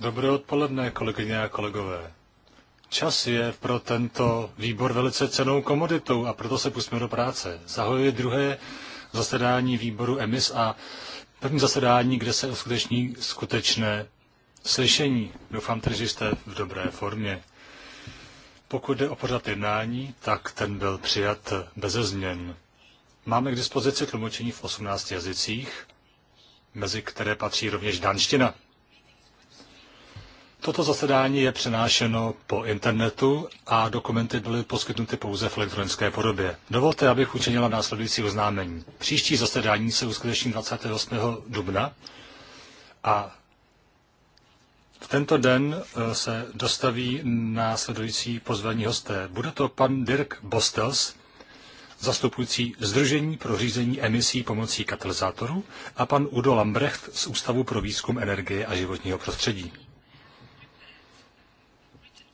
Dobré odpoledne, kolegyně a kolegové. Čas je pro tento výbor velice cenou komoditou a proto se pustíme do práce. Zahajuji druhé zasedání výboru EMIS a první zasedání, kde se uskuteční skutečné slyšení. Doufám tedy, že jste v dobré formě. Pokud jde o pořad jednání, tak ten byl přijat beze změn. Máme k dispozici tlumočení v 18 jazycích, mezi které patří rovněž danština. Toto zasedání je přenášeno po internetu a dokumenty byly poskytnuty pouze v elektronické podobě. Dovolte, abych učinila následující oznámení. Příští zasedání se uskuteční 28. dubna a v tento den eh, se dostaví následující pozvaní hosté. Bude to pan Dirk Bostels, zastupující Združení pro řízení emisí pomocí katalyzátorů a pan Udo Lambrecht z Ústavu pro výzkum energie a životního prostředí.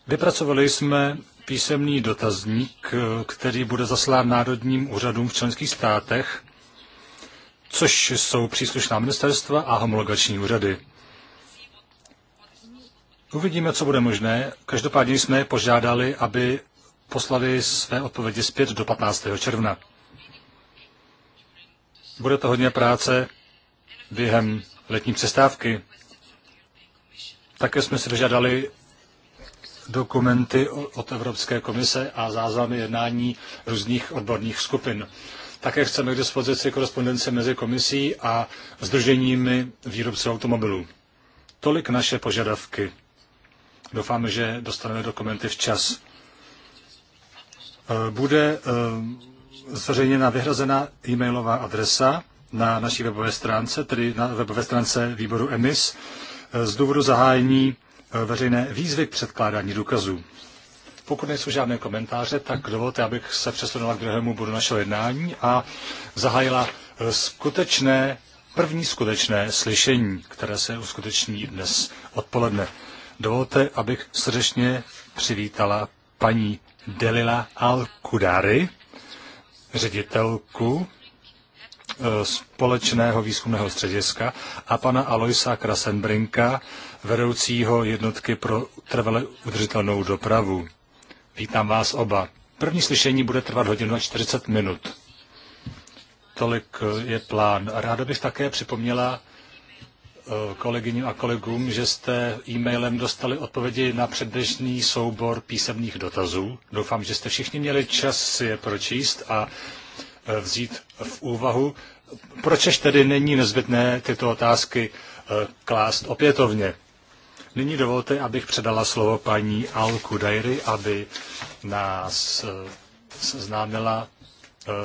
Vypracovali jsme písemný dotazník, který bude zaslán národním úřadům v členských státech, což jsou příslušná ministerstva a homologační úřady. Uvidíme, co bude možné. Každopádně jsme požádali, aby poslali své odpovědi zpět do 15. června. Bude to hodně práce během letní přestávky. Také jsme si vyžadali dokumenty od Evropské komise a záznamy jednání různých odborných skupin. Také chceme k dispozici korespondenci mezi komisí a združeními výrobců automobilů. Tolik naše požadavky. Doufáme, že dostaneme dokumenty včas. Eh, bude eh, zveřejněna vyhrazená e-mailová adresa na naší webové stránce, tedy na webové stránce výboru EMIS, eh, z důvodu zahájení veřejné výzvy k předkládání důkazů. Pokud nejsou žádné komentáře, tak dovolte, abych se přesunula k druhému bodu našeho jednání a zahájila skutečné, první skutečné slyšení, které se uskuteční dnes odpoledne. Dovolte, abych srdečně přivítala paní Delila Al-Kudari, ředitelku eh, společného výzkumného střediska a pana Aloisa Krasenbrinka, vedoucího jednotky pro trvale udržitelnou dopravu. Vítám vás oba. První slyšení bude trvat hodinu a 40 minut. Tolik eh, je plán. Ráda bych také připomněla Eh, kolegyním a kolegům, že jste e-mailem dostali odpovědi na předběžný soubor písemných dotazů. Doufám, že jste všichni měli čas si je pročíst a eh, vzít v úvahu. proč tedy není nezbytné tyto otázky eh, klást opětovně? Nyní dovolte, abych předala slovo paní Alku Dairy, aby nás seznámila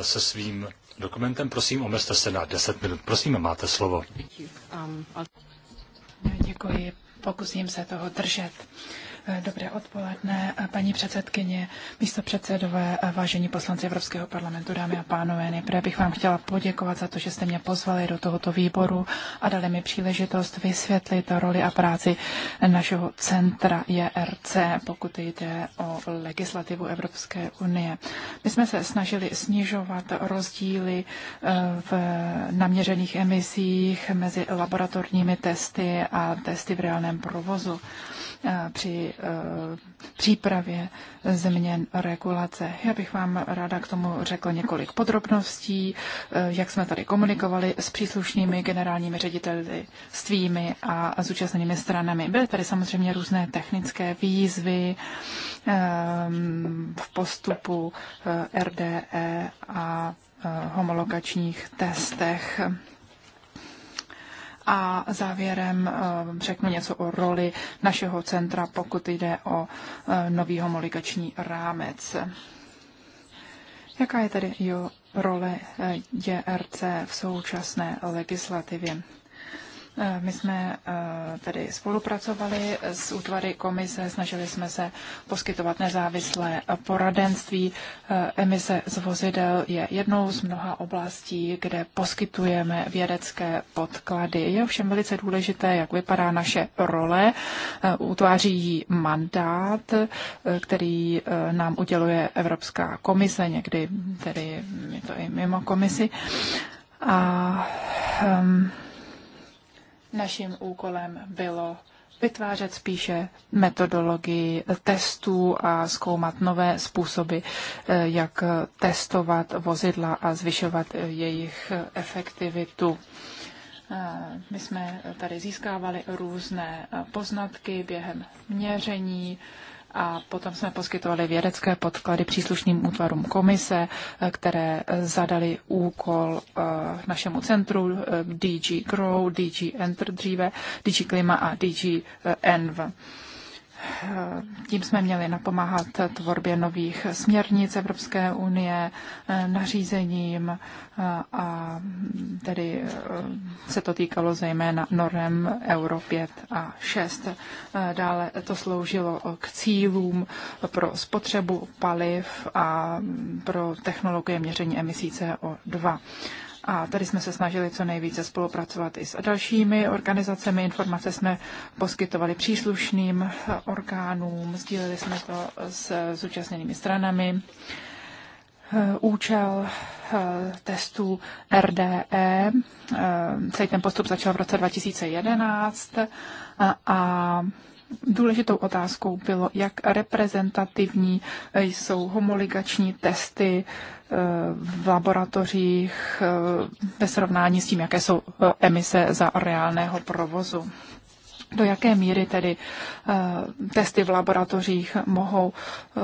se svým dokumentem. Prosím, omezte se na 10 minut. Prosím, máte slovo. Děkuji, um, pokusím se toho držet. Dobré odpoledne, paní předsedkyně, místo předsedové, vážení poslanci Evropského parlamentu, dámy a pánové. Nejprve bych vám chtěla poděkovat za to, že jste mě pozvali do tohoto výboru a dali mi příležitost vysvětlit roli a práci našeho centra JRC, pokud jde o legislativu Evropské unie. My jsme se snažili snižovat rozdíly eh, v naměřených emisích mezi laboratorními testy a testy v reálném provozu. Eh, při eh, přípravě změn regulace. Já bych vám ráda k tomu řekl několik podrobností, eh, jak jsme tady komunikovali s příslušnými generálními řediteli, tvými a zúčastněnými stranami. Byly tady samozřejmě různé technické výzvy v postupu RDE a homologačních testech a závěrem eh, řeknu něco o roli našeho centra, pokud jde o eh, nový homologační rámec. Jaká je tedy jo, role eh, JRC v současné legislativě? Eh, my jsme eh, tedy spolupracovali s útvary komise, snažili jsme se poskytovat nezávislé poradenství. Eh, emise z vozidel je jednou z mnoha oblastí, kde poskytujeme vědecké podklady. Je ovšem velice důležité, jak vypadá naše role. Utváří ji mandát, který nám uděluje Evropská komise, někdy tedy je to i mimo komisi. A um, Naším úkolem bylo vytvářet spíše metodologii testů a zkoumat nové způsoby, eh, jak testovat vozidla a zvyšovat jejich efektivitu. Eh, my jsme tady získávali různé eh, poznatky během měření, a potom jsme poskytovali vědecké podklady příslušným útvarům komise, eh, které eh, zadali úkol eh, našemu centru DG Grow, DG Enter dříve, DG Klima a DG Env tím jsme měli napomáhat tvorbě nových směrnic Evropské unie nařízením a tedy eh, se to týkalo zejména norem Euro 5 a 6. Dále to sloužilo k cílům pro spotřebu paliv a pro technologie měření emisí CO2. A tady jsme se snažili co nejvíce spolupracovat i s dalšími organizacemi. Informace jsme poskytovali příslušným orgánům, sdíleli jsme to s zúčastněnými stranami. Účel eh, testů RDE, eh, celý ten postup začal v roce 2011 a Důležitou otázkou bylo, jak reprezentativní eh, jsou homologační testy eh, v laboratořích eh, ve srovnání s tím, jaké jsou emise za reálného provozu do jaké míry tedy eh, testy v laboratořích mohou eh,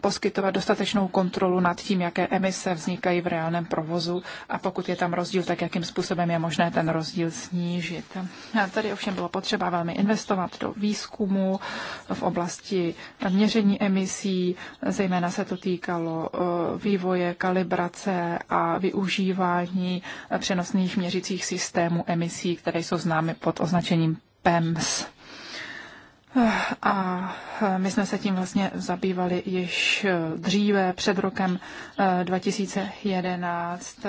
poskytovat dostatečnou kontrolu nad tím, jaké emise vznikají v reálném provozu a pokud je tam rozdíl, tak jakým způsobem je možné ten rozdíl snížit. A tady ovšem bylo potřeba velmi investovat do výzkumu v oblasti měření emisí, zejména se to týkalo eh, vývoje, kalibrace a využívání přenosných měřicích systémů emisí, které jsou známy pod označením PEMS. A my jsme se tím vlastně zabývali již dříve, před rokem eh, 2011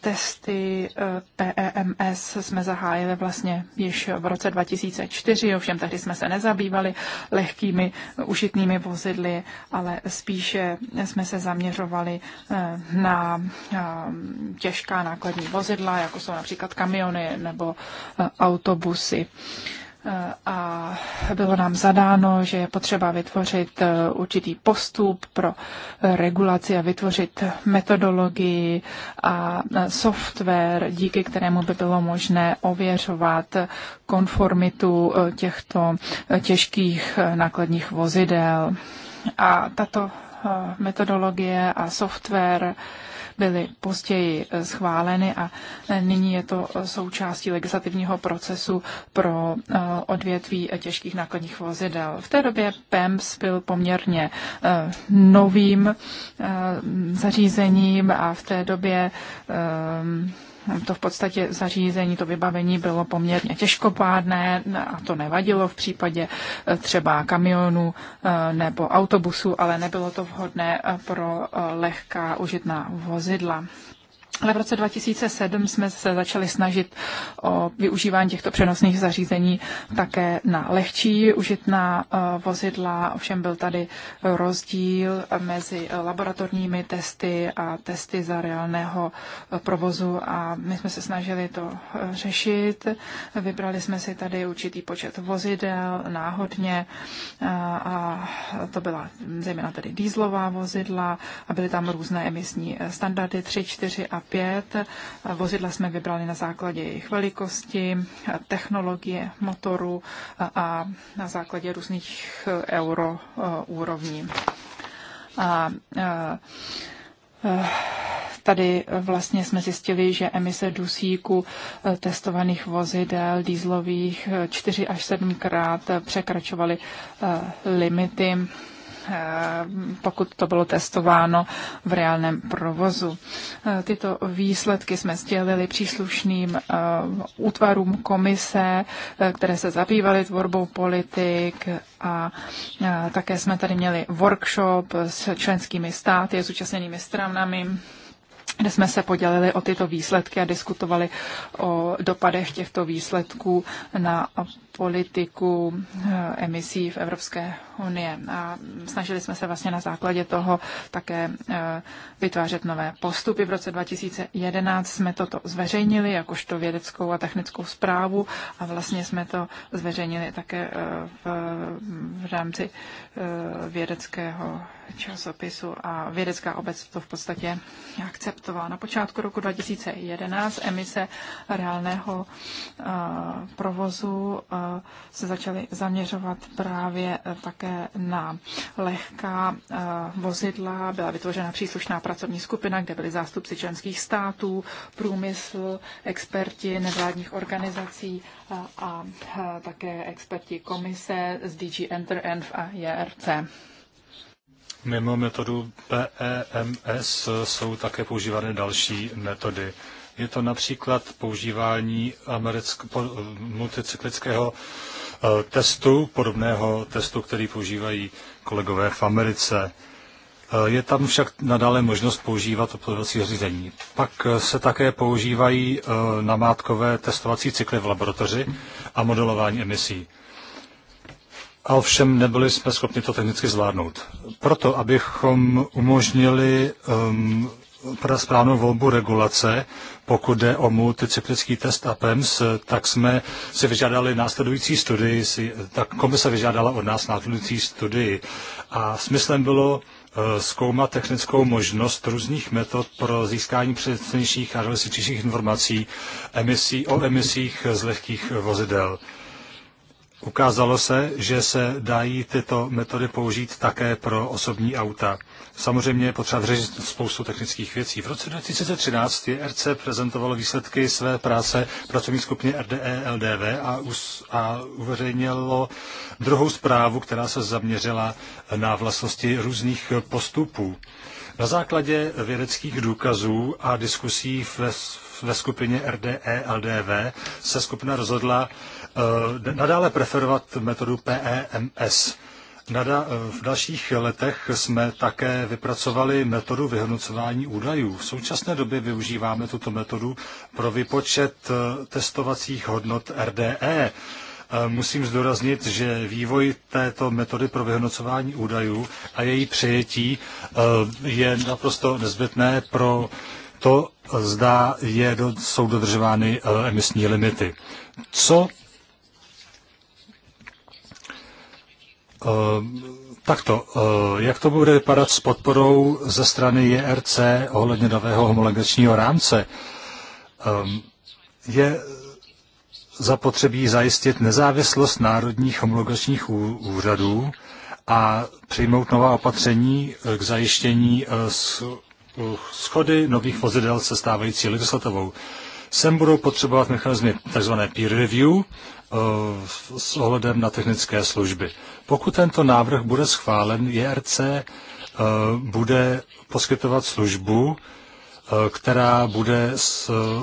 testy eh, PEMS jsme zahájili vlastně již v roce 2004, ovšem tehdy jsme se nezabývali lehkými užitnými vozidly, ale spíše jsme se zaměřovali eh, na eh, těžká nákladní vozidla, jako jsou například kamiony nebo autobusy a bylo nám zadáno, že je potřeba vytvořit eh, určitý postup pro eh, regulaci a vytvořit metodologii a eh, software, díky kterému by bylo možné ověřovat konformitu těchto těžkých nákladních vozidel. A tato metodologie a software byly později eh, schváleny a eh, nyní je to eh, součástí legislativního procesu pro odvětví těžkých nákladních vozidel. V té době PEMS byl poměrně novým zařízením a v té době to v podstatě zařízení, to vybavení bylo poměrně těžkopádné a to nevadilo v případě eh, třeba kamionů eh, nebo autobusů, ale nebylo to vhodné eh, pro lehká užitná vozidla. Ale v roce 2007 jsme se začali snažit o využívání těchto přenosných zařízení také na lehčí užitná eh, vozidla. Ovšem byl tady rozdíl mezi laboratorními testy a testy za reálného eh, provozu a my jsme se snažili to eh, řešit. Vybrali jsme si tady určitý počet vozidel náhodně a to byla zejména tady dýzlová vozidla a byly tam různé emisní standardy 3, 4 a Pět Vozidla jsme vybrali na základě jejich velikosti, technologie motoru a na základě různých eh, euro eh, úrovní. a eh, Tady vlastně jsme zjistili, že emise dusíku testovaných vozidel dýzlových 4 až 7 krát překračovaly limity Eh, pokud to bylo testováno v reálném provozu. Eh, tyto výsledky jsme sdělili příslušným eh, útvarům komise, které se zabývaly tvorbou politik a také jsme tady měli workshop s členskými státy, s účastněnými stranami kde jsme se podělili o tyto výsledky a diskutovali o dopadech těchto výsledků na politiku eh, emisí v Evropské unie. A snažili jsme se vlastně na základě toho také eh, vytvářet nové postupy. V roce 2011 jsme toto zveřejnili jakožto vědeckou a technickou zprávu a vlastně jsme to zveřejnili také eh, v, v rámci vědeckého časopisu a vědecká obec to v podstatě akceptovala. Na počátku roku 2011 emise reálného provozu Eh, se začali zaměřovat právě eh, také na lehká eh, vozidla. Byla vytvořena příslušná pracovní skupina, kde byli zástupci členských států, průmysl, experti nevládních organizací a, a také experti komise z DG Enter Enf a JRC. E Mimo metodu PEMS jsou také používány další metody. Je to například používání multicyklického eh, testu, podobného testu, který používají kolegové v Americe. Eh, je tam však nadále možnost používat oplodovací řízení. Pak eh, se také používají namátkové testovací cykly v laboratoři a modelování emisí. A ovšem nebyli jsme schopni to technicky zvládnout. Proto, abychom umožnili um, správnou volbu regulace. Pokud jde o multicyklický test a PEMS, tak jsme si vyžádali následující studii, tak komise vyžádala od nás následující studii. A smyslem bylo eh, zkoumat technickou možnost různých metod pro získání přesnějších a realističnějších informací emisí, o emisích z lehkých vozidel. Ukázalo se, že se dají tyto metody použít také pro osobní auta. Samozřejmě je potřeba řešit spoustu technických věcí. V roce 2013 je RC prezentovalo výsledky své práce pracovní skupině RDE LDV a, us, a uveřejnilo druhou zprávu, která se zaměřila na vlastnosti různých postupů. Na základě vědeckých důkazů a diskusí ve, ve skupině RDE LDV se skupina rozhodla eh, nadále preferovat metodu PEMS. Eh, v dalších letech jsme také vypracovali metodu vyhodnocování údajů. V současné době využíváme tuto metodu pro vypočet eh, testovacích hodnot RDE. Eh, musím zdůraznit, že vývoj této metody pro vyhodnocování údajů a její přijetí je naprosto nezbytné pro to, zda je, jsou dodržovány emisní limity. Co Eh, takto, eh, jak to bude vypadat s podporou ze strany JRC ohledně nového homologačního rámce? Eh, je zapotřebí zajistit nezávislost národních homologačních úřadů a přijmout nová opatření k zajištění schody nových vozidel se stávající legislativou. Sem budou potřebovat mechanizmy tzv. peer review eh, s ohledem na technické služby. Pokud tento návrh bude schválen, JRC eh, bude poskytovat službu, eh, která bude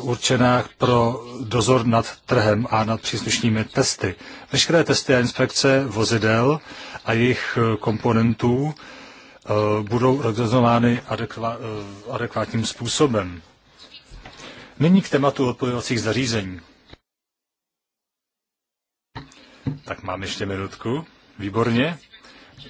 určená pro dozor nad trhem a nad příslušnými testy. Veškeré testy a inspekce vozidel a jejich komponentů budou realizovány adekvátním způsobem. Nyní k tématu odpojovacích zařízení. Tak mám ještě minutku. Výborně.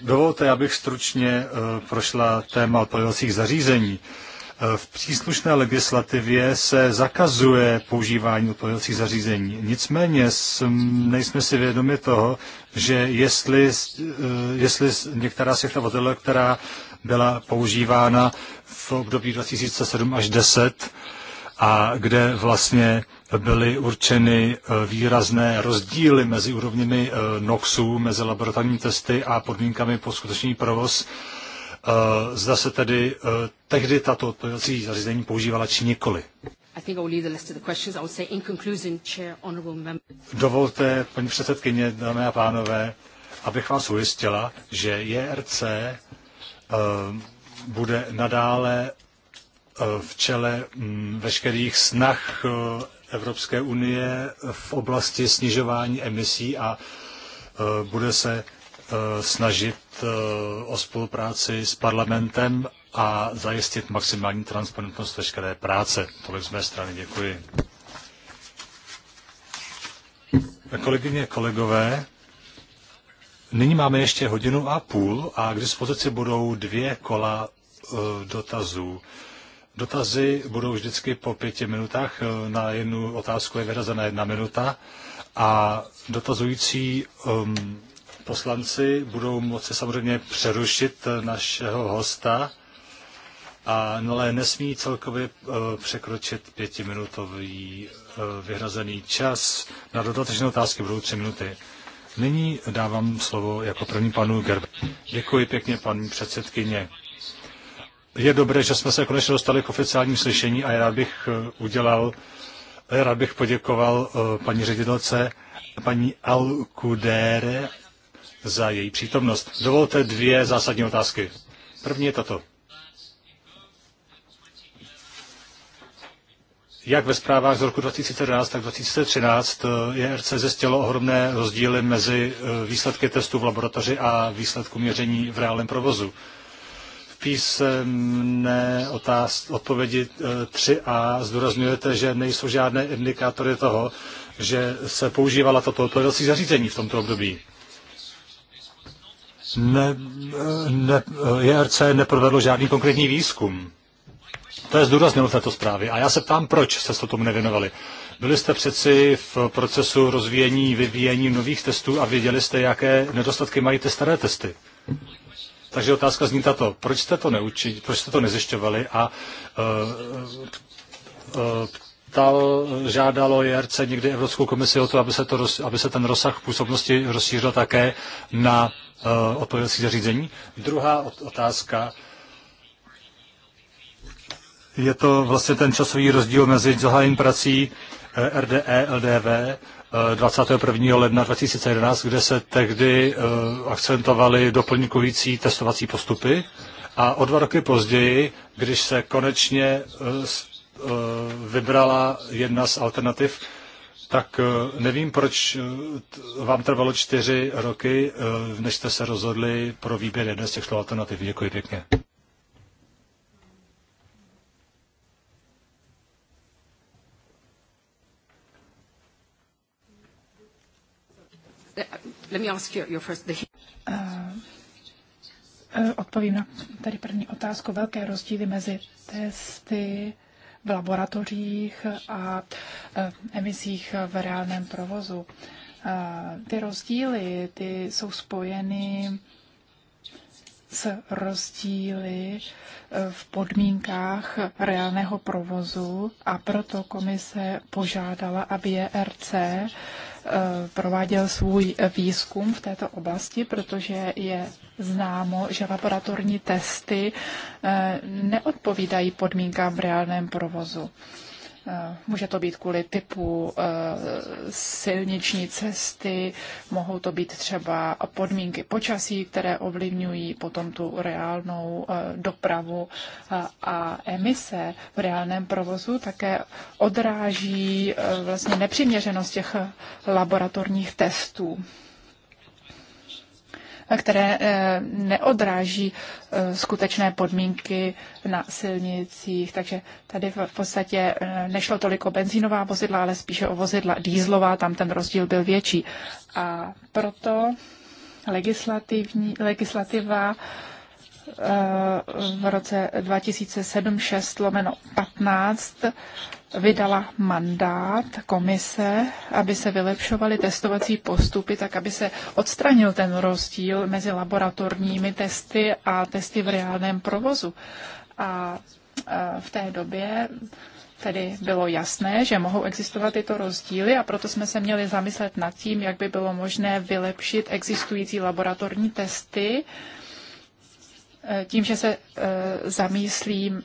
Dovolte, abych stručně eh, prošla téma odpojovacích zařízení. Eh, v příslušné legislativě se zakazuje používání odpojovacích zařízení. Nicméně nejsme si vědomi toho, že jestli, eh, jestli některá z těch vozidel, která byla používána v období 2007 až 10, a kde vlastně byly určeny e, výrazné rozdíly mezi úrovněmi e, NOXů, mezi laboratorními testy a podmínkami po skutečný provoz. E, zda se tedy tehdy tato odpovědací zařízení používala či nikoli. Dovolte, paní předsedkyně, dámy a pánové, abych vás ujistila, že JRC bude nadále v čele mm, veškerých snah eh, Evropské unie v oblasti snižování emisí a eh, bude se eh, snažit o spolupráci s parlamentem a zajistit maximální transparentnost veškeré práce. Tolik z mé strany. Děkuji. Kolegyně, kolegové, nyní máme ještě hodinu a půl a k dispozici budou dvě kola dotazů. Dotazy budou vždycky po pěti minutách. Eh, na jednu otázku je vyrazena jedna minuta a dotazující um, poslanci budou moci samozřejmě přerušit eh, našeho hosta, a, no, ale nesmí celkově uh, překročit pětiminutový uh, vyhrazený čas. Na dodatečné otázky budou tři minuty. Nyní dávám slovo jako první panu Gerber. Děkuji pěkně, paní předsedkyně je dobré, že jsme se konečně dostali k oficiálním slyšení a já bych eh, udělal, eh, rád bych poděkoval eh, paní ředitelce, paní Alkudere za její přítomnost. Dovolte dvě zásadní otázky. První je tato. Jak ve zprávách z roku 2011, tak 2013 JRC zjistilo ohromné rozdíly mezi výsledky testů v laboratoři a výsledku měření v reálném provozu písemné otáz, odpovědi 3a e, zdůrazňujete, že nejsou žádné indikátory toho, že se používala toto odpovědací zařízení v tomto období. Ne, ne, JRC e neprovedlo žádný konkrétní výzkum. To je zdůrazněno v této zprávě. A já se ptám, proč jste se tomu nevěnovali. Byli jste přeci v procesu rozvíjení, vyvíjení nových testů a věděli jste, jaké nedostatky mají ty staré testy. Takže otázka zní tato, proč jste to neučili, proč jste to nezjišťovali a uh, uh, ptal, žádalo JRC někdy Evropskou komisi o to, aby se, to, roz, aby se ten rozsah působnosti rozšířil také na uh, e, odpovědací zařízení. Druhá otázka, je to vlastně ten časový rozdíl mezi zahájením prací RDE, LDV 21. Eh, ledna 2011, kde se tehdy eh, akcentovaly doplňkující testovací postupy. A o dva roky později, když se konečně eh, vybrala jedna z alternativ, tak nevím, proč vám trvalo čtyři roky, než jste se rozhodli pro výběr jedné z těchto alternativ. Děkuji pěkně. Let me ask you your first... Eh, eh, odpovím na tady první otázku. Velké rozdíly mezi testy v laboratořích a eh, emisích v reálném provozu. Ty rozdíly ty jsou spojeny s rozdíly v podmínkách reálného provozu a proto komise požádala, aby ERC Eh, prováděl svůj výzkum v této oblasti, protože je známo, že laboratorní testy eh, neodpovídají podmínkám v reálném provozu. Eh, může to být kvůli typu eh, silniční cesty, mohou to být třeba podmínky počasí, které ovlivňují potom tu reálnou eh, dopravu a emise v reálném provozu také odráží vlastně nepřiměřenost těch laboratorních testů které eh, neodráží eh, skutečné podmínky na silnicích. Takže tady v podstatě eh, nešlo toliko benzínová vozidla, ale spíše o vozidla dýzlová, tam ten rozdíl byl větší. A proto legislativní, legislativa v roce 2007-6 lomeno 15 vydala mandát komise, aby se vylepšovaly testovací postupy, tak aby se odstranil ten rozdíl mezi laboratorními testy a testy v reálném provozu. A v té době tedy bylo jasné, že mohou existovat tyto rozdíly a proto jsme se měli zamyslet nad tím, jak by bylo možné vylepšit existující laboratorní testy e, tím, že se e, zamyslím,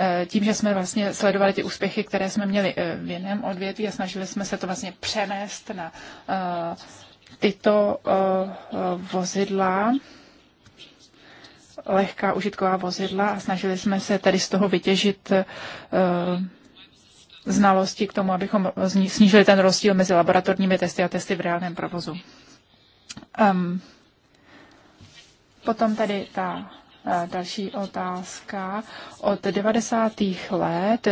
Eh, tím, že jsme vlastně sledovali ty úspěchy, které jsme měli eh, v jiném odvětví a snažili jsme se to vlastně přenést na eh, tyto vozidla, lehká užitková vozidla a snažili jsme se tady z toho vytěžit znalosti k tomu, abychom snížili ten rozdíl mezi laboratorními testy a testy v reálném provozu. Um, potom tady ta Další otázka. Od 90. let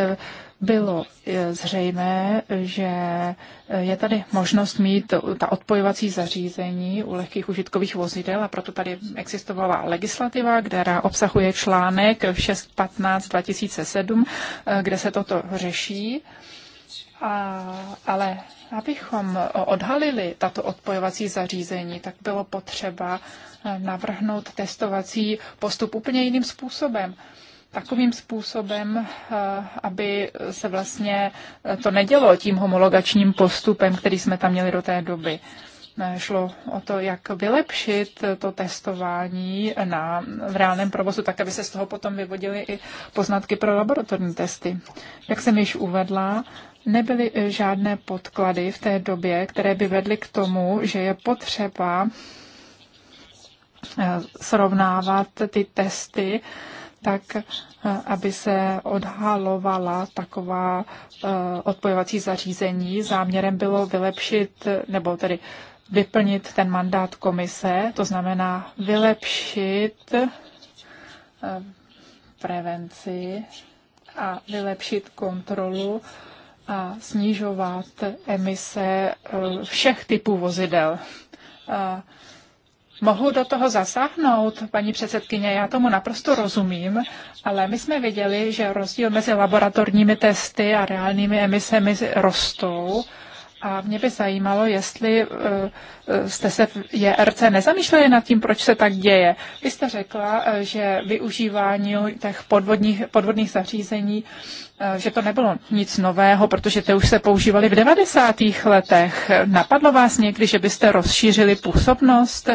bylo eh, zřejmé, že eh, je tady možnost mít ta odpojovací zařízení u lehkých užitkových vozidel a proto tady existovala legislativa, která obsahuje článek 615 2007, eh, kde se toto řeší. A, ale abychom odhalili tato odpojovací zařízení, tak bylo potřeba eh, navrhnout testovací postup úplně jiným způsobem takovým způsobem, eh, aby se vlastně eh, to nedělo tím homologačním postupem, který jsme tam měli do té doby. Šlo o to, jak vylepšit to testování na, v reálném provozu, tak aby se z toho potom vyvodily i poznatky pro laboratorní testy. Jak jsem již uvedla, nebyly e, žádné podklady v té době, které by vedly k tomu, že je potřeba e, srovnávat ty testy tak, e, aby se odhalovala taková odpojovací zařízení. Záměrem bylo vylepšit, nebo tedy vyplnit ten mandát komise, to znamená vylepšit prevenci a vylepšit kontrolu a snižovat emise eh, všech typů vozidel. Eh, mohu do toho zasáhnout, paní předsedkyně, já tomu naprosto rozumím, ale my jsme viděli, že rozdíl mezi laboratorními testy a reálnými emisemi rostou a mě by zajímalo, jestli eh, eh, jste se v JRC nezamýšleli nad tím, proč se tak děje. Vy jste řekla, eh, že využívání těch podvodních, podvodných zařízení, že to nebylo nic nového, protože ty už se používali v 90. letech. Napadlo vás někdy, že byste rozšířili působnost?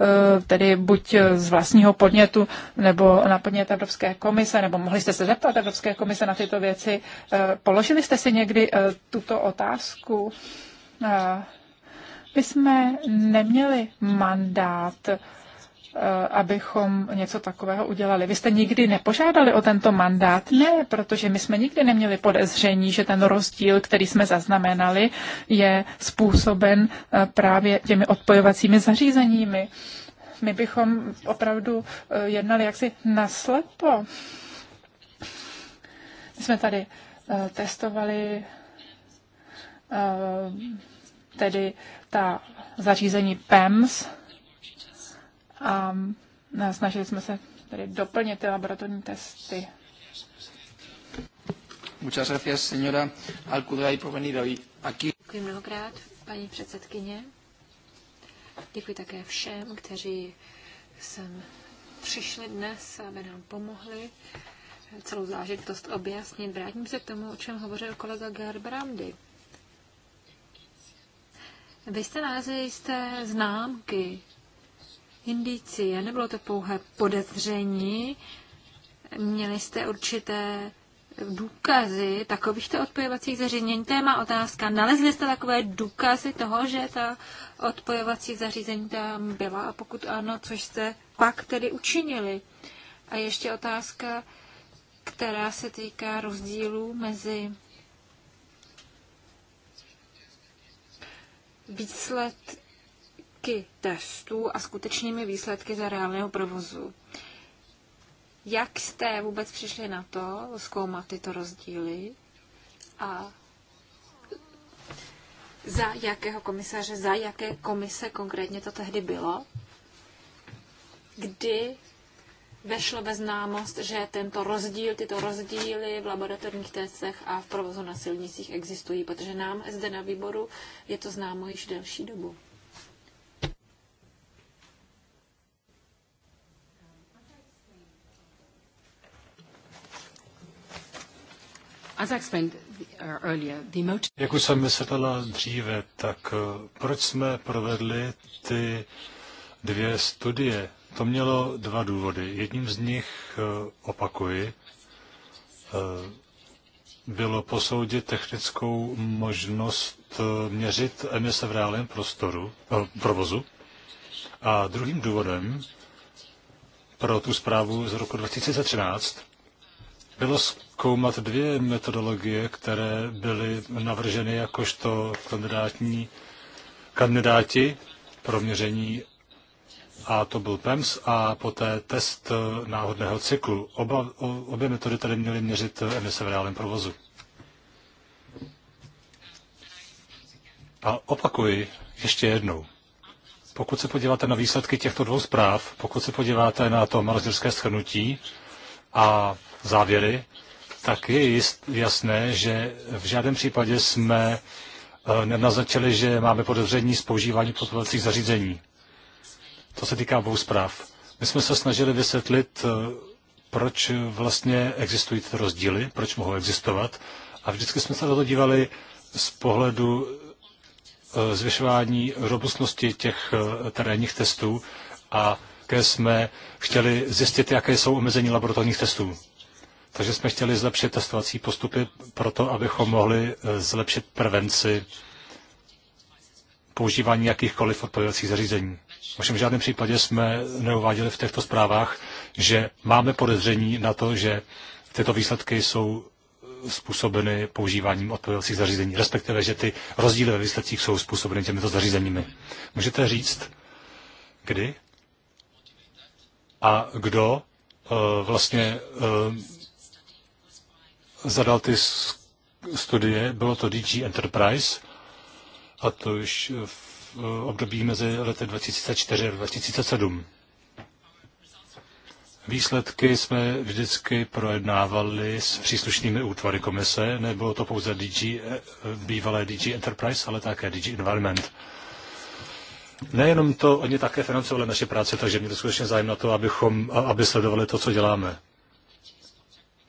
Eh, tedy buď z vlastního podnětu nebo na podnět Evropské komise, nebo mohli jste se zeptat Evropské komise na tyto věci. Eh, položili jste si někdy eh, tuto otázku? My jsme neměli mandát Eh, abychom něco takového udělali. Vy jste nikdy nepožádali o tento mandát? Ne, protože my jsme nikdy neměli podezření, že ten rozdíl, který jsme zaznamenali, je způsoben eh, právě těmi odpojovacími zařízeními. My bychom opravdu eh, jednali jaksi naslepo. My jsme tady testovali tedy ta zařízení PEMS, a snažili jsme se tedy doplnit ty laboratorní testy. Muchas gracias, señora Alcudray, por venir hoy aquí. Děkuji mnohokrát, paní předsedkyně. Děkuji také všem, kteří sem přišli dnes, aby nám pomohli celou zážitost objasnit. Vrátím se k tomu, o čem hovořil kolega Gerbrandy. Vy jste nalezli jste známky indicie, nebylo to pouhé podezření, měli jste určité důkazy takovýchto odpojovacích zařízení. Téma otázka. Nalezli jste takové důkazy toho, že ta odpojovací zařízení tam byla a pokud ano, což jste pak tedy učinili? A ještě otázka, která se týká rozdílů mezi výsled, výsledky testů a skutečnými výsledky za reálného provozu. Jak jste vůbec přišli na to zkoumat tyto rozdíly a za jakého komisaře, za jaké komise konkrétně to tehdy bylo, kdy vešlo ve známost, že tento rozdíl, tyto rozdíly v laboratorních testech a v provozu na silnicích existují, protože nám zde na výboru je to známo již delší dobu. Uh, Jak už jsem vysvětlila dříve, tak uh, proč jsme provedli ty dvě studie? To mělo dva důvody. Jedním z nich, uh, opakuji, bylo posoudit technickou možnost měřit emise v reálném prostoru, provozu. A druhým důvodem pro tu zprávu z roku 2013 bylo zkoumat dvě metodologie, které byly navrženy jakožto kandidátní, kandidáti pro měření a to byl PEMS a poté test náhodného cyklu. Oba, obě metody tady měly měřit emise v reálném provozu. A opakuji ještě jednou. Pokud se podíváte na výsledky těchto dvou zpráv, pokud se podíváte na to manažerské shrnutí, a závěry, tak je jist, jasné, že v žádném případě jsme eh, nenaznačili, že máme podezření z používání podporovacích zařízení. To se týká obou zpráv. My jsme se snažili vysvětlit, eh, proč vlastně existují ty rozdíly, proč mohou existovat. A vždycky jsme se na to dívali z pohledu eh, zvyšování robustnosti těch terénních testů a také jsme chtěli zjistit, jaké jsou omezení laboratorních testů. Takže jsme chtěli zlepšit testovací postupy proto, abychom mohli e, zlepšit prevenci používání jakýchkoliv odpovědacích zařízení. V v žádném případě jsme neuváděli v těchto zprávách, že máme podezření na to, že tyto výsledky jsou způsobeny používáním odpovědacích zařízení, respektive, že ty rozdíly ve výsledcích jsou způsobeny těmito zařízeními. Můžete říct, kdy a kdo eh, vlastně eh, zadal ty studie, bylo to DG Enterprise, a to už v období mezi lety 2004 a 2007. Výsledky jsme vždycky projednávali s příslušnými útvary komise. Nebylo to pouze DG, eh, bývalé DG Enterprise, ale také DG Environment. Nejenom to, oni také financovali naše práce, takže mě to skutečně zájem na to, abychom, aby sledovali to, co děláme.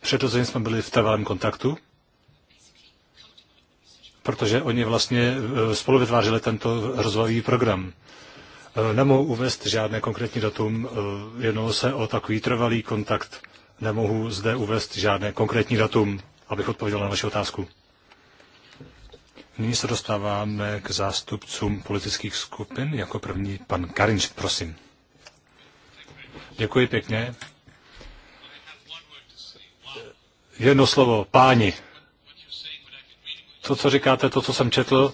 Předtím jsme byli v trvalém kontaktu, protože oni vlastně e, spolu vytvářeli tento rozvojový program. E, nemohu uvést žádné konkrétní datum, e, jednalo se o takový trvalý kontakt. Nemohu zde uvést žádné konkrétní datum, abych odpověděl na vaši otázku. Nyní se dostáváme k zástupcům politických skupin. Jako první pan Karinč, prosím. Děkuji pěkně. Jedno slovo, páni. To, co říkáte, to, co jsem četl,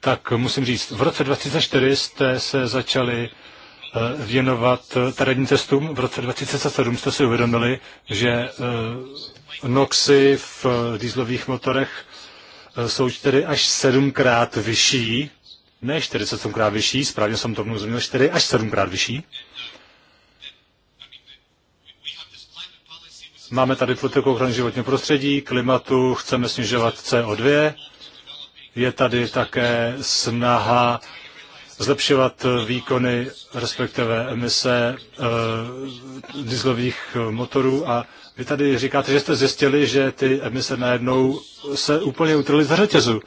tak musím říct, v roce 2004 jste se začali eh, věnovat eh, terénním testům. V roce 2007 jste si uvědomili, že eh, noxy v dýzlových motorech Eh, jsou čtyři až sedmkrát vyšší, ne 47krát vyšší, správně jsem tomu rozuměl, 4 až 7krát vyšší. Máme tady politiku ochrany životního prostředí, klimatu, chceme snižovat CO2. Je tady také snaha zlepšovat výkony, respektive emise e, dieselových motorů a vy tady říkáte, že jste zjistili, že ty emise najednou se úplně utrly za řetězu,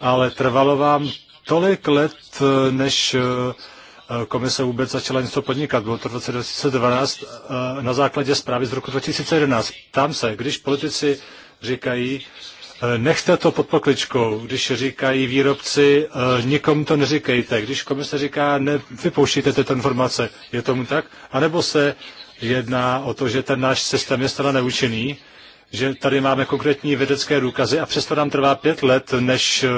ale trvalo vám tolik let, než eh, komise vůbec začala něco podnikat. Bylo to v roce 2012 eh, na základě zprávy z roku 2011. Tam se, když politici říkají, eh, nechte to pod pokličkou, když říkají výrobci, nikomu to neříkejte, když komise říká, nevypouštíte tyto informace, je tomu tak, A nebo se jedná o to, že ten náš systém je stále neúčinný, že tady máme konkrétní vědecké důkazy a přesto nám trvá pět let, než eh,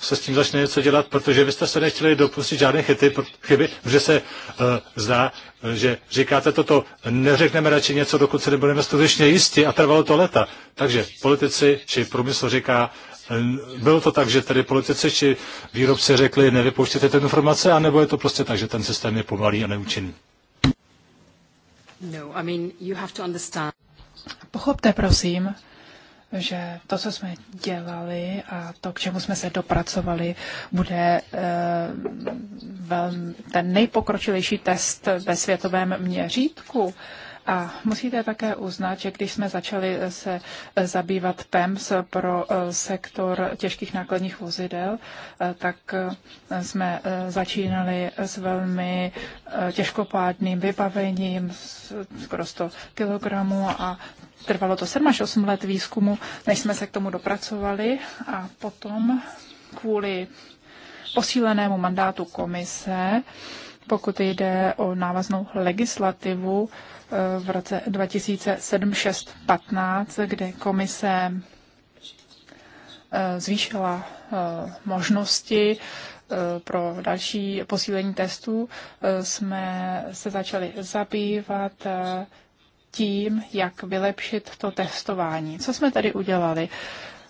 se s tím začne něco dělat, protože vy jste se nechtěli dopustit žádné chyty, chyby, protože se uh, zdá, eh, že říkáte toto, neřekneme radši něco, dokud se nebudeme skutečně jistí a trvalo to leta. Takže politici či průmysl říká, bylo to tak, že tady politici či výrobci řekli, nevypouštěte ty informace, anebo je to prostě tak, že ten systém je pomalý a neúčinný. No, Pochopte, prosím, že to, co jsme dělali a to, k čemu jsme se dopracovali, bude uh, velmi, ten nejpokročilejší test ve světovém měřítku. Uh, a musíte také uznat, že když jsme začali se zabývat PEMS pro e, sektor těžkých nákladních vozidel, e, tak e, jsme začínali s velmi těžkopádným vybavením, skoro 100 kilogramů a Trvalo to 7 až 8 let výzkumu, než jsme se k tomu dopracovali a potom kvůli posílenému mandátu komise, pokud jde o návaznou legislativu, v roce 2007 2015 kdy komise eh, zvýšila eh, možnosti eh, pro další posílení testů, jsme se začali zabývat tím, jak vylepšit to testování. Co jsme tady udělali?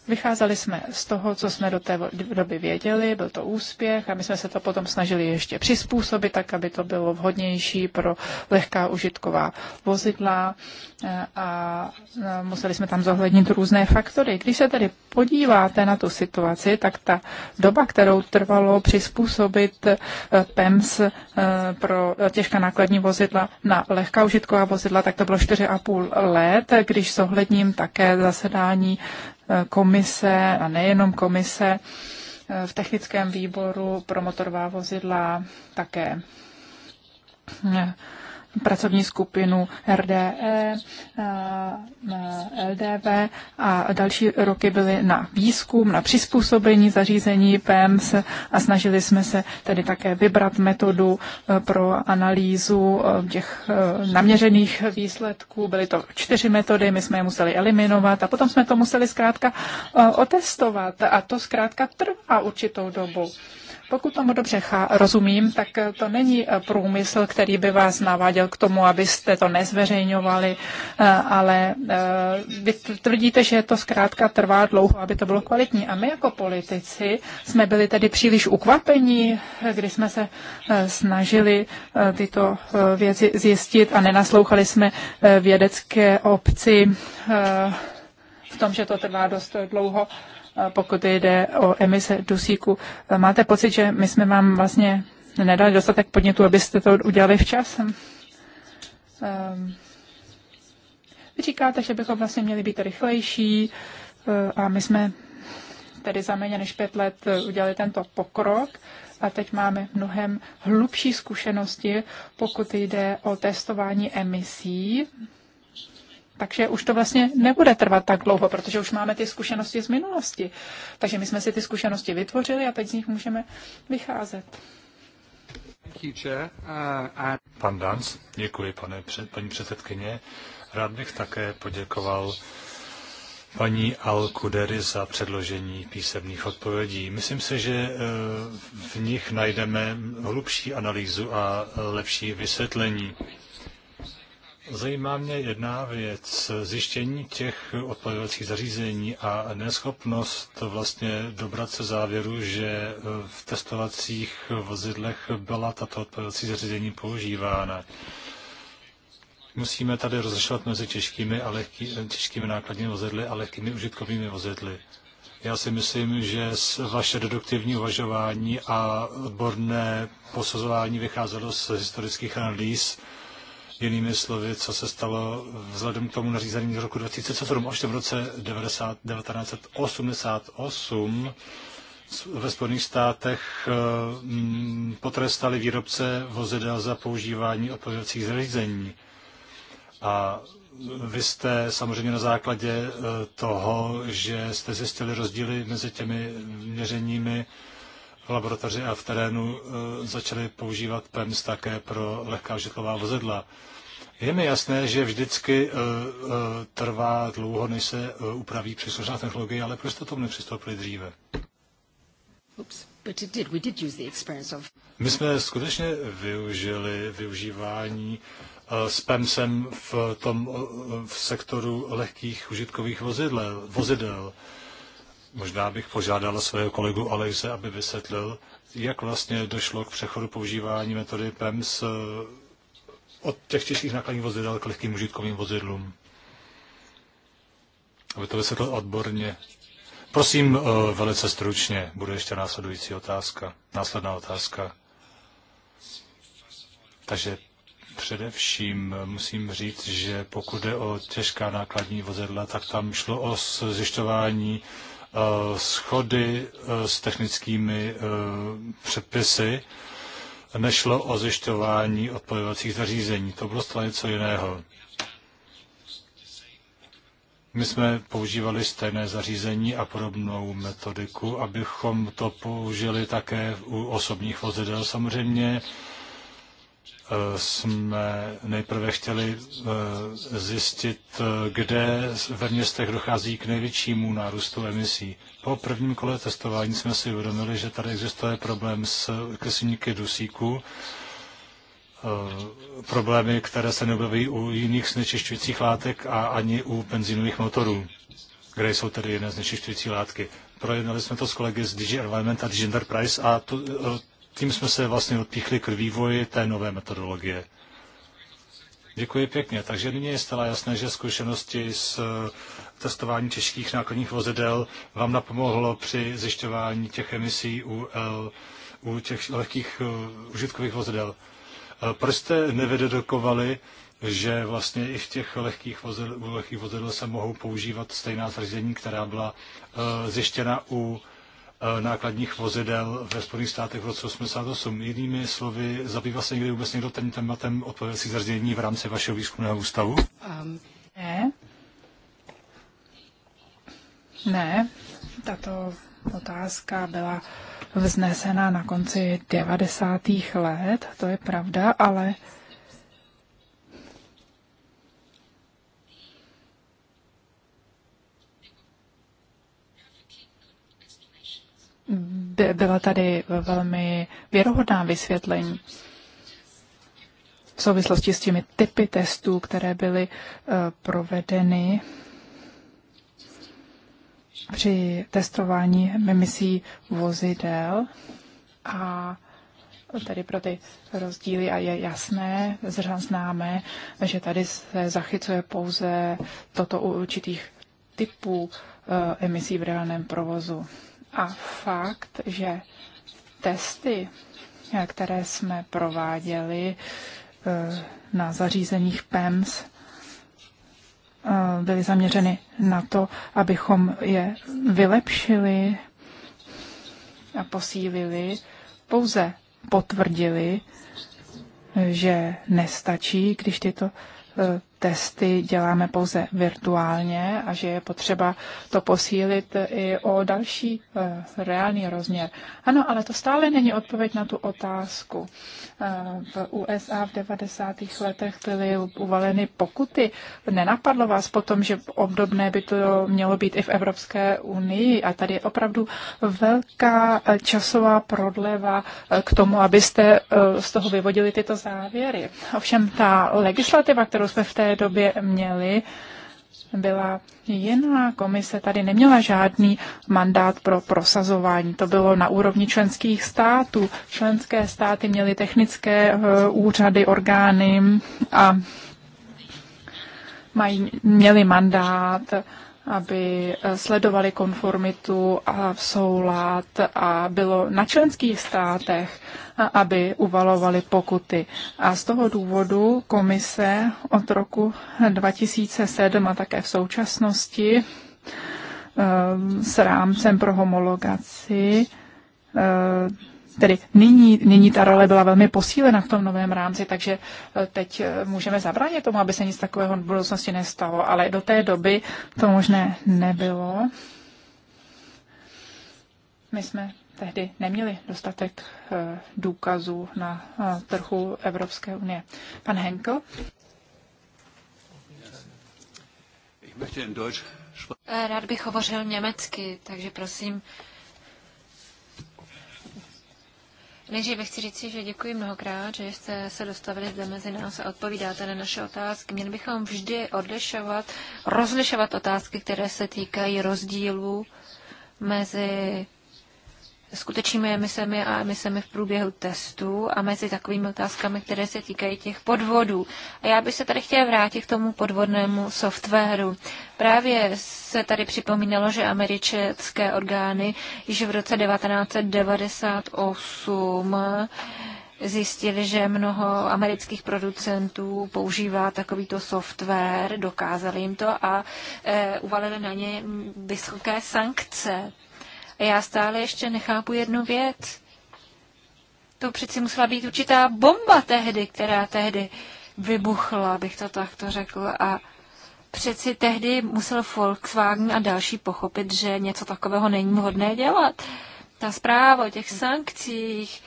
Vycházeli jsme z toho, co jsme do té doby věděli, byl to úspěch a my jsme se to potom snažili ještě přizpůsobit tak, aby to bylo vhodnější pro lehká užitková vozidla a museli jsme tam zohlednit různé faktory. Když se tedy podíváte na tu situaci, tak ta doba, kterou trvalo přizpůsobit e, PEMS e, pro těžká nákladní vozidla na lehká užitková vozidla, tak to bylo 4,5 let, když zohledním také zasedání e, komise a nejenom komise v technickém výboru pro motorová vozidla také pracovní skupinu RDE, eh, eh, LDV a další roky byly na výzkum, na přizpůsobení zařízení PEMS a snažili jsme se tedy také vybrat metodu eh, pro analýzu těch naměřených výsledků. Byly to čtyři metody, my jsme je museli eliminovat a potom jsme to museli zkrátka otestovat a to zkrátka trvá určitou dobu. Pokud tomu dobře rozumím, tak to není eh, průmysl, který by vás naváděl k tomu, abyste to nezveřejňovali, eh, ale eh, vy tvrdíte, že to zkrátka trvá dlouho, aby to bylo kvalitní. A my jako politici jsme byli tedy příliš ukvapení, kdy jsme se snažili tyto věci zjistit a nenaslouchali jsme vědecké obci v tom, že to trvá dost dlouho pokud jde o emise dusíku. Eh, máte pocit, že my jsme vám vlastně nedali dostatek podnětu, abyste to udělali včas? Ehm, vy říkáte, že bychom vlastně měli být rychlejší eh, a my jsme tedy za méně než pět let eh, udělali tento pokrok a teď máme mnohem hlubší zkušenosti, pokud jde o testování emisí takže už to vlastně nebude trvat tak dlouho, protože už máme ty zkušenosti z minulosti. Takže my jsme si ty zkušenosti vytvořili a teď z nich můžeme vycházet. Uh, Pan Danc, děkuji pane, před, paní předsedkyně. Rád bych také poděkoval paní Alkudery za předložení písemných odpovědí. Myslím si, že eh, v nich najdeme hlubší analýzu a lepší vysvětlení. Zajímá mě jedna věc, zjištění těch odpadovacích zařízení a neschopnost vlastně dobrat se závěru, že v testovacích vozidlech byla tato odpadovací zařízení používána. Musíme tady rozlišovat mezi těžkými, a lehký, těžkými nákladními vozidly a lehkými užitkovými vozidly. Já si myslím, že vaše deduktivní uvažování a odborné posuzování vycházelo z historických analýz, Jinými slovy, co se stalo vzhledem k tomu nařízení z roku 2007, až v roce 1988 ve Spojených státech mm, potrestali výrobce vozidel za používání odpovědacích zařízení. A vy jste samozřejmě na základě e, toho, že jste zjistili rozdíly mezi těmi měřeními v laboratoři a v terénu, e, začali používat PEMS také pro lehká žitlová vozidla. Je mi jasné, že vždycky eh, eh, trvá dlouho, než se eh, upraví příslušná technologie, ale proč jste tomu nepřistoupili dříve? Oops. My jsme skutečně využili využívání uh, spamsem v tom v sektoru lehkých užitkových vozidel. vozidel. Možná bych požádal svého kolegu Alejse, aby vysvětlil, jak vlastně došlo k přechodu používání metody PEMS od těch těžkých nákladních vozidel k lehkým užitkovým vozidlům. Aby to vysvětlil odborně. Prosím, eh, velice stručně, bude ještě následující otázka, následná otázka. Takže především eh, musím říct, že pokud jde o těžká nákladní vozidla, tak tam šlo o zjišťování eh, schody s technickými předpisy nešlo o zjišťování odpojovacích zařízení. To bylo stále něco jiného. My jsme používali stejné zařízení a podobnou metodiku, abychom to použili také u osobních vozidel. Samozřejmě Eh, jsme nejprve chtěli eh, zjistit, eh, kde ve městech dochází k největšímu nárůstu emisí. Po prvním kole testování jsme si uvědomili, že tady existuje problém s kyslíky dusíku, problémy, které se neobjeví u jiných znečišťujících látek a ani u benzínových motorů, kde jsou tedy jiné znečišťující látky. Projednali jsme to s kolegy z Digi Environment a Digi Enterprise a tu, tím jsme se vlastně odpíchli k vývoji té nové metodologie. Děkuji pěkně. Takže nyní je stále jasné, že zkušenosti s eh, testování těžkých nákladních vozidel vám napomohlo při zjišťování těch emisí u, eh, u těch lehkých eh, užitkových vozidel. Proč jste nevydedukovali, že vlastně i v těch lehkých vozidel, u lehkých vozidel se mohou používat stejná zařízení, která byla zjištěna u Eh, nákladních vozidel ve Spojených státech v roce 88. Jinými slovy, zabývá se někdy vůbec někdo tím tématem odpovědací zařízení v rámci vašeho výzkumného ústavu? Um, ne. Ne. Tato otázka byla vznesena na konci 90. let, to je pravda, ale byla tady velmi věrohodná vysvětlení v souvislosti s těmi typy testů, které byly eh, provedeny při testování emisí vozidel a tady pro ty rozdíly a je jasné, zřejmě známe, že tady se zachycuje pouze toto u určitých typů eh, emisí v reálném provozu. A fakt, že testy, které jsme prováděli eh, na zařízeních PEMS, eh, byly zaměřeny na to, abychom je vylepšili a posílili, pouze potvrdili, že nestačí, když tyto eh, testy děláme pouze virtuálně a že je potřeba to posílit i o další eh, reálný rozměr. Ano, ale to stále není odpověď na tu otázku v USA v 90. letech byly uvaleny pokuty. Nenapadlo vás potom, že obdobné by to mělo být i v Evropské unii a tady je opravdu velká časová prodleva eh, k tomu, abyste eh, z toho vyvodili tyto závěry. Ovšem ta legislativa, kterou jsme v té době měli, byla jiná. Komise tady neměla žádný mandát pro prosazování. To bylo na úrovni členských států. Členské státy měly technické eh, úřady, orgány a mají, měli mandát aby eh, sledovali konformitu a soulad a bylo na členských státech, eh, aby uvalovali pokuty. A z toho důvodu komise od roku 2007 a také v současnosti eh, s rámcem pro homologaci tedy nyní, nyní ta role byla velmi posílena v tom novém rámci, takže eh, teď eh, můžeme zabránit tomu, aby se nic takového v budoucnosti nestalo, ale do té doby to možné nebylo. My jsme tehdy neměli dostatek eh, důkazů na trhu Evropské unie. Pan Henkel? Rád bych hovořil německy, takže prosím, Nejdříve chci říct, že děkuji mnohokrát, že jste se dostavili zde mezi nás a odpovídáte na naše otázky. Měli bychom vždy odlišovat, rozlišovat otázky, které se týkají rozdílů mezi skutečnými emisemi a emisemi v průběhu testů a mezi takovými otázkami, které se týkají těch podvodů. A já bych se tady chtěla vrátit k tomu podvodnému softwaru. Právě se tady připomínalo, že americké orgány již v roce 1998 zjistili, že mnoho amerických producentů používá takovýto software, dokázali jim to a e, uvalili na ně vysoké sankce. A Já stále ještě nechápu jednu věc. To přeci musela být určitá bomba tehdy, která tehdy vybuchla, bych to takto řekl. A přeci tehdy musel Volkswagen a další pochopit, že něco takového není vhodné dělat. Ta zpráva o těch sankcích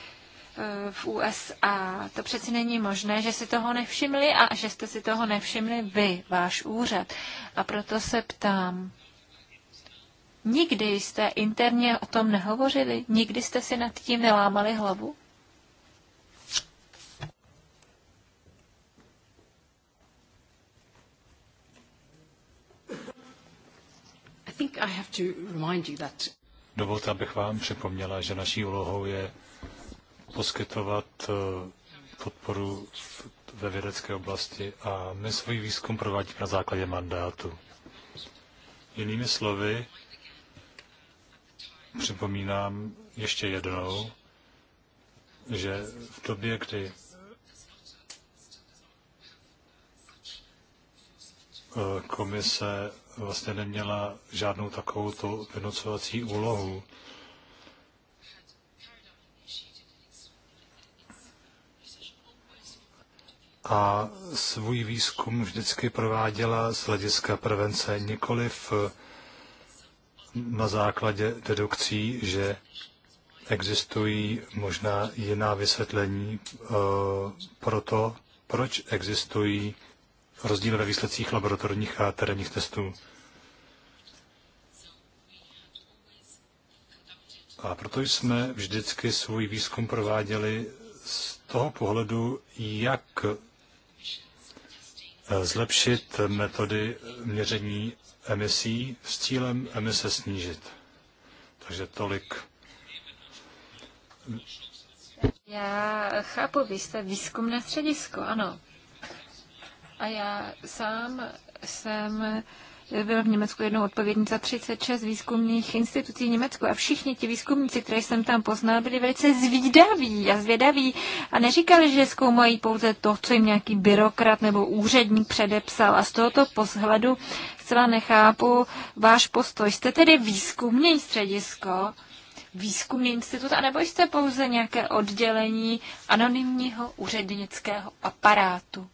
eh, v USA, to přeci není možné, že si toho nevšimli a že jste si toho nevšimli vy, váš úřad. A proto se ptám, Nikdy jste interně o tom nehovořili? Nikdy jste si nad tím nelámali hlavu? Dovolte, abych vám připomněla, že naší úlohou je poskytovat eh, podporu ve vědecké oblasti a my svůj výzkum provádíme na základě mandátu. Jinými slovy, Připomínám ještě jednou, že v době, kdy eh, komise vlastně neměla žádnou takovou tu vynocovací úlohu. A svůj výzkum vždycky prováděla z hlediska prevence, nikoliv eh, na základě dedukcí, že existují možná jiná vysvětlení eh, pro to, proč existují rozdíly ve výsledcích laboratorních a terénních testů. A proto jsme vždycky svůj výzkum prováděli z toho pohledu, jak eh, zlepšit metody měření emisí s cílem emise snížit. Takže tolik. Já chápu, vy jste výzkumné středisko, ano. A já sám jsem byl v Německu jednou odpovědný za 36 výzkumných institucí v Německu a všichni ti výzkumníci, které jsem tam poznal, byli velice zvídaví a zvědaví a neříkali, že zkoumají pouze to, co jim nějaký byrokrat nebo úředník předepsal a z tohoto pohledu zcela nechápu váš postoj. Jste tedy výzkumný středisko, výzkumný institut, anebo jste pouze nějaké oddělení anonymního úřednického aparátu?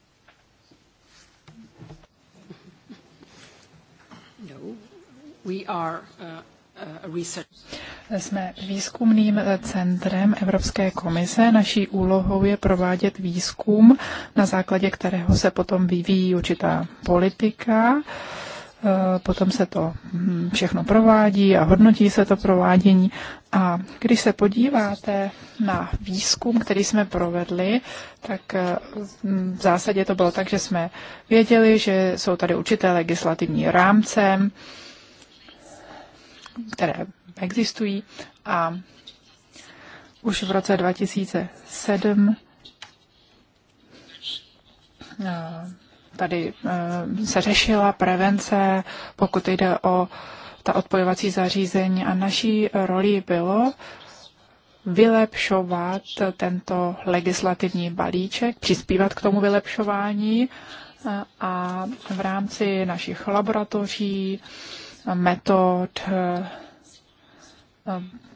No, we are, uh... Jsme výzkumným eh, centrem Evropské komise. Naší úlohou je provádět výzkum, na základě kterého se potom vyvíjí určitá politika. Eh, potom se to hm, všechno provádí a hodnotí se to provádění. A když se podíváte na výzkum, který jsme provedli, tak eh, hm, v zásadě to bylo tak, že jsme věděli, že jsou tady určité legislativní rámce, které existují a už v roce 2007 tady eh, se řešila prevence, pokud jde o ta odpojovací zařízení a naší roli bylo vylepšovat tento legislativní balíček, přispívat k tomu vylepšování eh, a v rámci našich laboratoří, metod eh,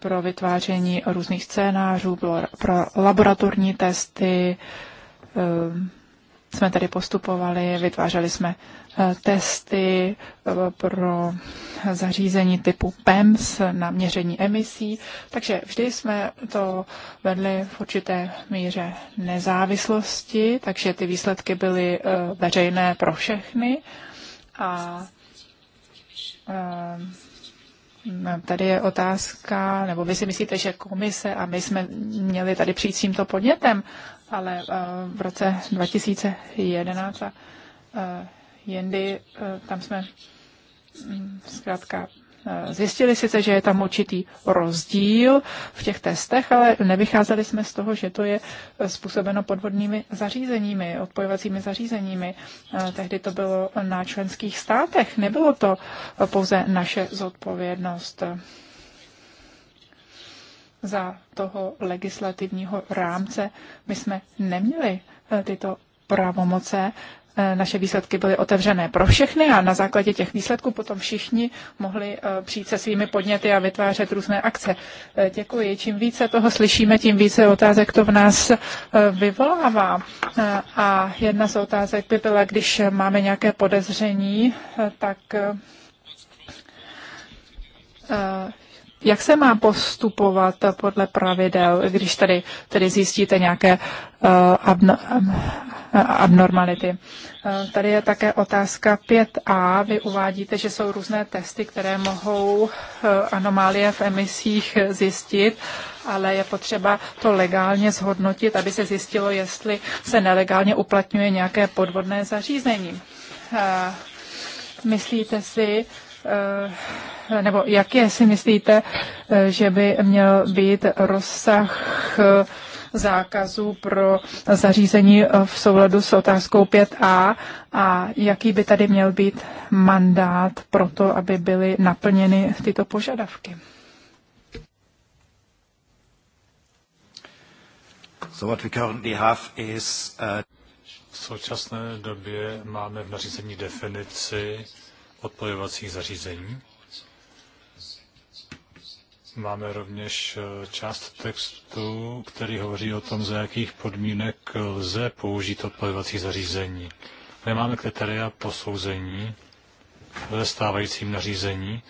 pro vytváření různých scénářů, pro laboratorní testy, jsme tady postupovali, vytvářeli jsme eh, testy eh, pro zařízení typu PEMS na měření emisí, takže vždy jsme to vedli v určité míře nezávislosti, takže ty výsledky byly eh, veřejné pro všechny a Tady je otázka, nebo vy si myslíte, že komise a my jsme měli tady přijít s tímto podnětem, ale eh, v roce 2011 a eh, jindy eh, tam jsme mm, zkrátka zjistili sice, že je tam určitý rozdíl v těch testech, ale nevycházeli jsme z toho, že to je způsobeno podvodnými zařízeními, odpojovacími zařízeními. Tehdy to bylo na členských státech, nebylo to pouze naše zodpovědnost za toho legislativního rámce. My jsme neměli eh, tyto pravomoce, eh, naše výsledky byly otevřené pro všechny a na základě těch výsledků potom všichni mohli eh, přijít se svými podněty a vytvářet různé akce. Děkuji. Čím více toho slyšíme, tím více otázek to v nás vyvolává. A jedna z otázek by byla, když máme nějaké podezření, tak jak se má postupovat podle pravidel, když tady, tady zjistíte nějaké uh, abno, eh, abnormality? Uh, tady je také otázka 5a. Vy uvádíte, že jsou různé testy, které mohou uh, anomálie v emisích zjistit, ale je potřeba to legálně zhodnotit, aby se zjistilo, jestli se nelegálně uplatňuje nějaké podvodné zařízení. Uh, myslíte si, Eh, nebo jak je si myslíte, eh, že by měl být rozsah eh, zákazu pro zařízení v souladu s otázkou 5a a jaký by tady měl být mandát pro to, aby byly naplněny tyto požadavky? Uh, v současné době máme v nařízení definici odpojovacích zařízení. Máme rovněž eh, část textu, který hovoří o tom, za jakých podmínek lze použít odpojovací zařízení. Nemáme kritéria posouzení ve stávajícím nařízení,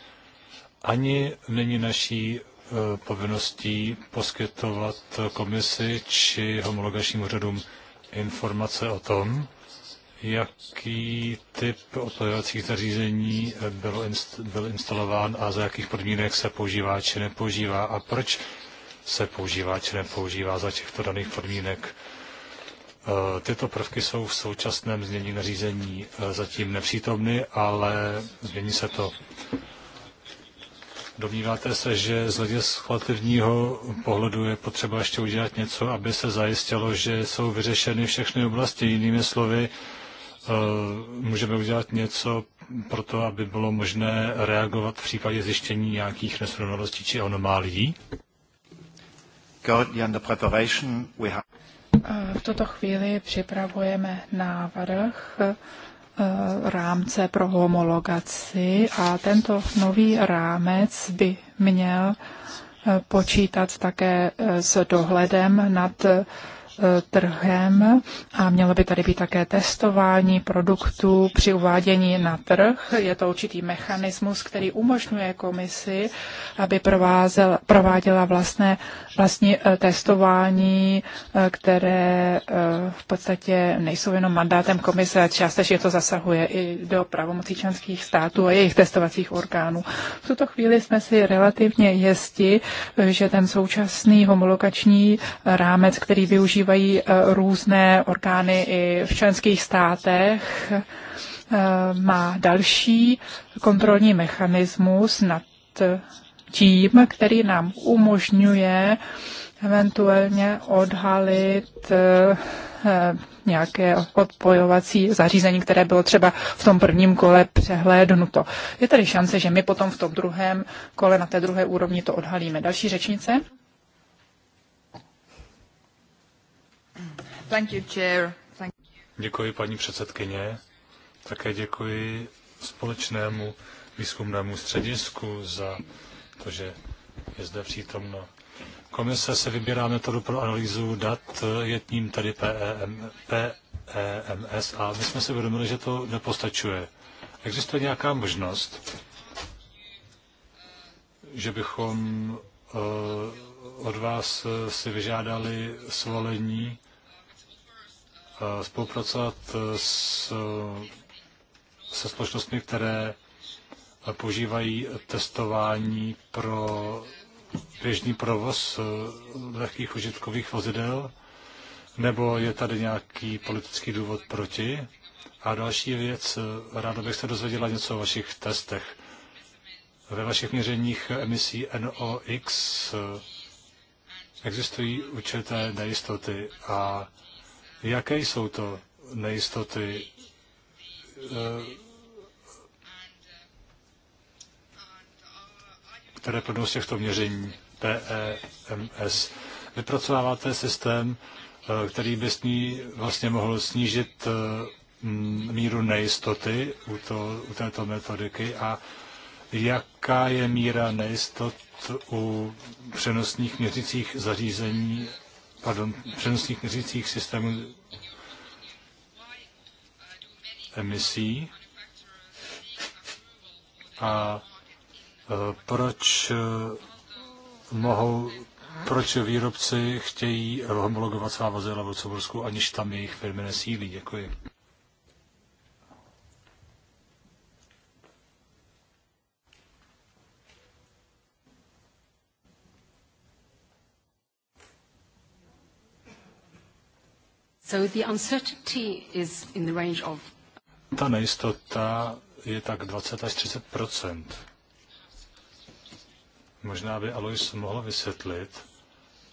ani není naší eh, povinností poskytovat komisi či homologačním úřadům informace o tom, jaký typ odpojovacích zařízení byl, inst- byl instalován a za jakých podmínek se používá či nepoužívá a proč se používá či nepoužívá za těchto daných podmínek. Eh, tyto prvky jsou v současném změní nařízení eh, zatím nepřítomny, ale změní se to. Domníváte se, že z legislativního pohledu je potřeba ještě udělat něco, aby se zajistilo, že jsou vyřešeny všechny oblasti? Jinými slovy, Eh, můžeme udělat něco pro to, aby bylo možné reagovat v případě zjištění nějakých nesrovnalostí či anomálií? Eh, v tuto chvíli připravujeme návrh eh, rámce pro homologaci a tento nový rámec by měl počítat také s dohledem nad E, trhem a mělo by tady být také testování produktů při uvádění na trh. Je to určitý mechanismus, který umožňuje komisi, aby provázel, prováděla vlastné, vlastní e, testování, e, které v podstatě nejsou jenom mandátem komise, a částečně to zasahuje i do pravomocí členských států a jejich testovacích orgánů. V tuto chvíli jsme si relativně jisti, že ten současný homologační rámec, který využívá používají eh, různé orgány i v členských státech, eh, má další kontrolní mechanismus nad tím, který nám umožňuje eventuálně odhalit eh, nějaké odpojovací zařízení, které bylo třeba v tom prvním kole přehlédnuto. Je tady šance, že my potom v tom druhém kole na té druhé úrovni to odhalíme. Další řečnice. Děkuji, paní předsedkyně. Také děkuji společnému výzkumnému středisku za to, že je zde přítomno. Komise se vybírá metodu pro analýzu dat, jedním tedy tady PEM, PEMS a my jsme si uvědomili, že to nepostačuje. Existuje nějaká možnost, že bychom eh, od vás si vyžádali svolení Eh, spolupracovat eh, s, se společnostmi, které eh, používají testování pro běžný provoz lehkých užitkových vozidel, nebo je tady nějaký politický důvod proti? A další věc, ráda bych se dozvěděla něco o vašich testech. Ve vašich měřeních emisí NOx existují určité nejistoty a Jaké jsou to nejistoty? Eh, které plnou z těchto měření PEMS. Vypracováváte systém, eh, který by sní, vlastně mohl snížit eh, míru nejistoty u, to, u této metodiky a jaká je míra nejistot u přenosných měřících zařízení, pardon, přenosných měřících systémů emisí a e, proč e, mohou, proč výrobci chtějí homologovat svá vozidla v Lucembursku, aniž tam jejich firmy nesílí. Děkuji. So the uncertainty is in the range of ta nejistota je tak 20 až 30 Možná by Alois mohl vysvětlit,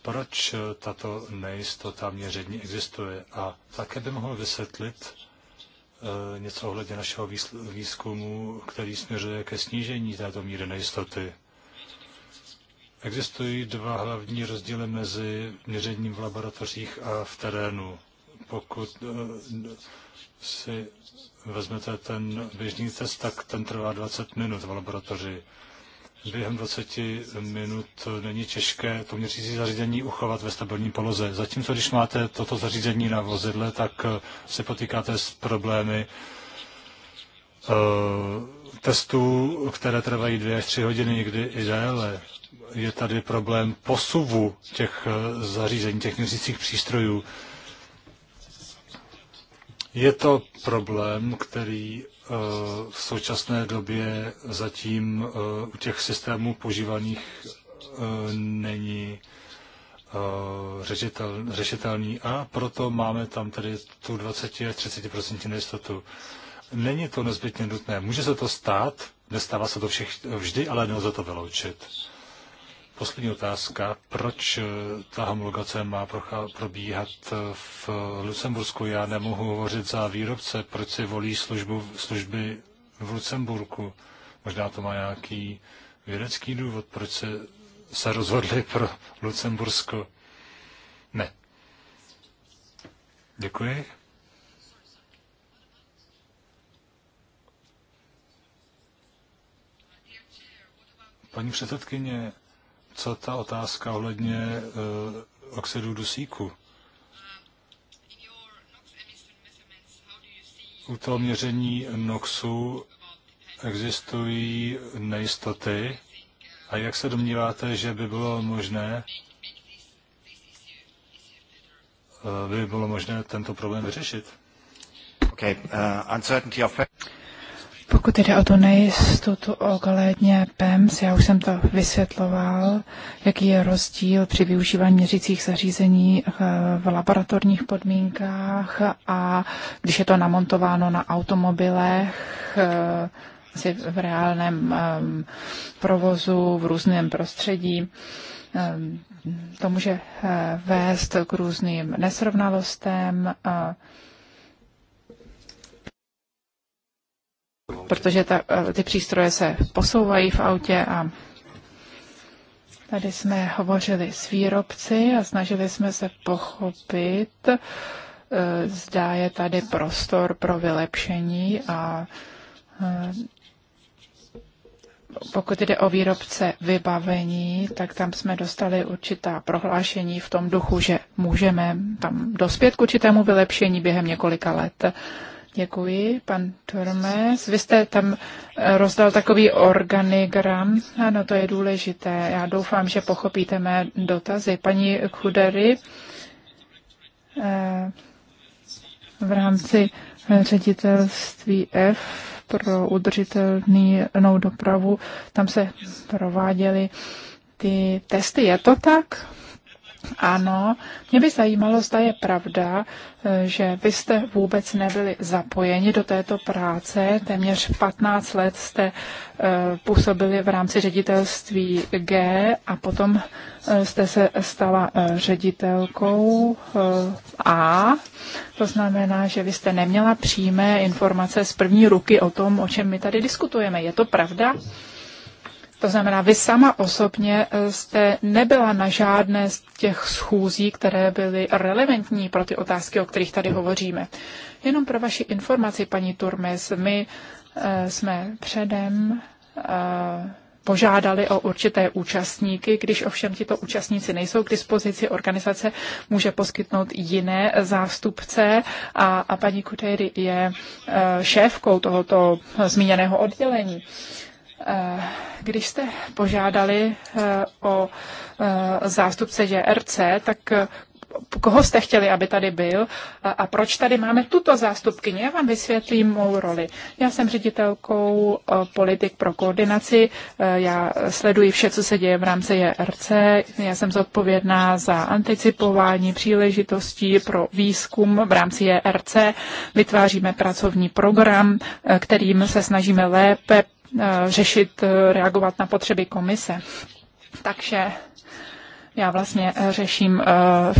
proč tato nejistota měření existuje a také by mohl vysvětlit eh, něco ohledně našeho výzkumu, který směřuje ke snížení této míry nejistoty. Existují dva hlavní rozdíly mezi měřením v laboratořích a v terénu. Pokud eh, si vezmete ten běžný test, tak ten trvá 20 minut v laboratoři. Během 20 minut není těžké to měřící zařízení uchovat ve stabilní poloze. Zatímco když máte toto zařízení na vozidle, tak eh, se potýkáte s problémy eh, testů, které trvají dvě až tři hodiny, někdy i déle. Je tady problém posuvu těch eh, zařízení, těch měřících přístrojů. Je to problém, který eh, v současné době zatím eh, u těch systémů požívaných eh, není řešitelný a proto máme tam tedy tu 20 až 30% nejistotu. Není to nezbytně nutné. Může se to stát, nestává se to všech, vždy, ale nelze to vyloučit. Poslední otázka. Proč eh, ta homologace má probíhat eh, v Lucembursku? Já nemohu hovořit za výrobce. Proč si volí službu, služby v Lucemburku? Možná to má nějaký vědecký důvod, proč se, se rozhodli pro Lucembursko. Ne. Děkuji. Paní předsedkyně, co ta otázka ohledně eh, oxidu dusíku. U toho měření NOXu existují nejistoty. A jak se domníváte, že by bylo možné eh, by bylo možné tento problém vyřešit? Okay, uh, uncertainty of... Pokud jde o tu nejistotu ohledně PEMS, já už jsem to vysvětloval, jaký je rozdíl při využívání měřicích zařízení eh, v laboratorních podmínkách a když je to namontováno na automobilech, eh, asi v reálném eh, provozu, v různém prostředí. To může vést k různým nesrovnalostem, protože ta, eh, ty přístroje se posouvají v autě a tady jsme hovořili s výrobci a snažili jsme se pochopit, eh, zdá je tady prostor pro vylepšení a eh, pokud jde o výrobce vybavení, tak tam jsme dostali určitá prohlášení v tom duchu, že můžeme tam dospět k určitému vylepšení během několika let. Děkuji, pan Turmes. Vy jste tam eh, rozdal takový organigram. Ano, to je důležité. Já doufám, že pochopíte mé dotazy. Paní Kudery, eh, v rámci ředitelství F pro udržitelnou dopravu, tam se prováděly ty testy. Je to tak? Ano, mě by zajímalo, zda je pravda, eh, že vy jste vůbec nebyli zapojeni do této práce. Téměř 15 let jste eh, působili v rámci ředitelství G a potom eh, jste se stala ředitelkou A. To znamená, že vy jste neměla přímé informace z první ruky o tom, o čem my tady diskutujeme. Je to pravda? To znamená, vy sama osobně eh, jste nebyla na žádné z těch schůzí, které byly relevantní pro ty otázky, o kterých tady hovoříme. Jenom pro vaši informaci, paní Turmes, my eh, jsme předem eh, požádali o určité účastníky. Když ovšem tito účastníci nejsou k dispozici, organizace může poskytnout jiné zástupce a, a paní Kutejry je šéfkou tohoto zmíněného oddělení. Eh, když jste požádali eh, o eh, zástupce JRC, tak koho jste chtěli, aby tady byl a proč tady máme tuto zástupkyni. Já vám vysvětlím mou roli. Já jsem ředitelkou politik pro koordinaci, já sleduji vše, co se děje v rámci JRC, já jsem zodpovědná za anticipování příležitostí pro výzkum v rámci JRC, vytváříme pracovní program, kterým se snažíme lépe Eh, řešit, eh, reagovat na potřeby komise. Takže já vlastně eh, řeším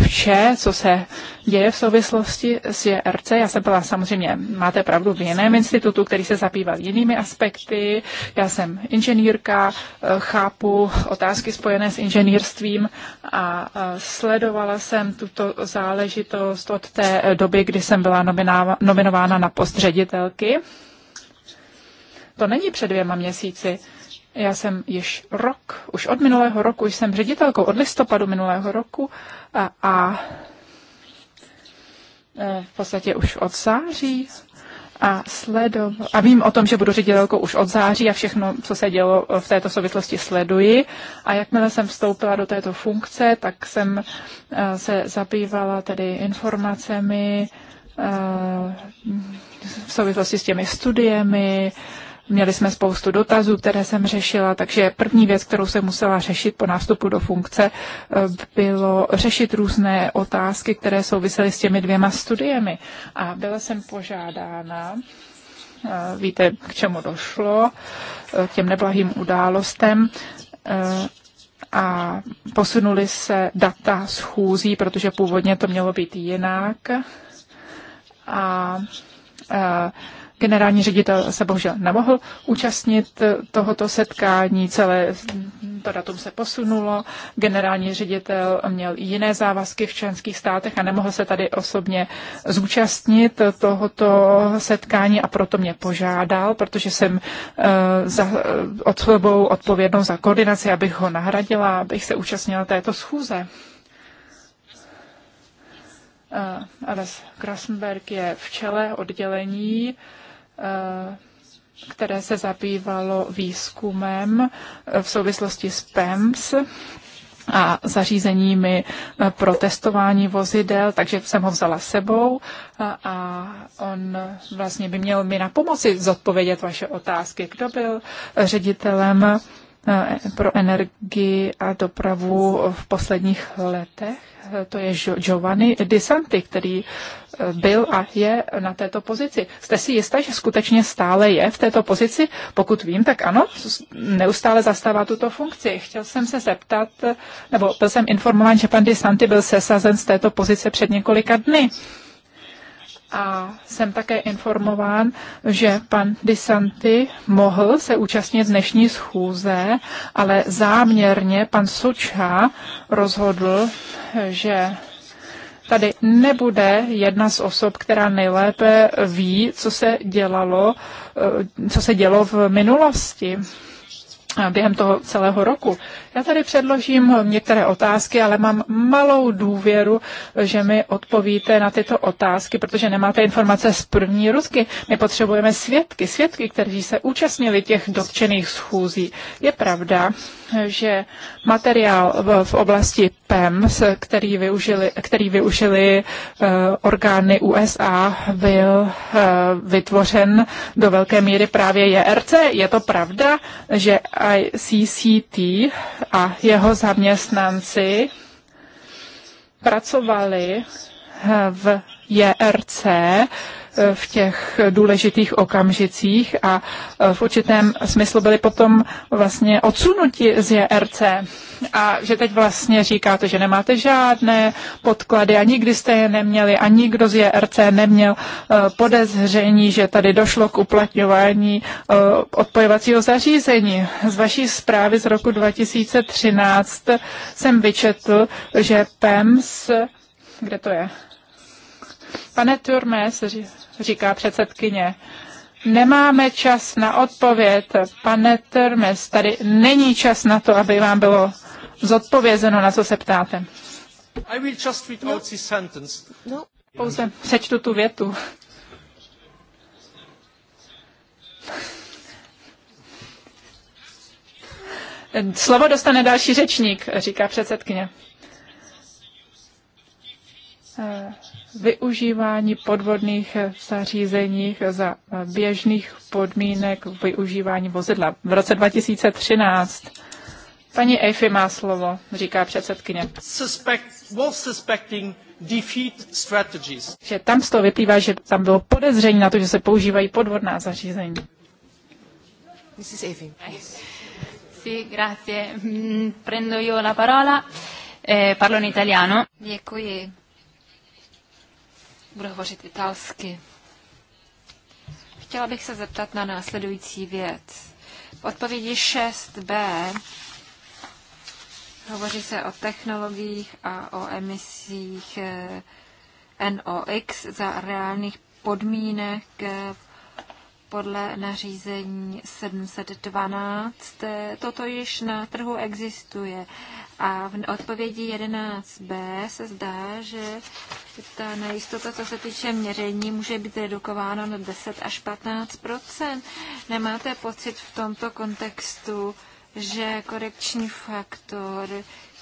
vše, co se děje v souvislosti s JRC. Já jsem byla samozřejmě, máte pravdu, v jiném institutu, který se zabýval jinými aspekty. Já jsem inženýrka, chápu otázky spojené s inženýrstvím a sledovala jsem tuto záležitost od té doby, kdy jsem byla nominována na post ředitelky to není před dvěma měsíci. Já jsem již rok, už od minulého roku, už jsem ředitelkou od listopadu minulého roku a, a e, v podstatě už od září a sledoval. A vím o tom, že budu ředitelkou už od září a všechno, co se dělo v této souvislosti, sleduji. A jakmile jsem vstoupila do této funkce, tak jsem e, se zabývala tedy informacemi e, v souvislosti s těmi studiemi, Měli jsme spoustu dotazů, které jsem řešila, takže první věc, kterou jsem musela řešit po nástupu do funkce, eh, bylo řešit různé otázky, které souvisely s těmi dvěma studiemi. A byla jsem požádána, eh, víte, k čemu došlo, k eh, těm neblahým událostem, a posunuli se data schůzí, protože původně to mělo být jinak. A, a generální ředitel se bohužel nemohl účastnit tohoto setkání, celé to datum se posunulo, generální ředitel měl jiné závazky v členských státech a nemohl se tady osobně zúčastnit tohoto setkání a proto mě požádal, protože jsem eh, za, eh, osobou odpovědnou za koordinaci, abych ho nahradila, abych se účastnila této schůze. Eh, Ales Krasenberg je v čele oddělení Eh, které se zabývalo výzkumem eh, v souvislosti s PEMS a zařízeními eh, pro testování vozidel, takže jsem ho vzala sebou a on vlastně by měl mi na pomoci zodpovědět vaše otázky. Kdo byl ředitelem pro energii a dopravu v posledních letech? to je Giovanni Disanti, který eh, byl a je na této pozici. Jste si jistá, že skutečně stále je v této pozici? Pokud vím, tak ano, neustále zastává tuto funkci. Chtěl jsem se zeptat, eh, nebo byl jsem informován, že pan Disanti byl sesazen z této pozice před několika dny a jsem také informován, že pan Disanti mohl se účastnit dnešní schůze, ale záměrně pan Sučha rozhodl, že tady nebude jedna z osob, která nejlépe ví, co se dělalo, eh, co se dělo v minulosti eh, během toho celého roku. Já tady předložím některé otázky, ale mám malou důvěru, že mi odpovíte na tyto otázky, protože nemáte informace z první rusky. My potřebujeme svědky, svědky, kteří se účastnili těch dotčených schůzí. Je pravda, že materiál v oblasti PEMS, který využili, který využili eh, orgány USA, byl eh, vytvořen do velké míry právě JRC. Je to pravda, že ICCT eh, a jeho zaměstnanci pracovali v JRC v těch důležitých okamžicích a e, v určitém smyslu byli potom vlastně odsunuti z JRC a že teď vlastně říkáte, že nemáte žádné podklady a nikdy jste je neměli a nikdo z JRC neměl e, podezření, že tady došlo k uplatňování e, odpojovacího zařízení. Z vaší zprávy z roku 2013 jsem vyčetl, že PEMS, kde to je? Pane Turmes, říká předsedkyně. Nemáme čas na odpověď. Pane Termes, tady není čas na to, aby vám bylo zodpovězeno, na co se ptáte. I will just read no. this sentence. No. Pouze přečtu tu větu. Slovo dostane další řečník, říká předsedkyně využívání podvodných zařízeních za běžných podmínek využívání vozidla. V roce 2013 paní Eify má slovo, říká předsedkyně. Suspect, Že tam z toho vyplývá, že tam bylo podezření na to, že se používají podvodná zařízení. Mm, eh, Děkuji. Budu hovořit italsky. Chtěla bych se zeptat na následující věc. V odpovědi 6b hovoří se o technologiích a o emisích eh, NOx za reálných podmínek eh, podle nařízení 712. Eh, toto již na trhu existuje a v odpovědi 11b se zdá, že ta nejistota, co se týče měření, může být redukována na 10 až 15 Nemáte pocit v tomto kontextu, že korekční faktor,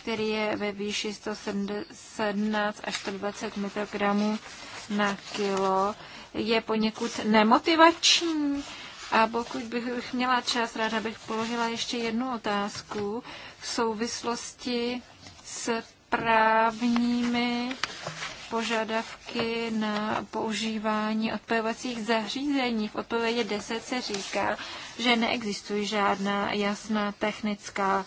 který je ve výši 117 až 120 mikrogramů na kilo, je poněkud nemotivační? A pokud bych měla čas, ráda bych položila ještě jednu otázku v souvislosti s právními požadavky na používání odpojovacích zařízení. V odpovědi 10 se říká, že neexistují žádná jasná technická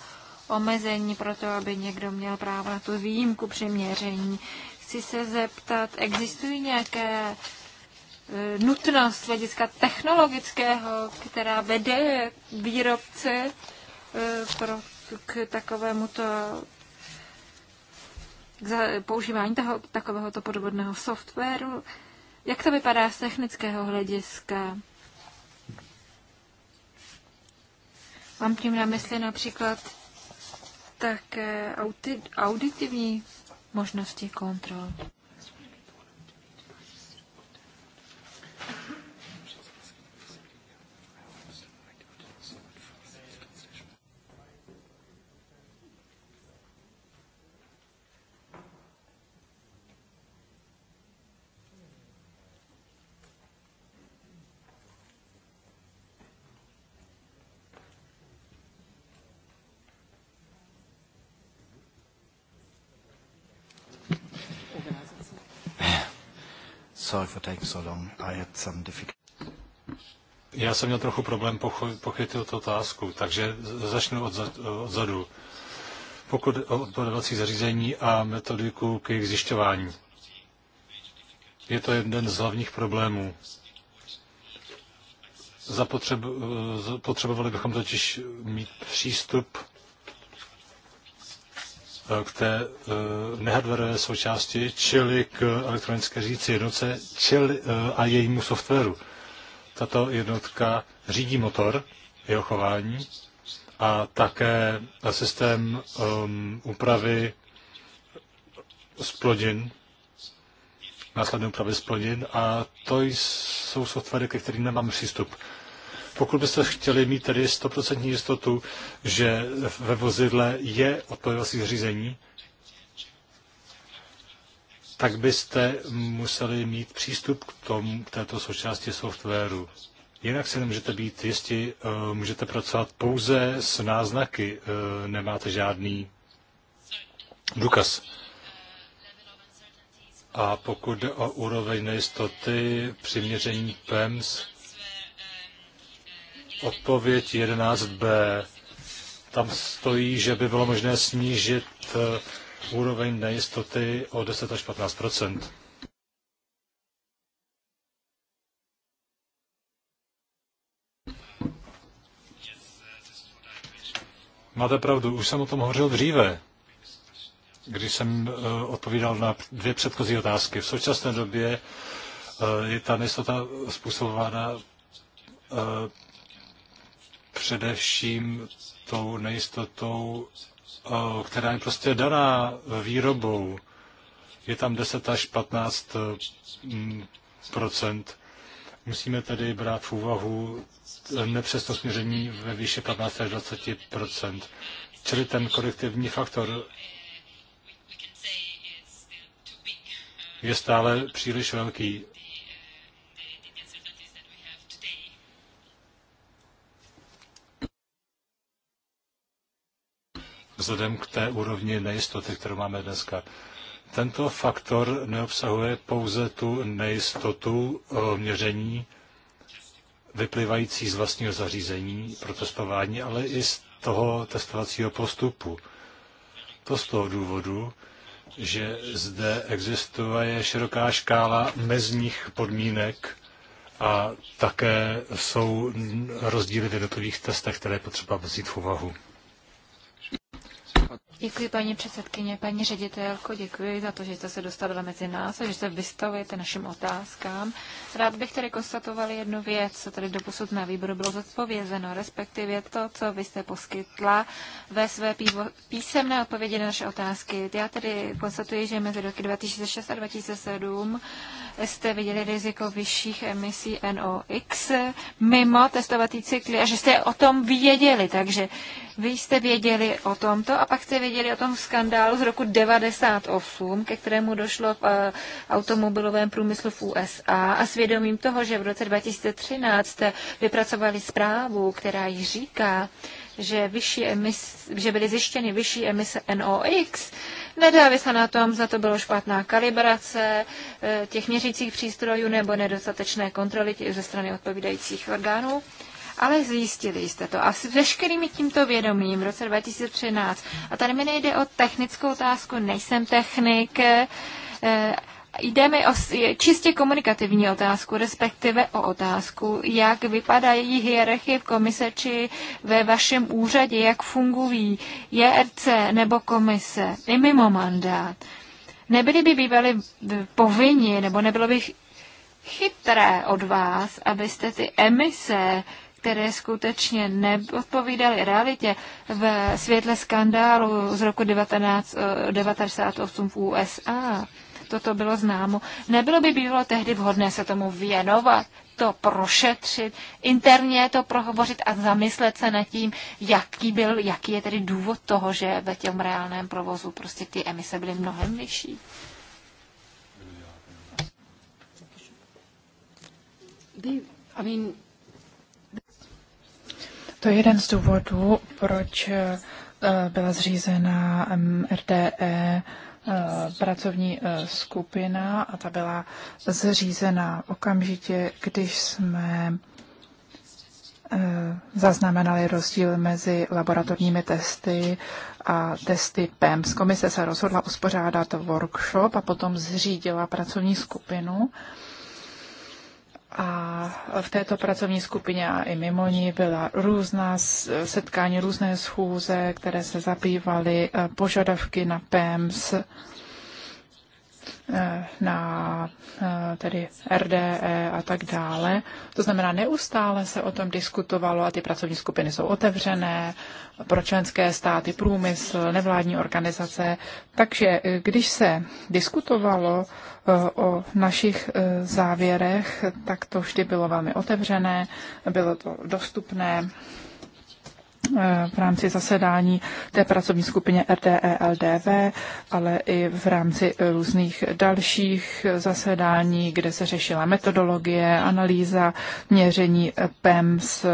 omezení pro to, aby někdo měl právo na tu výjimku při měření. Chci se zeptat, existují nějaké e, nutnost hlediska technologického, která vede výrobce e, pro k takovému to k používání toho, takovéhoto podobného softwaru. Jak to vypadá z technického hlediska? Mám tím na mysli například také auditivní možnosti kontrol. sorry for taking so long. I had some difficulty. Já jsem měl trochu problém pochytit tu otázku, takže začnu odzadu. Pokud o odpadovací zařízení a metodiku k jejich zjišťování. Je to jeden z hlavních problémů. Zapotřebovali bychom totiž mít přístup Eh, k té eh, nehardwareové součásti, čili k elektronické řídící jednotce čili, eh, a jejímu softwaru. Tato jednotka řídí motor, jeho chování a také systém um, úpravy splodin, následné úpravy splodin a to jsou softwary, ke kterým nemám přístup pokud byste chtěli mít tedy 100% jistotu, že ve vozidle je odpojovací zřízení, tak byste museli mít přístup k, tomu, k této součásti softwaru. Jinak si nemůžete být jistí, eh, můžete pracovat pouze s náznaky, eh, nemáte žádný důkaz. A pokud jde o úroveň nejistoty při měření PEMS, odpověď 11b. Tam stojí, že by bylo možné snížit eh, úroveň nejistoty o 10 až 15 Máte pravdu, už jsem o tom hovořil dříve, když jsem eh, odpovídal na dvě předchozí otázky. V současné době eh, je ta nejistota způsobována především tou nejistotou, eh, která je prostě daná výrobou. Je tam 10 až 15 mm, procent. Musíme tedy brát v úvahu nepřesnost směření ve výši 15 až 20 Čili ten korektivní faktor je stále příliš velký. vzhledem k té úrovni nejistoty, kterou máme dneska. Tento faktor neobsahuje pouze tu nejistotu eh, měření vyplývající z vlastního zařízení pro testování, ale i z toho testovacího postupu. To z toho důvodu, že zde existuje široká škála mezních podmínek a také jsou rozdíly v jednotlivých testech, které potřeba vzít v úvahu. Děkuji, paní předsedkyně, paní ředitelko, děkuji za to, že jste se dostavila mezi nás a že se vystavujete našim otázkám. Rád bych tedy konstatoval jednu věc, co tady doposud na výboru bylo zodpovězeno, respektive to, co vy jste poskytla ve své písemné odpovědi na naše otázky. Já tedy konstatuji, že mezi roky 2006 a 2007 jste viděli riziko vyšších emisí NOx mimo testovací cykly a že jste o tom věděli, takže vy jste věděli o tomto a pak jste věděli o tom skandálu z roku 98, ke kterému došlo v eh, automobilovém průmyslu v USA a svědomím toho, že v roce 2013 vypracovali zprávu, která ji říká, že, vyšší emis, že byly zjištěny vyšší emise NOx, se na tom, za to bylo špatná kalibrace eh, těch měřících přístrojů nebo nedostatečné kontroly ze strany odpovídajících orgánů ale zjistili jste to. A s veškerým tímto vědomím v roce 2013, a tady mi nejde o technickou otázku, nejsem technik, eh, Jde mi o čistě komunikativní otázku, respektive o otázku, jak vypadají hierarchie v komise či ve vašem úřadě, jak fungují JRC nebo komise i mimo mandát. Nebyli by bývali povinni, nebo nebylo by chytré od vás, abyste ty emise které skutečně neodpovídaly realitě v světle skandálu z roku 1998 eh, v USA, toto bylo známo, nebylo by bývalo tehdy vhodné se tomu věnovat, to prošetřit, interně to prohovořit a zamyslet se nad tím, jaký, byl, jaký je tedy důvod toho, že ve těm reálném provozu prostě ty emise byly mnohem vyšší. I mean, to je jeden z důvodů, proč eh, byla zřízena RDE eh, pracovní eh, skupina a ta byla zřízena okamžitě, když jsme zaznamenali rozdíl mezi laboratorními testy a testy PEMS. Komise se rozhodla uspořádat workshop a potom zřídila pracovní skupinu. A v této pracovní skupině a i mimo ní byla různá setkání, různé schůze, které se zabývaly eh, požadavky na PEMS Eh, na eh, tedy RDE a tak dále. To znamená, neustále se o tom diskutovalo a ty pracovní skupiny jsou otevřené pro členské státy, průmysl, nevládní organizace. Takže eh, když se diskutovalo o našich závěrech, tak to vždy bylo velmi otevřené, bylo to dostupné Eh, v rámci zasedání té pracovní skupině RDE-LDV, e ale i v rámci eh, různých dalších eh, zasedání, kde se řešila metodologie, analýza, měření PEMS.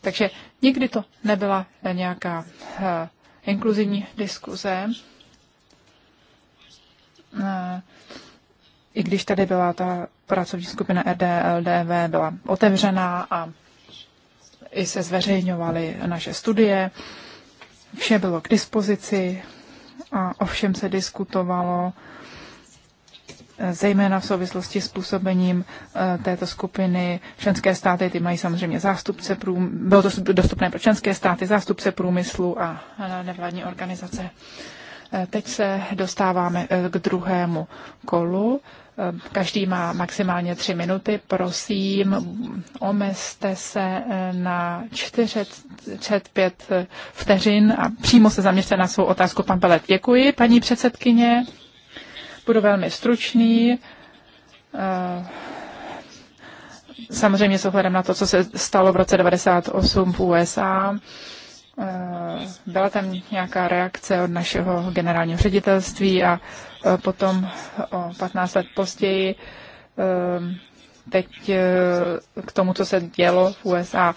Takže nikdy to nebyla nějaká inkluzivní diskuze. I když tady byla ta pracovní skupina RDLDV, e byla otevřená a i se zveřejňovaly naše studie, vše bylo k dispozici a o všem se diskutovalo, eh, zejména v souvislosti s působením eh, této skupiny. Členské státy ty mají samozřejmě zástupce průmyslu, bylo to dostupné pro členské státy, zástupce průmyslu a nevládní organizace. Eh, teď se dostáváme k druhému kolu Každý má maximálně tři minuty. Prosím, omezte se eh, na 45 vteřin a přímo se zaměřte na svou otázku. Pan Pelet, děkuji, paní předsedkyně. Budu velmi stručný. Eh, samozřejmě s ohledem na to, co se stalo v roce 1998 v USA, Eh, byla tam nějaká reakce od našeho generálního ředitelství a eh, potom o 15 let později eh, teď k tomu, co se dělo v USA.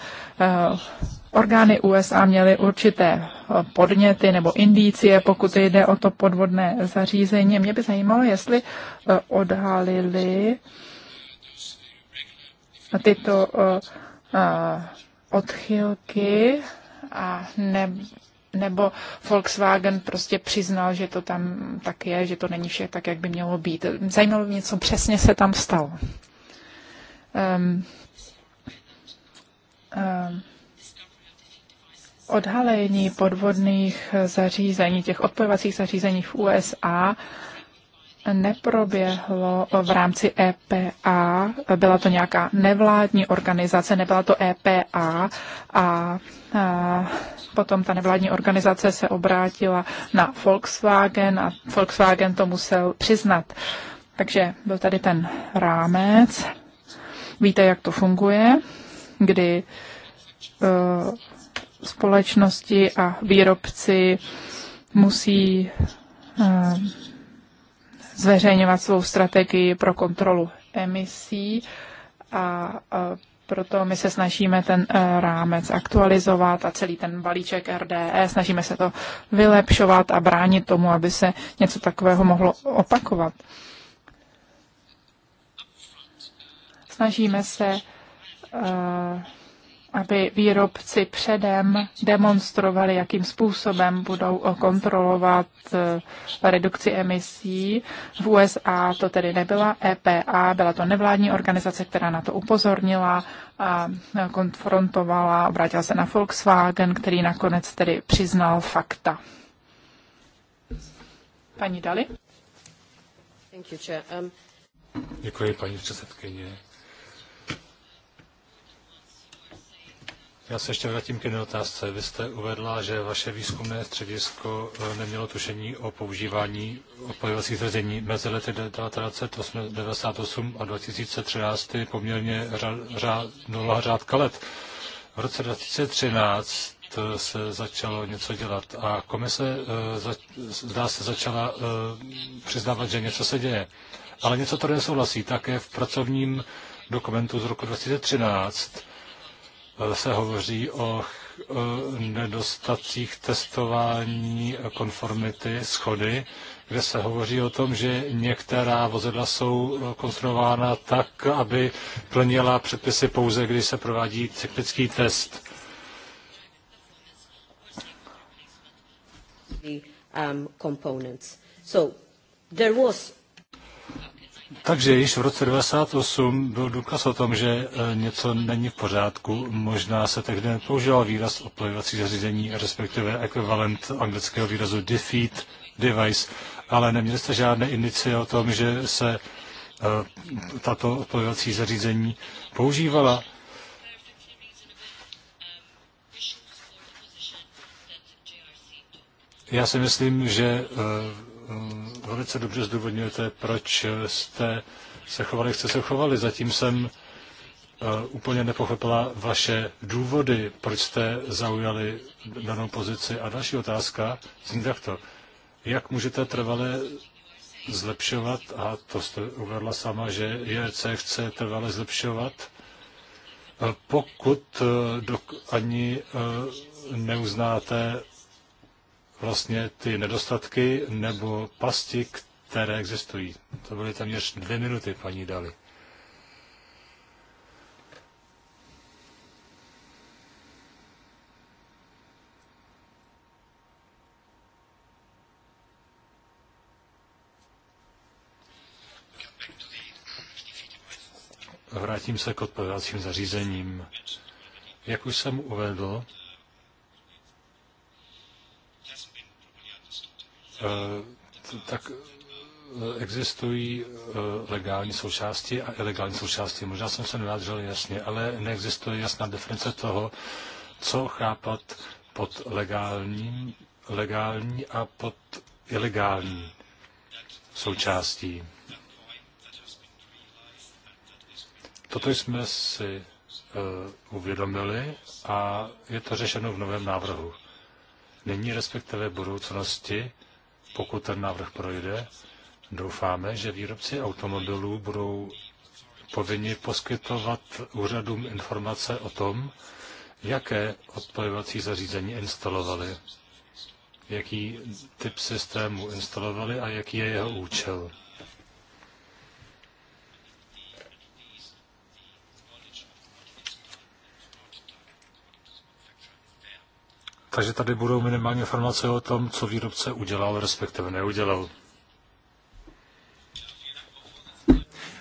Orgány USA měly určité podněty nebo indicie, pokud jde o to podvodné zařízení. Mě by zajímalo, jestli odhalili tyto odchylky a ne, nebo Volkswagen prostě přiznal, že to tam tak je, že to není vše tak, jak by mělo být. Zajímalo mě, co přesně se tam stalo. Um, um, odhalení podvodných zařízení, těch odpojovacích zařízení v USA neproběhlo v rámci EPA, byla to nějaká nevládní organizace, nebyla to EPA a, a potom ta nevládní organizace se obrátila na Volkswagen a Volkswagen to musel přiznat. Takže byl tady ten rámec. Víte, jak to funguje, kdy uh, společnosti a výrobci musí uh, zveřejňovat svou strategii pro kontrolu emisí a proto my se snažíme ten e, rámec aktualizovat a celý ten balíček RDE, snažíme se to vylepšovat a bránit tomu, aby se něco takového mohlo opakovat. Snažíme se e, aby výrobci předem demonstrovali, jakým způsobem budou kontrolovat eh, redukci emisí. V USA to tedy nebyla EPA, byla to nevládní organizace, která na to upozornila a eh, konfrontovala, obrátila se na Volkswagen, který nakonec tedy přiznal fakta. Paní Dali? Um, Děkuji, paní předsedkyně. Já se ještě vrátím k jedné otázce. Vy jste uvedla, že vaše výzkumné středisko eh, nemělo tušení o používání odpojovacích zařízení Mezi lety 1998 a 2013 je poměrně řád, řádka let. V roce 2013 eh, se začalo něco dělat a komise eh, za, zdá se začala přiznávat, že něco se děje. Ale něco to nesouhlasí. Také v pracovním dokumentu z roku 2013 se hovoří o nedostatcích testování konformity, schody, kde se hovoří o tom, že některá vozidla jsou konstruována tak, aby plnila předpisy pouze, když se provádí cyklický test. Um, components. So there was takže již v roce 1998 byl důkaz o tom, že e, něco není v pořádku. Možná se tehdy nepoužíval výraz oplojovací zařízení, respektive ekvivalent anglického výrazu defeat device, ale neměli jste žádné indicie o tom, že se e, tato odpojovací zařízení používala. Já si myslím, že e, Eh, velice dobře zdůvodňujete, proč jste se chovali, jak jste se chovali. Zatím jsem eh, úplně nepochopila vaše důvody, proč jste zaujali danou pozici. A další otázka zní takto. Jak můžete trvale zlepšovat, a to jste uvedla sama, že JRC chce trvale zlepšovat, eh, pokud dok- ani neuznáte vlastně ty nedostatky nebo pasti, které existují. To byly téměř dvě minuty, paní Dali. Vrátím se k odpovědacím zařízením. Jak už jsem uvedl, Eh, tak eh, existují eh, legální součásti a ilegální součásti. Možná jsem se nevyjádřil jasně, ale neexistuje jasná definice toho, co chápat pod legální, legální a pod ilegální součástí. Toto jsme si uh, uvědomili a je to řešeno v novém návrhu. Nyní respektive budoucnosti pokud ten návrh projde, doufáme, že výrobci automobilů budou povinni poskytovat úřadům informace o tom, jaké odpojovací zařízení instalovali, jaký typ systému instalovali a jaký je jeho účel. Takže tady budou minimálně informace o tom, co výrobce udělal, respektive neudělal.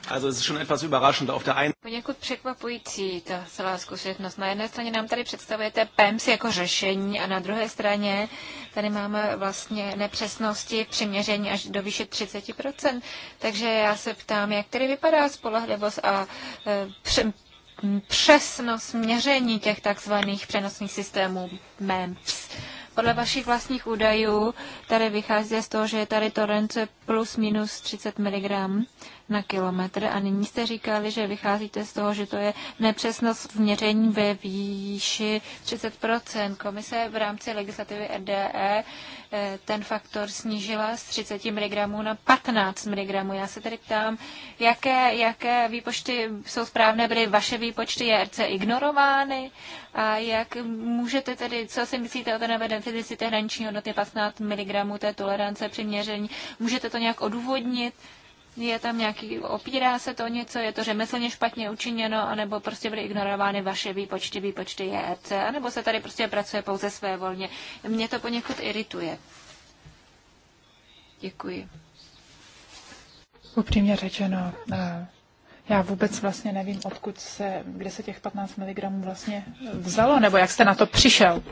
Also es ist schon etwas überraschend auf der einen Poněkud překvapující ta celá zkušenost. Na jedné straně nám tady představujete PEMS jako řešení a na druhé straně tady máme vlastně nepřesnosti v přiměření až do výše 30%. Takže já se ptám, jak tedy vypadá spolehlivost a e, přesnost měření těch takzvaných přenosných systémů MEMS. Podle vašich vlastních údajů tady vychází z toho, že je tady torence plus minus 30 mg na kilometr a nyní jste říkali, že vycházíte z toho, že to je nepřesnost v měření ve výši 30%. Komise v rámci legislativy RDE eh, ten faktor snížila z 30 mg na 15 mg. Já se tedy ptám, jaké, jaké výpočty jsou správné, byly vaše výpočty JRC ignorovány a jak můžete tedy, co si myslíte o té navedenci té hraniční hodnoty 15 mg té tolerance při měření, můžete to nějak odůvodnit? je tam nějaký, opírá se to něco, je to řemeslně špatně učiněno, anebo prostě byly ignorovány vaše výpočty, výpočty JRC, anebo se tady prostě pracuje pouze své volně. Mě to poněkud irituje. Děkuji. Upřímně řečeno, eh, já vůbec vlastně nevím, odkud se, kde se těch 15 mg vlastně vzalo, nebo jak jste na to přišel.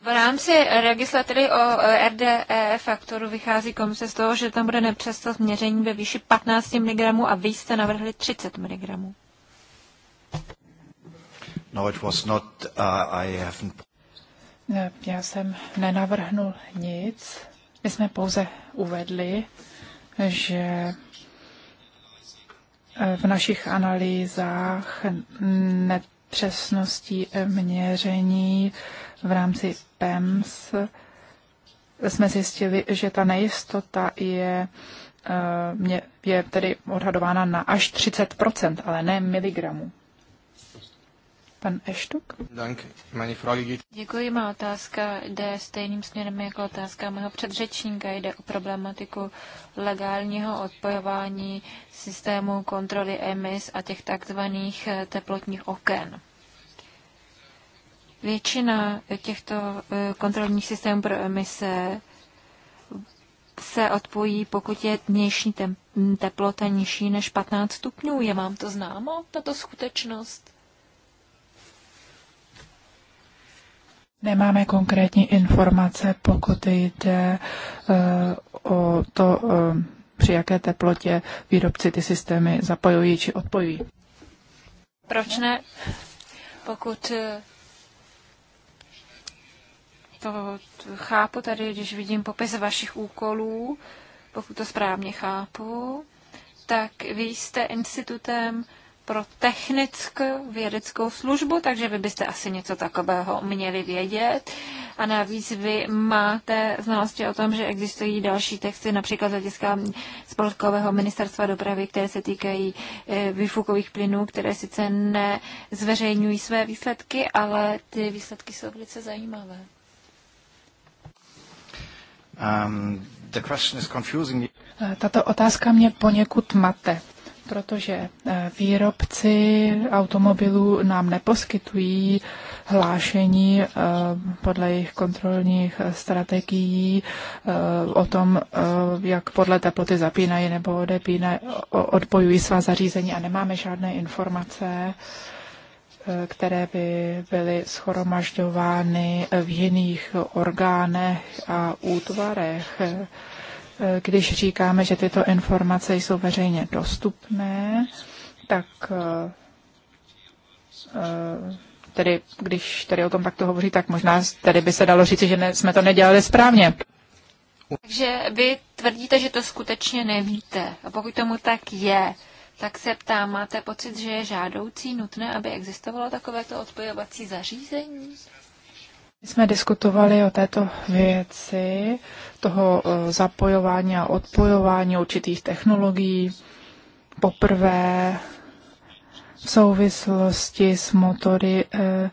V rámci legislativy o eh, RDE faktoru vychází komise z toho, že tam bude nepřestat měření ve výši 15 mg a vy jste navrhli 30 mg. No, it was not, uh, I haven't... Já jsem nenavrhnul nic. My jsme pouze uvedli, že v našich analýzách nepřesností měření v rámci PEMS jsme zjistili, že ta nejistota je, eh, je tedy odhadována na až 30%, ale ne miligramů. Pan Eštuk? Děkuji, má otázka jde stejným směrem jako otázka mého předřečníka. Jde o problematiku legálního odpojování systému kontroly emis a těch takzvaných eh, teplotních oken. Většina těchto eh, kontrolních systémů pro emise se odpojí, pokud je dnešní teplota nižší než 15 stupňů. Je vám to známo, tato skutečnost? Nemáme konkrétní informace, pokud jde eh, o to, eh, při jaké teplotě výrobci ty systémy zapojují či odpojují. Proč ne? Pokud eh, to chápu tady, když vidím popis vašich úkolů, pokud to správně chápu, tak vy jste institutem pro technickou vědeckou službu, takže vy byste asi něco takového měli vědět. A navíc vy máte znalosti o tom, že existují další texty, například z hlediska spolkového ministerstva dopravy, které se týkají eh, výfukových plynů, které sice nezveřejňují své výsledky, ale ty výsledky jsou velice zajímavé. Um, the question is confusing. Eh, tato otázka mě poněkud mate protože eh, výrobci automobilů nám neposkytují hlášení eh, podle jejich kontrolních eh, strategií o tom, jak podle teploty zapínají nebo odepínají, odpojují svá zařízení a nemáme žádné informace které by byly schromažďovány v jiných orgánech a útvarech když říkáme, že tyto informace jsou veřejně dostupné, tak eh, tedy, když tady o tom takto hovoří, tak možná tady by se dalo říci, že ne, jsme to nedělali správně. Takže vy tvrdíte, že to skutečně nevíte. A pokud tomu tak je, tak se ptám, máte pocit, že je žádoucí nutné, aby existovalo takovéto odpojovací zařízení? My jsme diskutovali o této věci, toho eh, zapojování a odpojování určitých technologií poprvé v souvislosti s motory, eh, eh,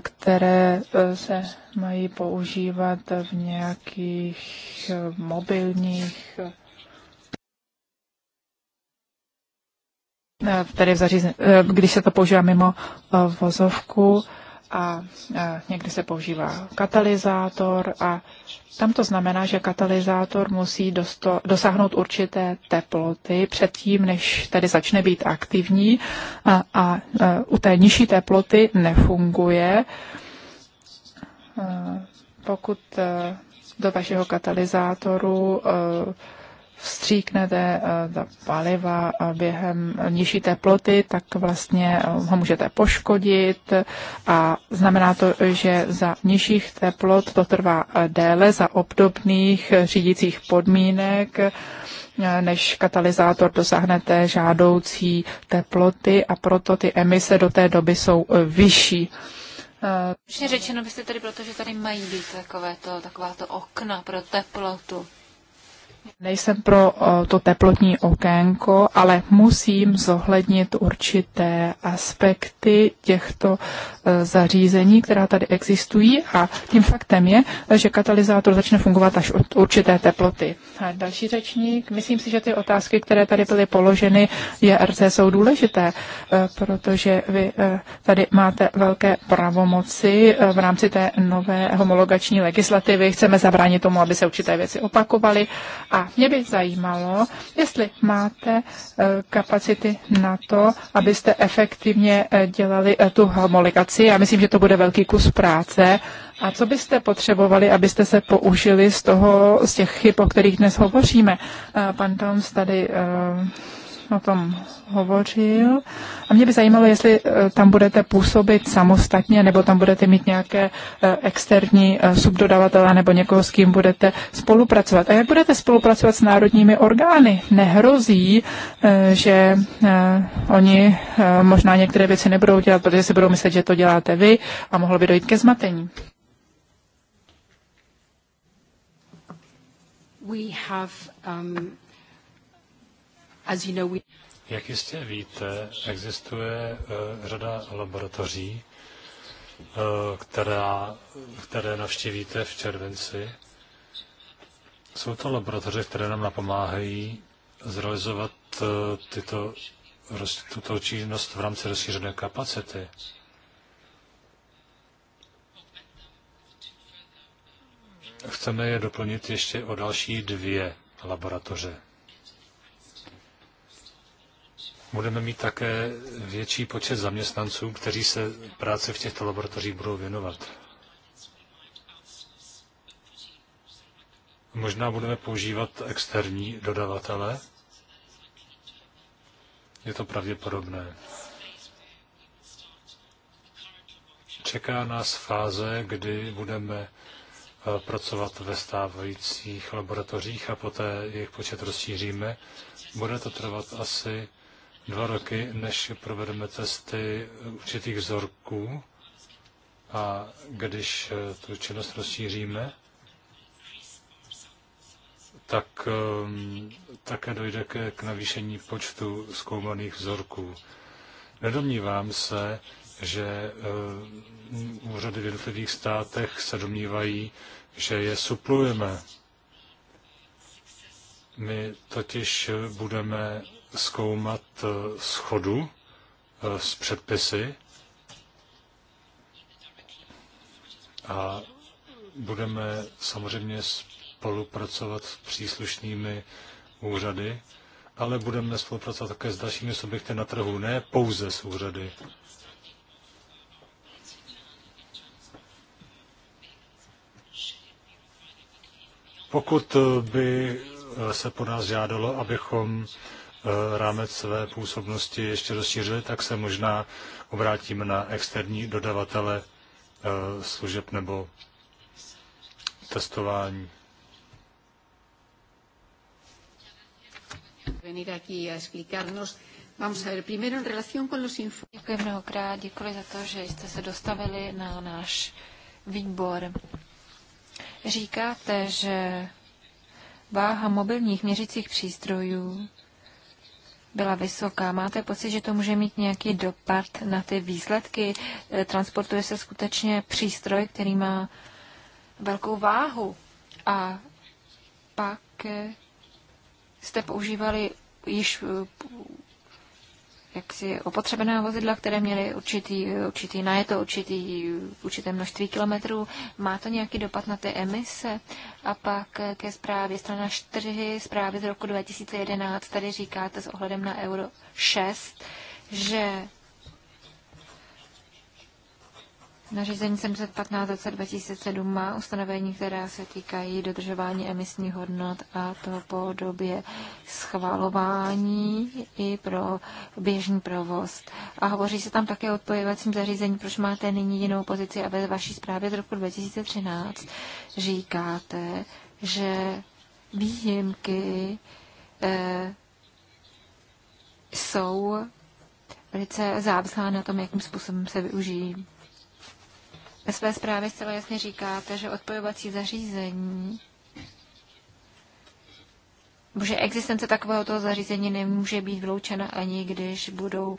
které se mají používat v nějakých mobilních tedy v zařízení, když se to používá mimo vozovku a někdy se používá katalyzátor a tam to znamená, že katalyzátor musí dosto, dosáhnout určité teploty předtím, než tady začne být aktivní a, a, a u té nižší teploty nefunguje. Pokud e, do vašeho katalyzátoru e, vstříknete eh, ta paliva eh, během nižší teploty, tak vlastně eh, ho můžete poškodit a znamená to, že za nižších teplot to trvá déle, za obdobných řídících podmínek než katalyzátor dosáhnete žádoucí teploty a proto ty emise do té doby jsou vyšší. Přesně řečeno byste tedy proto, že tady mají být takovéto, takováto okna pro teplotu. Nejsem pro eh, to teplotní okénko, ale musím zohlednit určité aspekty těchto Eh, zařízení, která tady existují a tím faktem je, že katalyzátor začne fungovat až od určité teploty. A další řečník, myslím si, že ty otázky, které tady byly položeny je RC, jsou důležité, eh, protože vy eh, tady máte velké pravomoci v rámci té nové homologační legislativy. Chceme zabránit tomu, aby se určité věci opakovaly a mě by zajímalo, jestli máte kapacity na to, abyste efektivně dělali tu homologaci věci. Já myslím, že to bude velký kus práce. A co byste potřebovali, abyste se použili z toho, z těch chyb, o kterých dnes hovoříme? Eh, pan Toms tady eh, o tom hovořil. A mě by zajímalo, jestli e, tam budete působit samostatně, nebo tam budete mít nějaké e, externí e, subdodavatele, nebo někoho, s kým budete spolupracovat. A jak budete spolupracovat s národními orgány? Nehrozí, že oni možná některé věci nebudou dělat, protože si budou myslet, že to děláte vy a mohlo by dojít ke zmatení. We have um, jak jistě víte, existuje eh, řada laboratoří, eh, která, které navštívíte v červenci. Jsou to laboratoře, které nám napomáhají zrealizovat eh, tyto, tuto činnost v rámci rozšířené kapacity. Chceme je doplnit ještě o další dvě laboratoře. Budeme mít také větší počet zaměstnanců, kteří se práce v těchto laboratořích budou věnovat. Možná budeme používat externí dodavatele. Je to pravděpodobné. Čeká nás fáze, kdy budeme eh, pracovat ve stávajících laboratořích a poté jejich počet rozšíříme. Bude to trvat asi dva roky, než provedeme testy určitých vzorků a když tu činnost rozšíříme, tak um, také dojde k, k navýšení počtu zkoumaných vzorků. Nedomnívám se, že um, úřady v jednotlivých státech se domnívají, že je suplujeme. My totiž budeme zkoumat eh, schodu eh, s předpisy a budeme samozřejmě spolupracovat s příslušnými úřady, ale budeme spolupracovat také s dalšími subjekty na trhu, ne pouze s úřady. Pokud by eh, se po nás žádalo, abychom Eh, rámec své působnosti ještě rozšířili, tak se možná obrátíme na externí dodavatele eh, služeb nebo testování. a Děkuji mnohokrát, děkuji za to, že jste se dostavili na náš výbor. Říkáte, že váha mobilních měřicích přístrojů byla vysoká. Máte pocit, že to může mít nějaký dopad na ty výsledky? Eh, Transportuje se skutečně přístroj, který má velkou váhu. A pak eh, jste používali již eh, jaksi opotřebená vozidla, které měly určitý, určitý najeto, určitý, určité množství kilometrů. Má to nějaký dopad na ty emise? A pak ke zprávě strana 4 zprávy z roku 2011 tady říkáte s ohledem na Euro 6, že Nařízení 715 2007 má ustanovení, která se týkají dodržování emisních hodnot a to po době schvalování i pro běžný provoz. A hovoří se tam také o odpojovacím zařízení, proč máte nyní jinou pozici a ve vaší zprávě z roku 2013 říkáte, že výjimky eh, jsou velice závislá na tom, jakým způsobem se využijí. Ve své zprávě zcela jasně říkáte, že odpojovací zařízení že existence takovéhoto zařízení nemůže být vyloučena ani když budou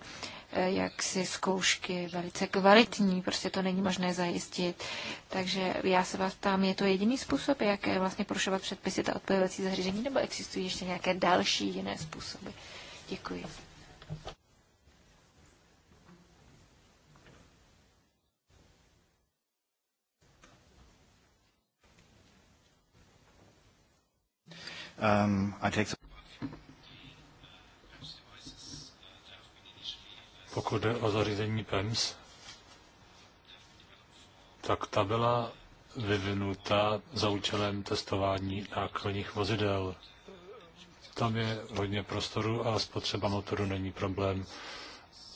eh, jaksi zkoušky velice kvalitní, prostě to není možné zajistit. Takže já se vás ptám, je to jediný způsob, jak je eh, vlastně porušovat předpisy ta odpojovací zařízení, nebo existují ještě nějaké další jiné způsoby? Děkuji. Um, I take Pokud jde o zařízení PEMS, tak ta byla vyvinuta za účelem testování nákladních vozidel. Tam je hodně prostoru a spotřeba motoru není problém.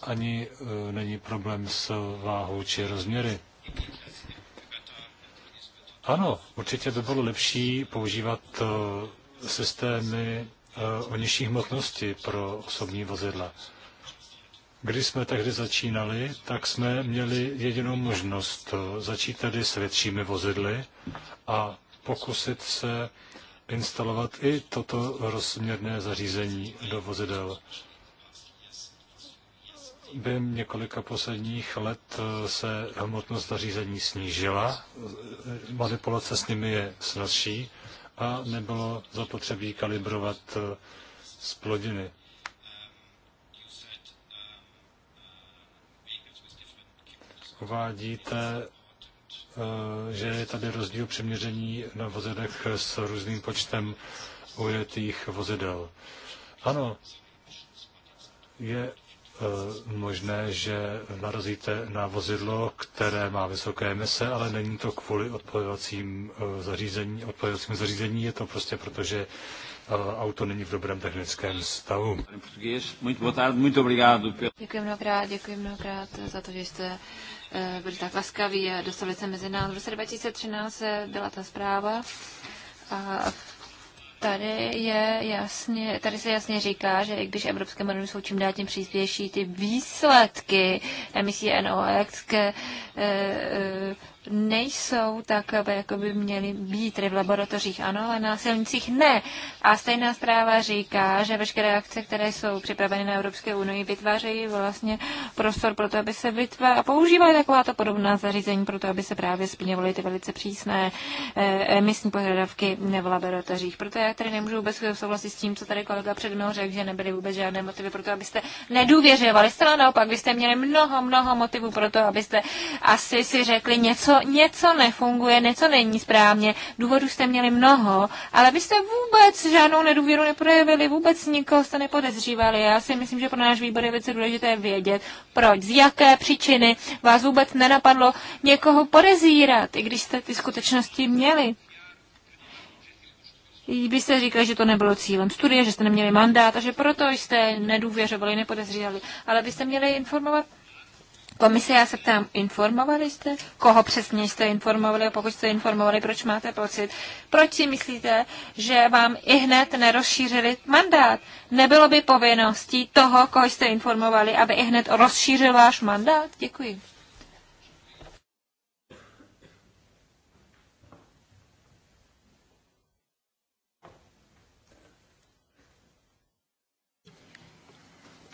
Ani e, není problém s váhou či rozměry. Ano, určitě by bylo lepší používat e, systémy eh, o nižší hmotnosti pro osobní vozidla. Když jsme tehdy začínali, tak jsme měli jedinou možnost eh, začít tedy s většími vozidly a pokusit se instalovat i toto rozměrné zařízení do vozidel. Během několika posledních let eh, se hmotnost zařízení snížila, manipulace s nimi je snazší a nebylo zapotřebí kalibrovat splodiny. Eh, Uvádíte, eh, že je tady rozdíl přeměření na vozidech s různým počtem ujetých vozidel. Ano, je Eh, možné, že narazíte na vozidlo, které má vysoké emise, ale není to kvůli odpojovacím eh, zařízení, odpojovacím zařízení, je to prostě proto, že eh, auto není v dobrém technickém stavu. Děkuji mnohokrát, děkuji mnohokrát za to, že jste byli tak laskaví a dostali se mezi nás. V roce 2013 byla ta zpráva a v tady je jasně, tady se jasně říká, že i když evropské normy jsou čím dál tím přísnější, ty výsledky emisí NOx, ke, e, e, nejsou takové, jako by měly být, v laboratořích ano, ale na silnicích ne. A stejná zpráva říká, že veškeré akce, které jsou připraveny na Evropské unii, vytvářejí vlastně prostor pro to, aby se vytvá a používají takováto podobná zařízení pro to, aby se právě splňovaly ty velice přísné eh, emisní požadavky v laboratořích. Proto já tady nemůžu vůbec souhlasit s tím, co tady kolega před mnou řekl, že nebyly vůbec žádné motivy pro to, abyste nedůvěřovali. Stále naopak, vy jste měli mnoho, mnoho motivů pro to, abyste asi si řekli něco něco nefunguje, něco není správně. Důvodů jste měli mnoho, ale vy jste vůbec žádnou nedůvěru neprojevili, vůbec nikoho jste nepodezřívali. Já si myslím, že pro náš výbor je velice důležité vědět, proč, z jaké příčiny vás vůbec nenapadlo někoho podezírat, i když jste ty skutečnosti měli. Byste říkali, že to nebylo cílem studie, že jste neměli mandát a že proto jste nedůvěřovali, nepodezřívali, ale byste měli informovat Komise, já se ptám, informovali jste? Koho přesně jste informovali? A pokud jste informovali, proč máte pocit? Proč si myslíte, že vám i hned nerozšířili mandát? Nebylo by povinností toho, koho jste informovali, aby i hned rozšířil váš mandát? Děkuji.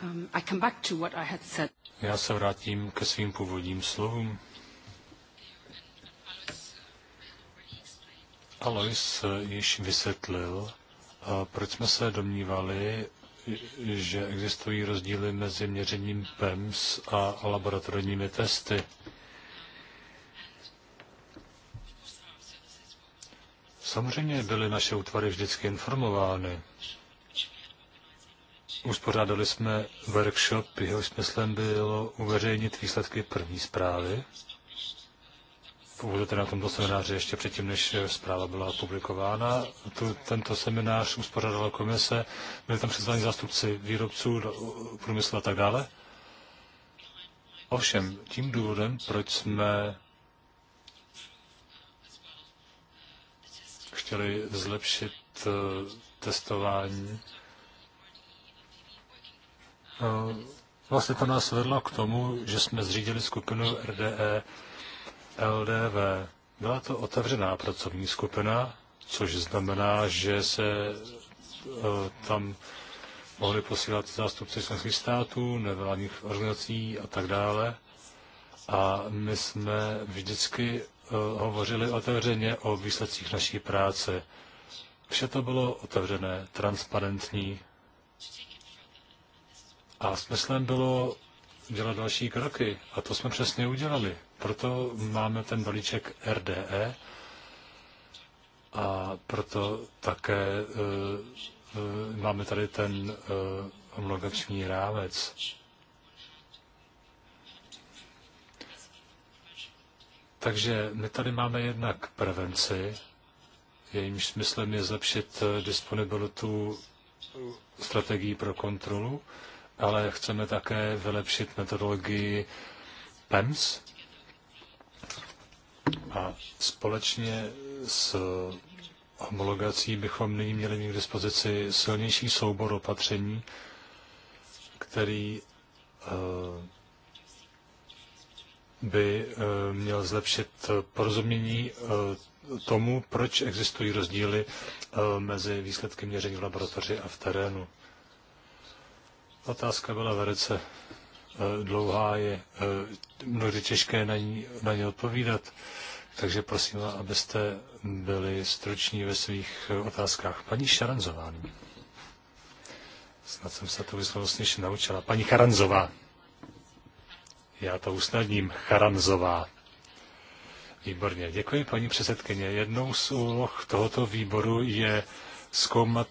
Um, I come back to what I had said. Já se vrátím ke svým původním slovům. Alois již vysvětlil, proč jsme se domnívali, že existují rozdíly mezi měřením PEMS a laboratorními testy. Samozřejmě byly naše útvary vždycky informovány. Uspořádali jsme workshop, jeho smyslem bylo uveřejnit výsledky první zprávy. Pouze tedy na tomto semináři ještě předtím, než zpráva byla publikována. Tu, tento seminář uspořádala komise, byli tam přizváni zástupci výrobců, průmyslu a tak dále. Ovšem, tím důvodem, proč jsme chtěli zlepšit eh, testování Eh, vlastně to nás vedlo k tomu, že jsme zřídili skupinu RDE LDV. Byla to otevřená pracovní skupina, což znamená, že se eh, tam mohli posílat zástupci členských států, nevládních organizací a tak dále. A my jsme vždycky eh, hovořili otevřeně o výsledcích naší práce. Vše to bylo otevřené, transparentní a smyslem bylo dělat další kroky. A to jsme přesně udělali. Proto máme ten balíček RDE a proto také uh, uh, máme tady ten uh, homologační rámec. Takže my tady máme jednak prevenci, jejímž smyslem je zlepšit disponibilitu strategií pro kontrolu, ale chceme také vylepšit metodologii PEMS a společně s homologací bychom nyní měli mít k dispozici silnější soubor opatření, který eh, by eh, měl zlepšit porozumění eh, tomu, proč existují rozdíly mezi výsledky měření v laboratoři a v terénu. Otázka byla velice eh, dlouhá, je eh, mnohdy těžké na ní, na ní odpovídat, takže prosím, abyste byli struční ve svých eh, otázkách. Paní Šaranzová. Snad jsem se to vyslovnostně naučila. Paní Charanzová. Já to usnadním. Charanzová. Výborně. Děkuji, paní předsedkyně. Jednou z úloh tohoto výboru je zkoumat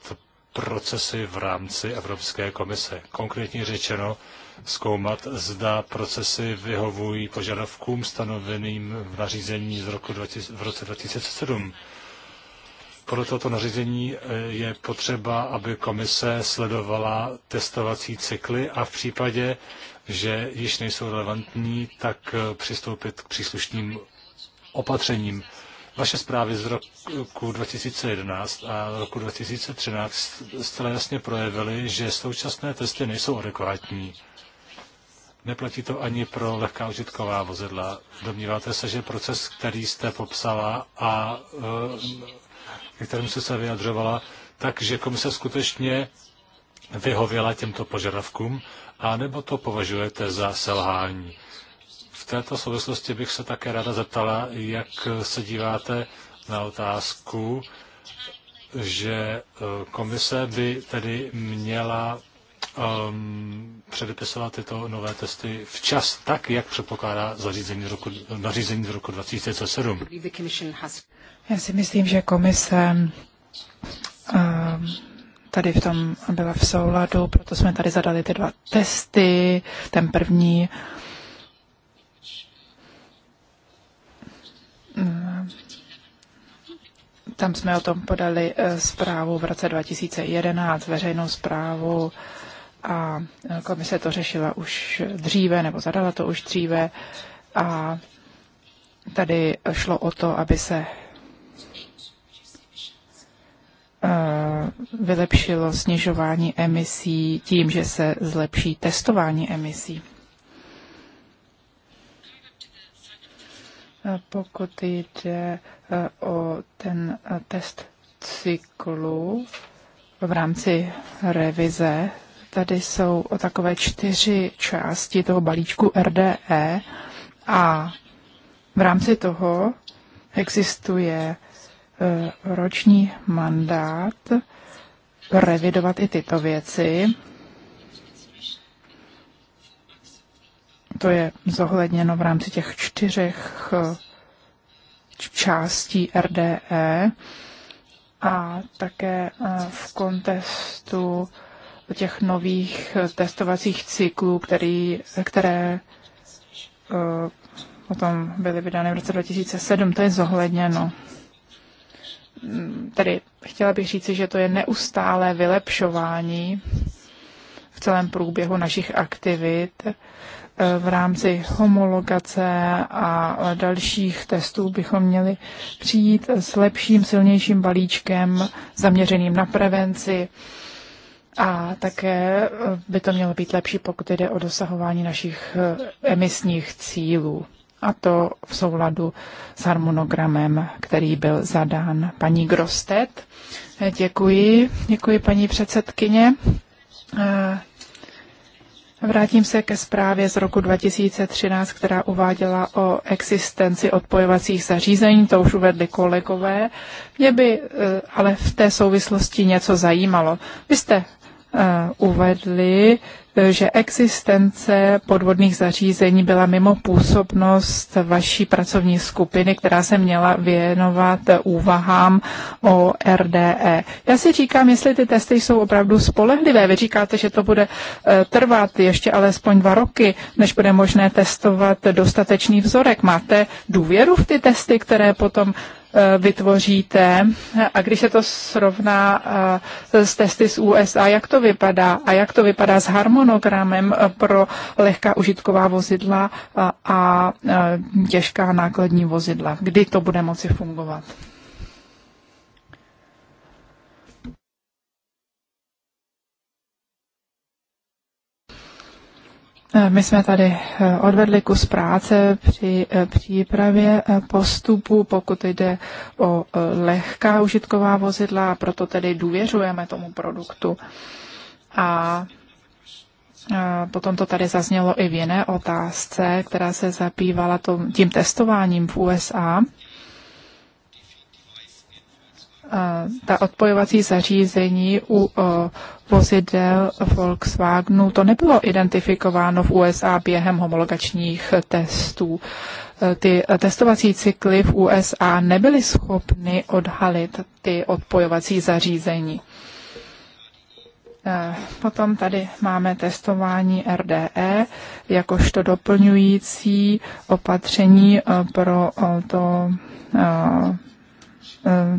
procesy v rámci Evropské komise. Konkrétně řečeno, zkoumat, zda procesy vyhovují požadavkům stanoveným v nařízení z roku 20, v roce 2007. Pro toto nařízení e, je potřeba, aby komise sledovala testovací cykly a v případě, že již nejsou relevantní, tak e, přistoupit k příslušným opatřením vaše zprávy z roku 2011 a roku 2013 zcela jasně projevily, že současné testy nejsou adekvátní. Neplatí to ani pro lehká užitková vozidla. Domníváte se, že proces, který jste popsala a eh, kterým se jste se vyjadřovala, takže komise skutečně vyhověla těmto požadavkům, anebo to považujete za selhání? této souvislosti bych se také ráda zeptala, jak se díváte na otázku, že eh, komise by tedy měla um, předepisovat tyto nové testy včas, tak jak předpokládá zařízení roku, nařízení z roku 2007. Já si myslím, že komise um, tady v tom byla v souladu, proto jsme tady zadali ty dva testy. Ten první Hmm. Tam jsme o tom podali eh, zprávu v roce 2011, veřejnou zprávu a eh, komise to řešila už dříve, nebo zadala to už dříve a tady šlo o to, aby se eh, vylepšilo snižování emisí tím, že se zlepší testování emisí. pokud jde e, o ten e, test cyklu v rámci revize, tady jsou o takové čtyři části toho balíčku RDE a v rámci toho existuje e, roční mandát revidovat i tyto věci To je zohledněno v rámci těch čtyřech eh, částí RDE a také eh, v kontextu těch nových eh, testovacích cyklů, který, které potom byly vydány v roce 2007. To je zohledněno. Mm, tedy chtěla bych říci, že to je neustálé vylepšování v celém průběhu našich aktivit E, v rámci homologace a dalších testů bychom měli přijít s lepším, silnějším balíčkem zaměřeným na prevenci a také e, by to mělo být lepší, pokud jde o dosahování našich e, emisních cílů. A to v souladu s harmonogramem, který byl zadán paní Grostet. Děkuji, děkuji paní předsedkyně. Vrátím se ke zprávě z roku 2013, která uváděla o existenci odpojovacích zařízení, to už uvedli kolegové. Mě by eh, ale v té souvislosti něco zajímalo. Vy jste eh, uvedli, že existence podvodných zařízení byla mimo působnost vaší pracovní skupiny, která se měla věnovat úvahám o RDE. Já si říkám, jestli ty testy jsou opravdu spolehlivé. Vy říkáte, že to bude eh, trvat ještě alespoň dva roky, než bude možné testovat dostatečný vzorek. Máte důvěru v ty testy, které potom eh, vytvoříte. A když se to srovná eh, s testy z USA, jak to vypadá? A jak to vypadá s harmonizací? harmonogramem pro lehká užitková vozidla a e, těžká nákladní vozidla. Kdy to bude moci fungovat? E, my jsme tady e, odvedli kus práce při přípravě postupu, pokud jde o lehká užitková vozidla, proto tedy důvěřujeme tomu produktu. A Potom to tady zaznělo i v jiné otázce, která se zabývala tím testováním v USA. Ta odpojovací zařízení u vozidel Volkswagenu, to nebylo identifikováno v USA během homologačních testů. E, ty testovací cykly v USA nebyly schopny odhalit ty odpojovací zařízení. Eh, potom tady máme testování RDE jakožto doplňující opatření eh, pro eh, to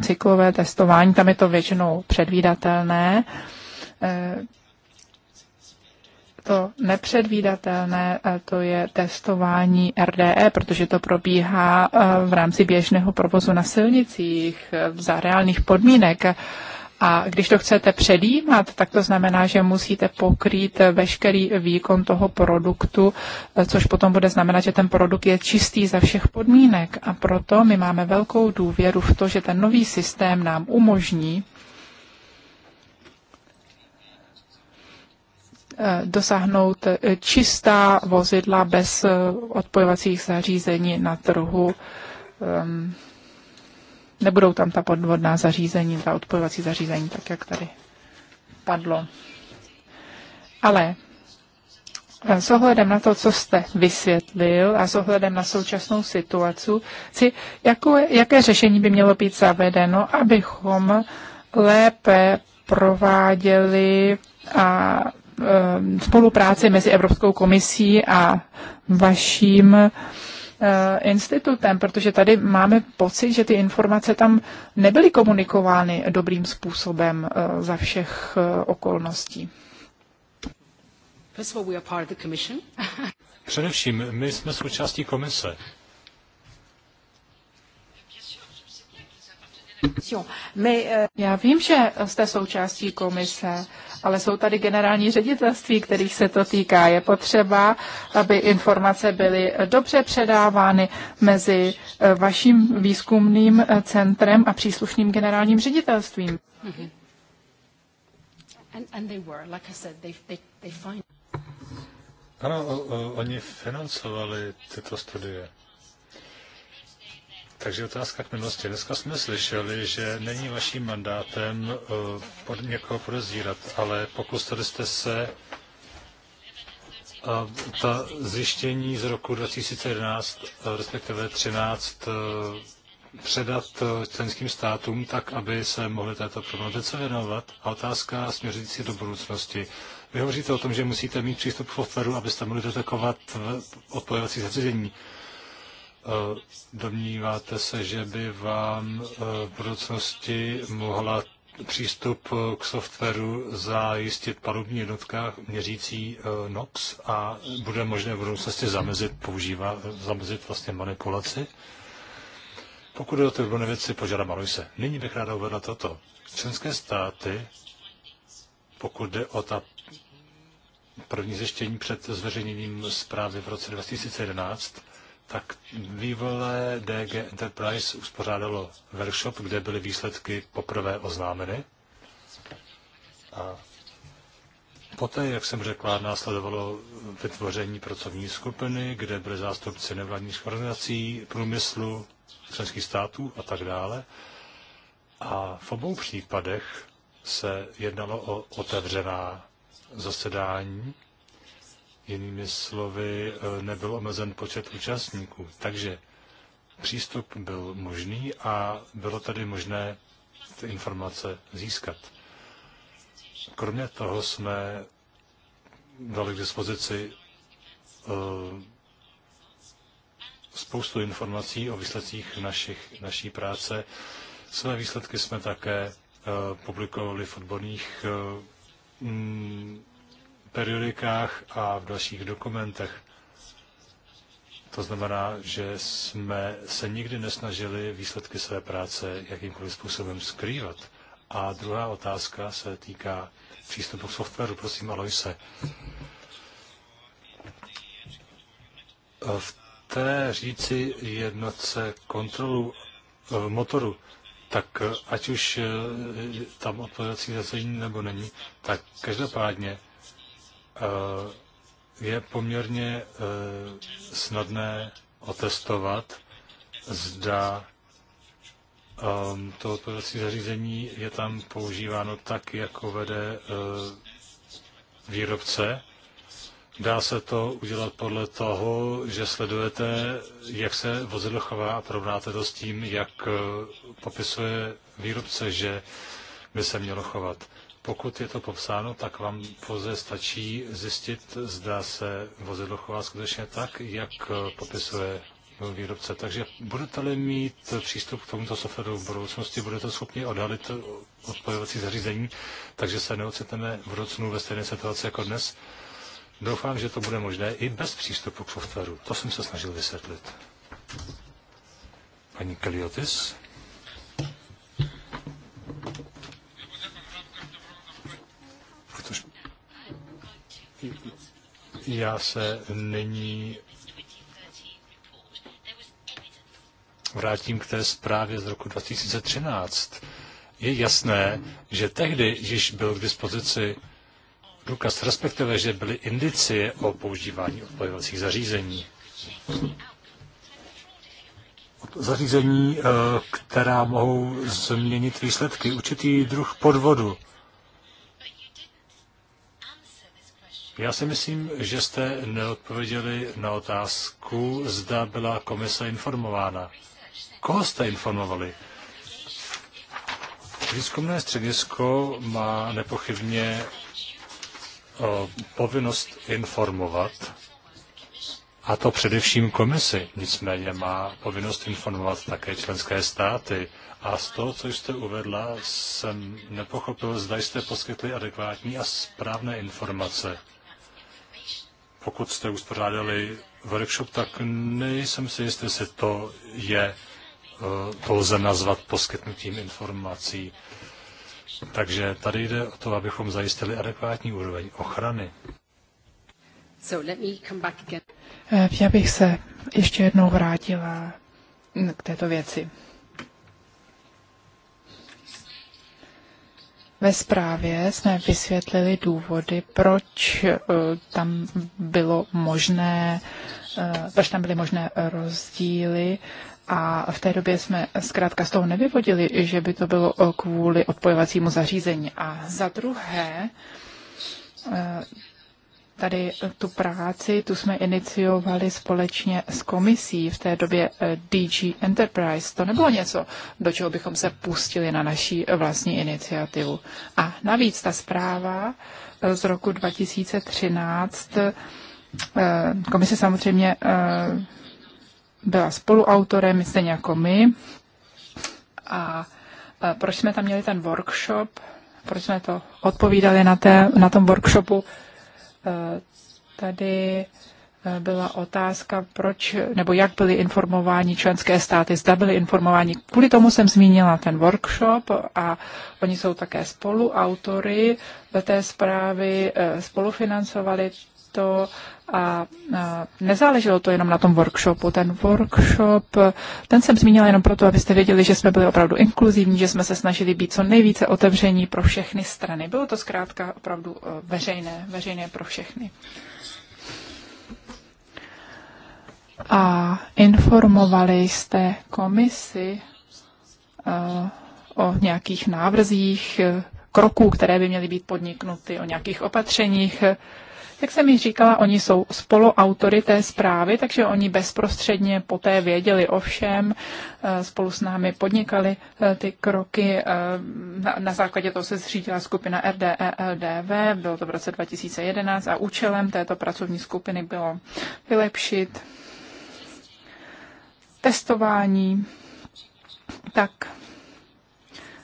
cyklové testování. Tam je to většinou předvídatelné. To nepředvídatelné to je testování RDE, protože to probíhá v rámci běžného provozu na silnicích za reálných podmínek. A když to chcete předjímat, tak to znamená, že musíte pokrýt veškerý výkon toho produktu, eh, což potom bude znamenat, že ten produkt je čistý za všech podmínek. A proto my máme velkou důvěru v to, že ten nový systém nám umožní eh, dosáhnout eh, čistá vozidla bez odpojovacích zařízení na trhu ehm, nebudou tam ta podvodná zařízení, ta odpojovací zařízení, tak jak tady padlo. Ale eh, s ohledem na to, co jste vysvětlil a s ohledem na současnou situaci, jako, jaké řešení by mělo být zavedeno, abychom lépe prováděli a eh, spolupráci mezi Evropskou komisí a vaším Eh, institutem, protože tady máme pocit, že ty informace tam nebyly komunikovány dobrým způsobem eh, za všech eh, okolností. Především, my jsme součástí komise Eh, Já vím, že jste součástí komise, ale jsou tady generální ředitelství, kterých se to týká. Je potřeba, aby informace byly dobře předávány mezi eh, vaším výzkumným eh, centrem a příslušným generálním ředitelstvím. Ano, oni financovali tyto studie. Takže otázka k minulosti. Dneska jsme slyšeli, že není vaším mandátem eh, pod někoho podezírat, ale pokusili jste se a eh, ta zjištění z roku 2011, eh, respektive 13, předat členským státům tak, aby se mohli této problematice věnovat. A otázka směřující do budoucnosti. Vy hovoříte o tom, že musíte mít přístup k softwaru, abyste mohli detekovat odpojovací zařízení. Domníváte se, že by vám e, v budoucnosti mohla přístup k softwaru zajistit palubní jednotka měřící e, NOx a bude možné v budoucnosti zamezit, používá, zamezit vlastně manipulaci? Pokud je o ty odborné věci, požádám Aloise. Nyní bych ráda uvedla toto. Členské státy, pokud jde o ta první zjištění před zveřejněním zprávy v roce 2011, tak bývalé DG Enterprise uspořádalo workshop, kde byly výsledky poprvé oznámeny. A poté, jak jsem řekla, následovalo vytvoření pracovní skupiny, kde byly zástupci nevládních organizací, průmyslu, členských států a tak dále. A v obou případech se jednalo o otevřená zasedání, Jinými slovy, e, nebyl omezen počet účastníků. Takže přístup byl možný a bylo tady možné ty informace získat. Kromě toho jsme dali k dispozici e, spoustu informací o výsledcích našich, naší práce. Své výsledky jsme také e, publikovali v odborných periodikách a v dalších dokumentech. To znamená, že jsme se nikdy nesnažili výsledky své práce jakýmkoliv způsobem skrývat. A druhá otázka se týká přístupu k softwaru. Prosím, Aloise. V té říci jednotce kontrolu eh, motoru, tak eh, ať už eh, tam odpovědací zařízení nebo není, tak každopádně Eh, je poměrně eh, snadné otestovat, zda ehm, to odpovědací zařízení je tam používáno tak, jako vede eh, výrobce. Dá se to udělat podle toho, že sledujete, jak se vozidlo chová a porovnáte to s tím, jak popisuje výrobce, že by se mělo chovat. Pokud je to popsáno, tak vám pouze stačí zjistit, zda se vozidlo chová skutečně tak, jak eh, popisuje výrobce. Takže budete-li mít přístup k tomuto softwaru v budoucnosti, budete schopni odhalit eh, odpojovací zařízení, takže se neocitneme v budoucnu ve stejné situaci jako dnes. Doufám, že to bude možné i bez přístupu k softwaru. To jsem se snažil vysvětlit. Paní Kaliotis? Já se nyní vrátím k té zprávě z roku 2013. Je jasné, že tehdy již byl k dispozici důkaz, respektive, že byly indicie o používání odpojovacích zařízení. Zařízení, eh, která mohou změnit výsledky, určitý druh podvodu. Já si myslím, že jste neodpověděli na otázku, zda byla komise informována. Koho jste informovali? Výzkumné středisko má nepochybně o, povinnost informovat, a to především komisi. Nicméně má povinnost informovat také členské státy. A z toho, co jste uvedla, jsem nepochopil, zda jste poskytli adekvátní a správné informace pokud jste uspořádali workshop, tak nejsem si jistý, jestli to je, eh, to lze nazvat poskytnutím informací. Takže tady jde o to, abychom zajistili adekvátní úroveň ochrany. So let me come back again. Eh, já bych se ještě jednou vrátila k této věci. Ve zprávě jsme vysvětlili důvody, proč eh, tam bylo možné, eh, proč tam byly možné rozdíly a v té době jsme zkrátka z toho nevyvodili, že by to bylo eh, kvůli odpojovacímu zařízení. A za druhé, tady tu práci, tu jsme iniciovali společně s komisí v té době eh, DG Enterprise. To nebylo něco, do čeho bychom se pustili na naší vlastní iniciativu. A navíc ta zpráva eh, z roku 2013, eh, komise samozřejmě byla spoluautorem, stejně jako my. A proč jsme tam měli ten workshop, proč jsme to odpovídali na, té, na tom workshopu, tady eh, byla otázka, proč nebo jak byly informováni členské státy, zda byly informováni. Kvůli tomu jsem zmínila ten workshop a oni jsou také spoluautory té zprávy, eh, spolufinancovali to a nezáleželo to jenom na tom workshopu. Ten workshop, ten jsem zmínila jenom proto, abyste věděli, že jsme byli opravdu inkluzivní, že jsme se snažili být co nejvíce otevření pro všechny strany. Bylo to zkrátka opravdu eh, veřejné, veřejné pro všechny. A informovali jste komisi eh, o nějakých návrzích, eh, kroků, které by měly být podniknuty, o nějakých opatřeních, jak jsem ji říkala, oni jsou spoluautory té zprávy, takže oni bezprostředně poté věděli o všem, eh, spolu s námi podnikali eh, ty kroky. Eh, na základě toho se zřídila skupina RDELDV, bylo to v roce 2011 a účelem této pracovní skupiny bylo vylepšit testování tak,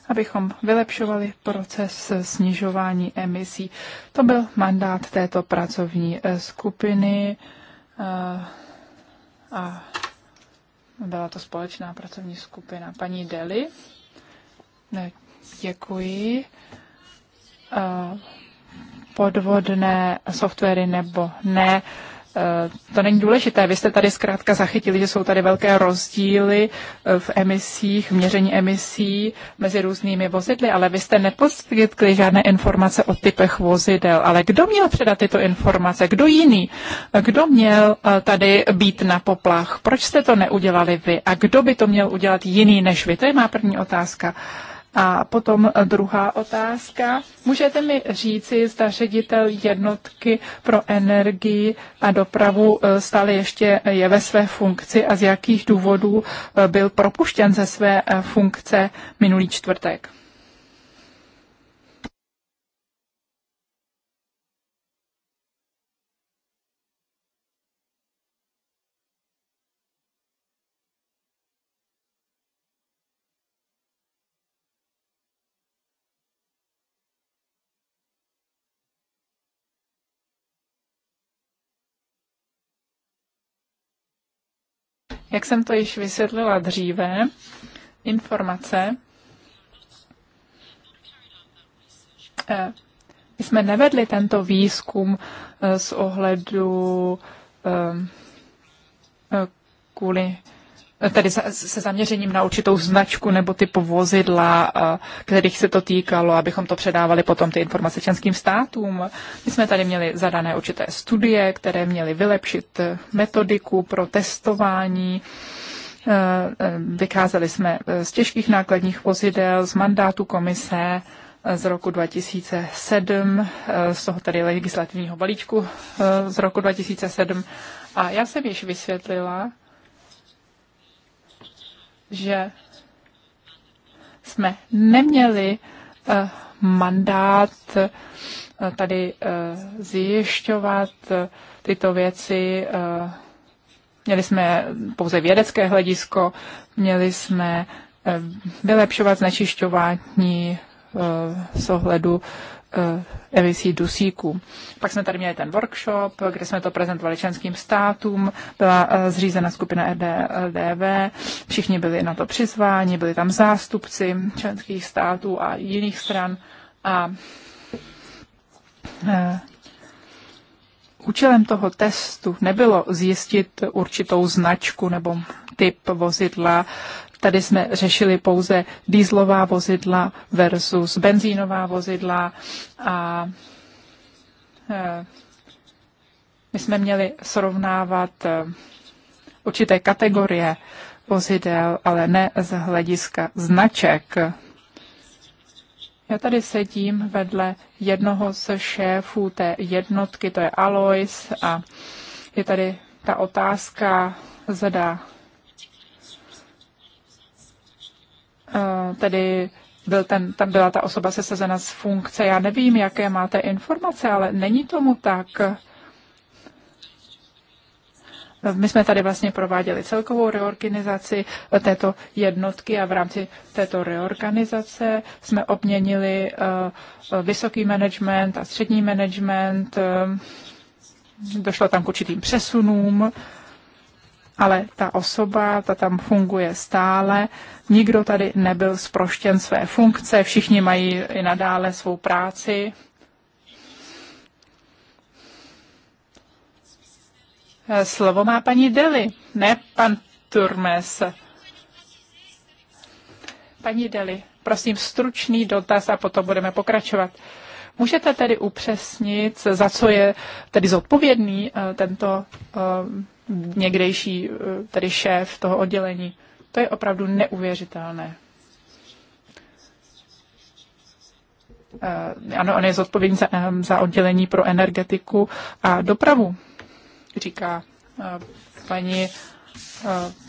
abychom vylepšovali proces snižování emisí. To byl mandát této pracovní eh, skupiny eh, a byla to společná pracovní skupina. Paní Deli, děkuji. Eh, podvodné softwary nebo ne Eh, to není důležité. Vy jste tady zkrátka zachytili, že jsou tady velké rozdíly eh, v emisích, v měření emisí mezi různými vozidly, ale vy jste neposkytli žádné informace o typech vozidel. Ale kdo měl předat tyto informace? Kdo jiný? Eh, kdo měl tady být na poplach? Proč jste to neudělali vy? A kdo by to měl udělat jiný než vy? To je má první otázka. A potom druhá otázka. Můžete mi říci, zda ředitel jednotky pro energii a dopravu eh, stále ještě je ve své funkci a z jakých důvodů eh, byl propuštěn ze své eh, funkce minulý čtvrtek? Jak jsem to již vysvětlila dříve, informace. Eh, my jsme nevedli tento výzkum eh, z ohledu eh, kvůli tedy se zaměřením na určitou značku nebo typu vozidla, eh, kterých se to týkalo, abychom to předávali potom ty informace členským státům. My jsme tady měli zadané určité studie, které měly vylepšit metodiku pro testování. Eh, eh, Vykázali jsme z těžkých nákladních vozidel, z mandátu komise z roku 2007, z toho tady legislativního balíčku z roku 2007. A já jsem již vysvětlila, že jsme neměli eh, mandát eh, tady eh, zjišťovat tyto věci. Měli jsme pouze vědecké hledisko, měli jsme vylepšovat znečišťování z ohledu Eh, emisí dusíku. Pak jsme tady měli ten workshop, kde jsme to prezentovali členským státům, byla eh, zřízena skupina RDV, všichni byli na to přizváni, byli tam zástupci členských států a jiných stran a eh, Účelem toho testu nebylo zjistit určitou značku nebo typ vozidla, Tady jsme řešili pouze dýzlová vozidla versus benzínová vozidla a eh, my jsme měli srovnávat eh, určité kategorie vozidel, ale ne z hlediska značek. Já tady sedím vedle jednoho z šéfů té jednotky, to je Alois, a je tady ta otázka, zda Eh, tedy byl ten, tam byla ta osoba sesazena z funkce. Já nevím, jaké máte informace, ale není tomu tak. Eh, my jsme tady vlastně prováděli celkovou reorganizaci této jednotky a v rámci této reorganizace jsme obměnili eh, vysoký management a střední management. Došlo tam k určitým přesunům ale ta osoba, ta tam funguje stále, nikdo tady nebyl sproštěn své funkce, všichni mají i nadále svou práci. Eh, slovo má paní Deli, ne pan Turmes. Paní Deli, prosím stručný dotaz a potom budeme pokračovat. Můžete tedy upřesnit, za co je tedy zodpovědný eh, tento eh, někdejší eh, tedy šéf toho oddělení. To je opravdu neuvěřitelné. Eh, ano, on je zodpovědný za, eh, za oddělení pro energetiku a dopravu, říká paní,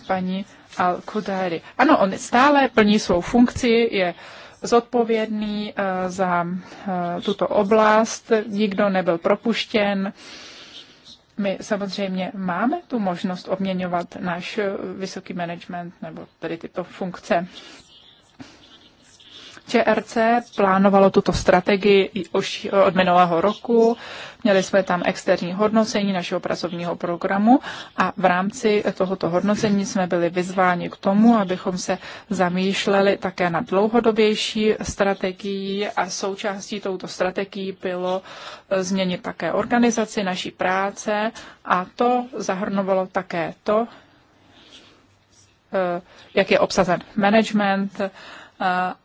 paní Al-Kudari. Ano, on stále plní svou funkci, je zodpovědný za tuto oblast, nikdo nebyl propuštěn, my samozřejmě máme tu možnost obměňovat náš eh, vysoký management nebo tady tyto funkce. ČRC plánovalo tuto strategii už od minulého roku. Měli jsme tam externí hodnocení našeho pracovního programu a v rámci tohoto hodnocení jsme byli vyzváni k tomu, abychom se zamýšleli také na dlouhodobější strategii a součástí touto strategii bylo eh, změnit také organizaci naší práce a to zahrnovalo také to, eh, jak je obsazen management,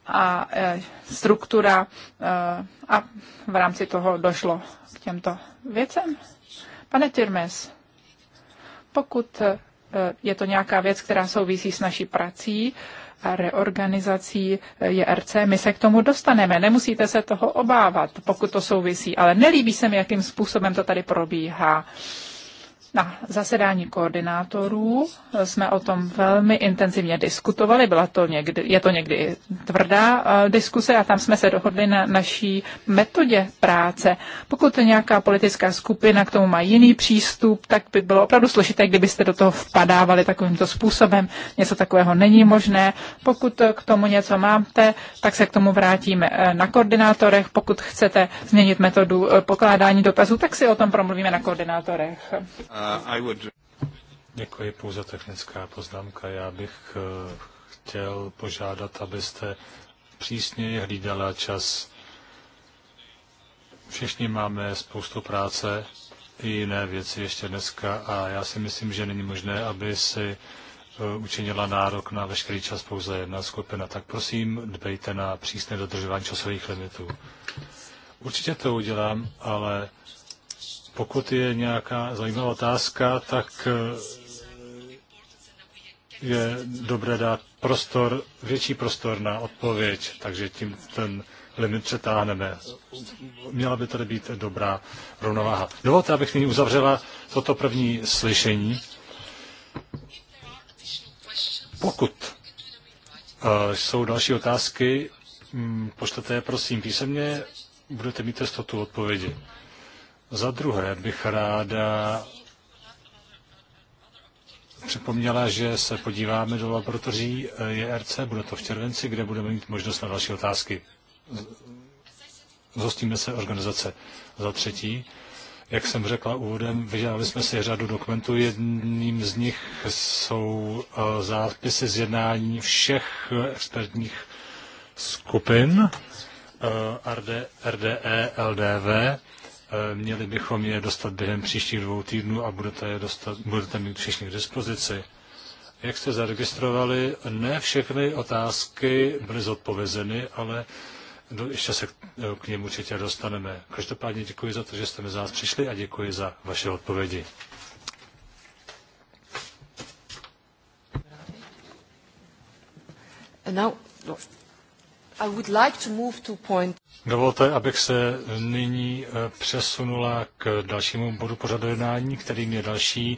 a e, struktura e, a v rámci toho došlo k těmto věcem. Pane Tyrmes, pokud e, je to nějaká věc, která souvisí s naší prací a reorganizací JRC, my se k tomu dostaneme. Nemusíte se toho obávat, pokud to souvisí, ale nelíbí se mi, jakým způsobem to tady probíhá. Na zasedání koordinátorů jsme o tom velmi intenzivně diskutovali. Byla to někdy, je to někdy tvrdá eh, diskuse a tam jsme se dohodli na naší metodě práce. Pokud nějaká politická skupina k tomu má jiný přístup, tak by bylo opravdu složité, kdybyste do toho vpadávali takovýmto způsobem. Něco takového není možné. Pokud k tomu něco máte, tak se k tomu vrátíme eh, na koordinátorech. Pokud chcete změnit metodu eh, pokládání dotazů, tak si o tom promluvíme na koordinátorech. Uh, Děkuji, pouze technická poznámka. Já bych eh, chtěl požádat, abyste přísněji hlídala čas. Všichni máme spoustu práce i jiné věci ještě dneska a já si myslím, že není možné, aby si eh, učinila nárok na veškerý čas pouze jedna skupina. Tak prosím, dbejte na přísné dodržování časových limitů. Určitě to udělám, ale pokud je nějaká zajímavá otázka, tak eh, je dobré dát prostor, větší prostor na odpověď, takže tím ten limit přetáhneme. Měla by tady být dobrá rovnováha. Dovolte, abych nyní uzavřela toto první slyšení. Pokud eh, jsou další otázky, mm, pošlete je prosím písemně, budete mít jistotu odpovědi. Za druhé bych ráda připomněla, že se podíváme do laboratoří eh, JRC, bude to v červenci, kde budeme mít možnost na další otázky. Zhostíme se organizace za třetí. Jak jsem řekla úvodem, vyžádali jsme si řadu dokumentů. Jedním z nich jsou eh, zápisy z jednání všech expertních skupin eh, RD, RDE, LDV Eh, měli bychom je dostat během příštích dvou týdnů a budete je dostat, budete mít všichni k dispozici. Jak jste zaregistrovali, ne všechny otázky byly zodpovězeny, ale do, no, ještě se k, eh, k něm určitě dostaneme. Každopádně děkuji za to, že jste mezi nás přišli a děkuji za vaše odpovědi. Now, no. Dovolte, abych se nyní eh, přesunula k dalšímu bodu pořadu jednání, kterým je další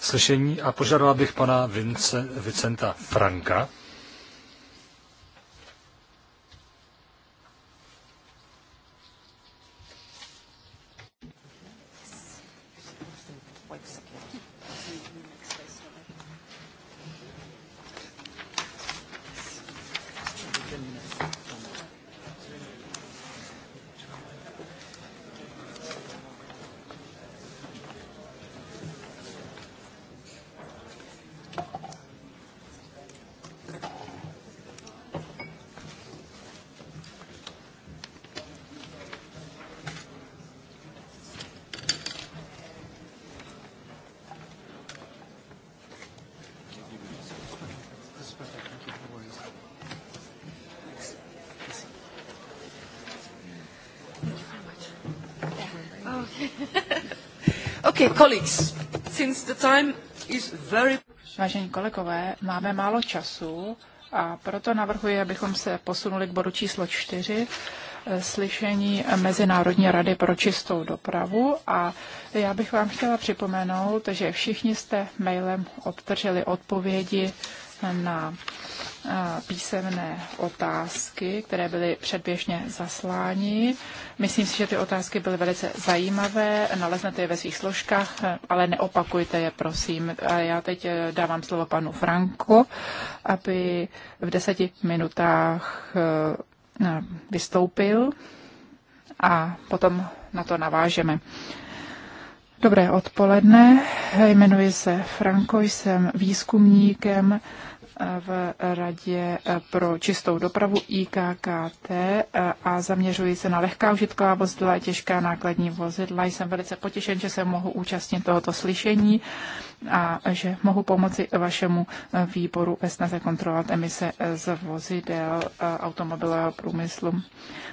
slyšení a požádala bych pana Vince, Vicenta Franka, Okay, colleagues, since the time is very... Vážení kolegové, máme málo času a proto navrhuji, abychom se posunuli k bodu číslo čtyři, eh, slyšení Mezinárodní rady pro čistou dopravu a já bych vám chtěla připomenout, že všichni jste mailem obdrželi odpovědi na písemné otázky, které byly předběžně zasláni. Myslím si, že ty otázky byly velice zajímavé, naleznete je ve svých složkách, ale neopakujte je, prosím. A já teď e, dávám slovo panu Franko, aby v deseti minutách e, e, vystoupil a potom na to navážeme. Dobré odpoledne, jmenuji se Franko, jsem výzkumníkem v Radě eh, pro čistou dopravu IKKT eh, a zaměřuji se na lehká užitková vozidla a těžká nákladní vozidla. Jsem velice potěšen, že se mohu účastnit tohoto slyšení a že mohu pomoci vašemu výboru ve snaze kontrolovat emise z vozidel automobilového průmyslu.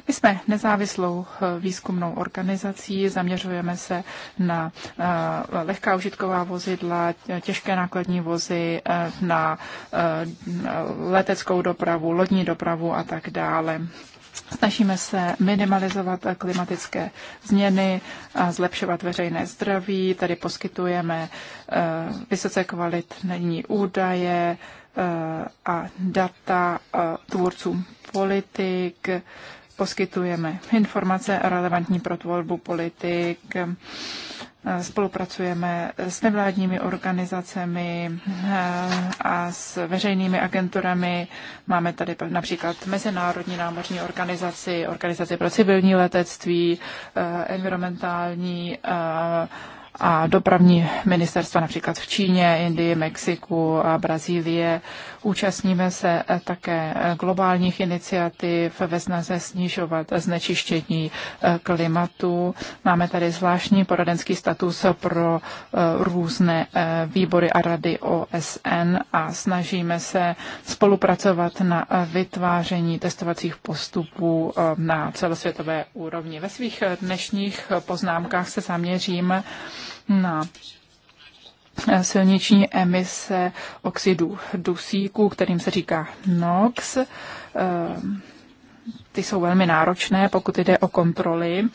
My jsme nezávislou eh, výzkumnou organizací, zaměřujeme se na eh, lehká užitková vozidla, těžké nákladní vozy, eh, na leteckou dopravu, lodní dopravu a tak dále. Snažíme se minimalizovat klimatické změny a zlepšovat veřejné zdraví. Tady poskytujeme eh, vysoce kvalitní údaje eh, a data eh, tvůrcům politik. Poskytujeme informace relevantní pro tvorbu politik Spolupracujeme s nevládními organizacemi eh, a s veřejnými agenturami. Máme tady například Mezinárodní námořní organizaci, organizaci pro civilní letectví, eh, environmentální eh, a dopravní ministerstva například v Číně, Indii, Mexiku a Brazílie. Účastníme se také globálních iniciativ ve snaze snižovat znečištění eh, klimatu. Máme tady zvláštní poradenský status pro eh, různé eh, výbory a rady OSN a snažíme se spolupracovat na vytváření testovacích postupů na celosvětové úrovni. Ve svých dnešních poznámkách se zaměřím na silniční emise oxidu dusíku, kterým se říká NOx. Ehm, ty jsou velmi náročné, pokud jde o kontroly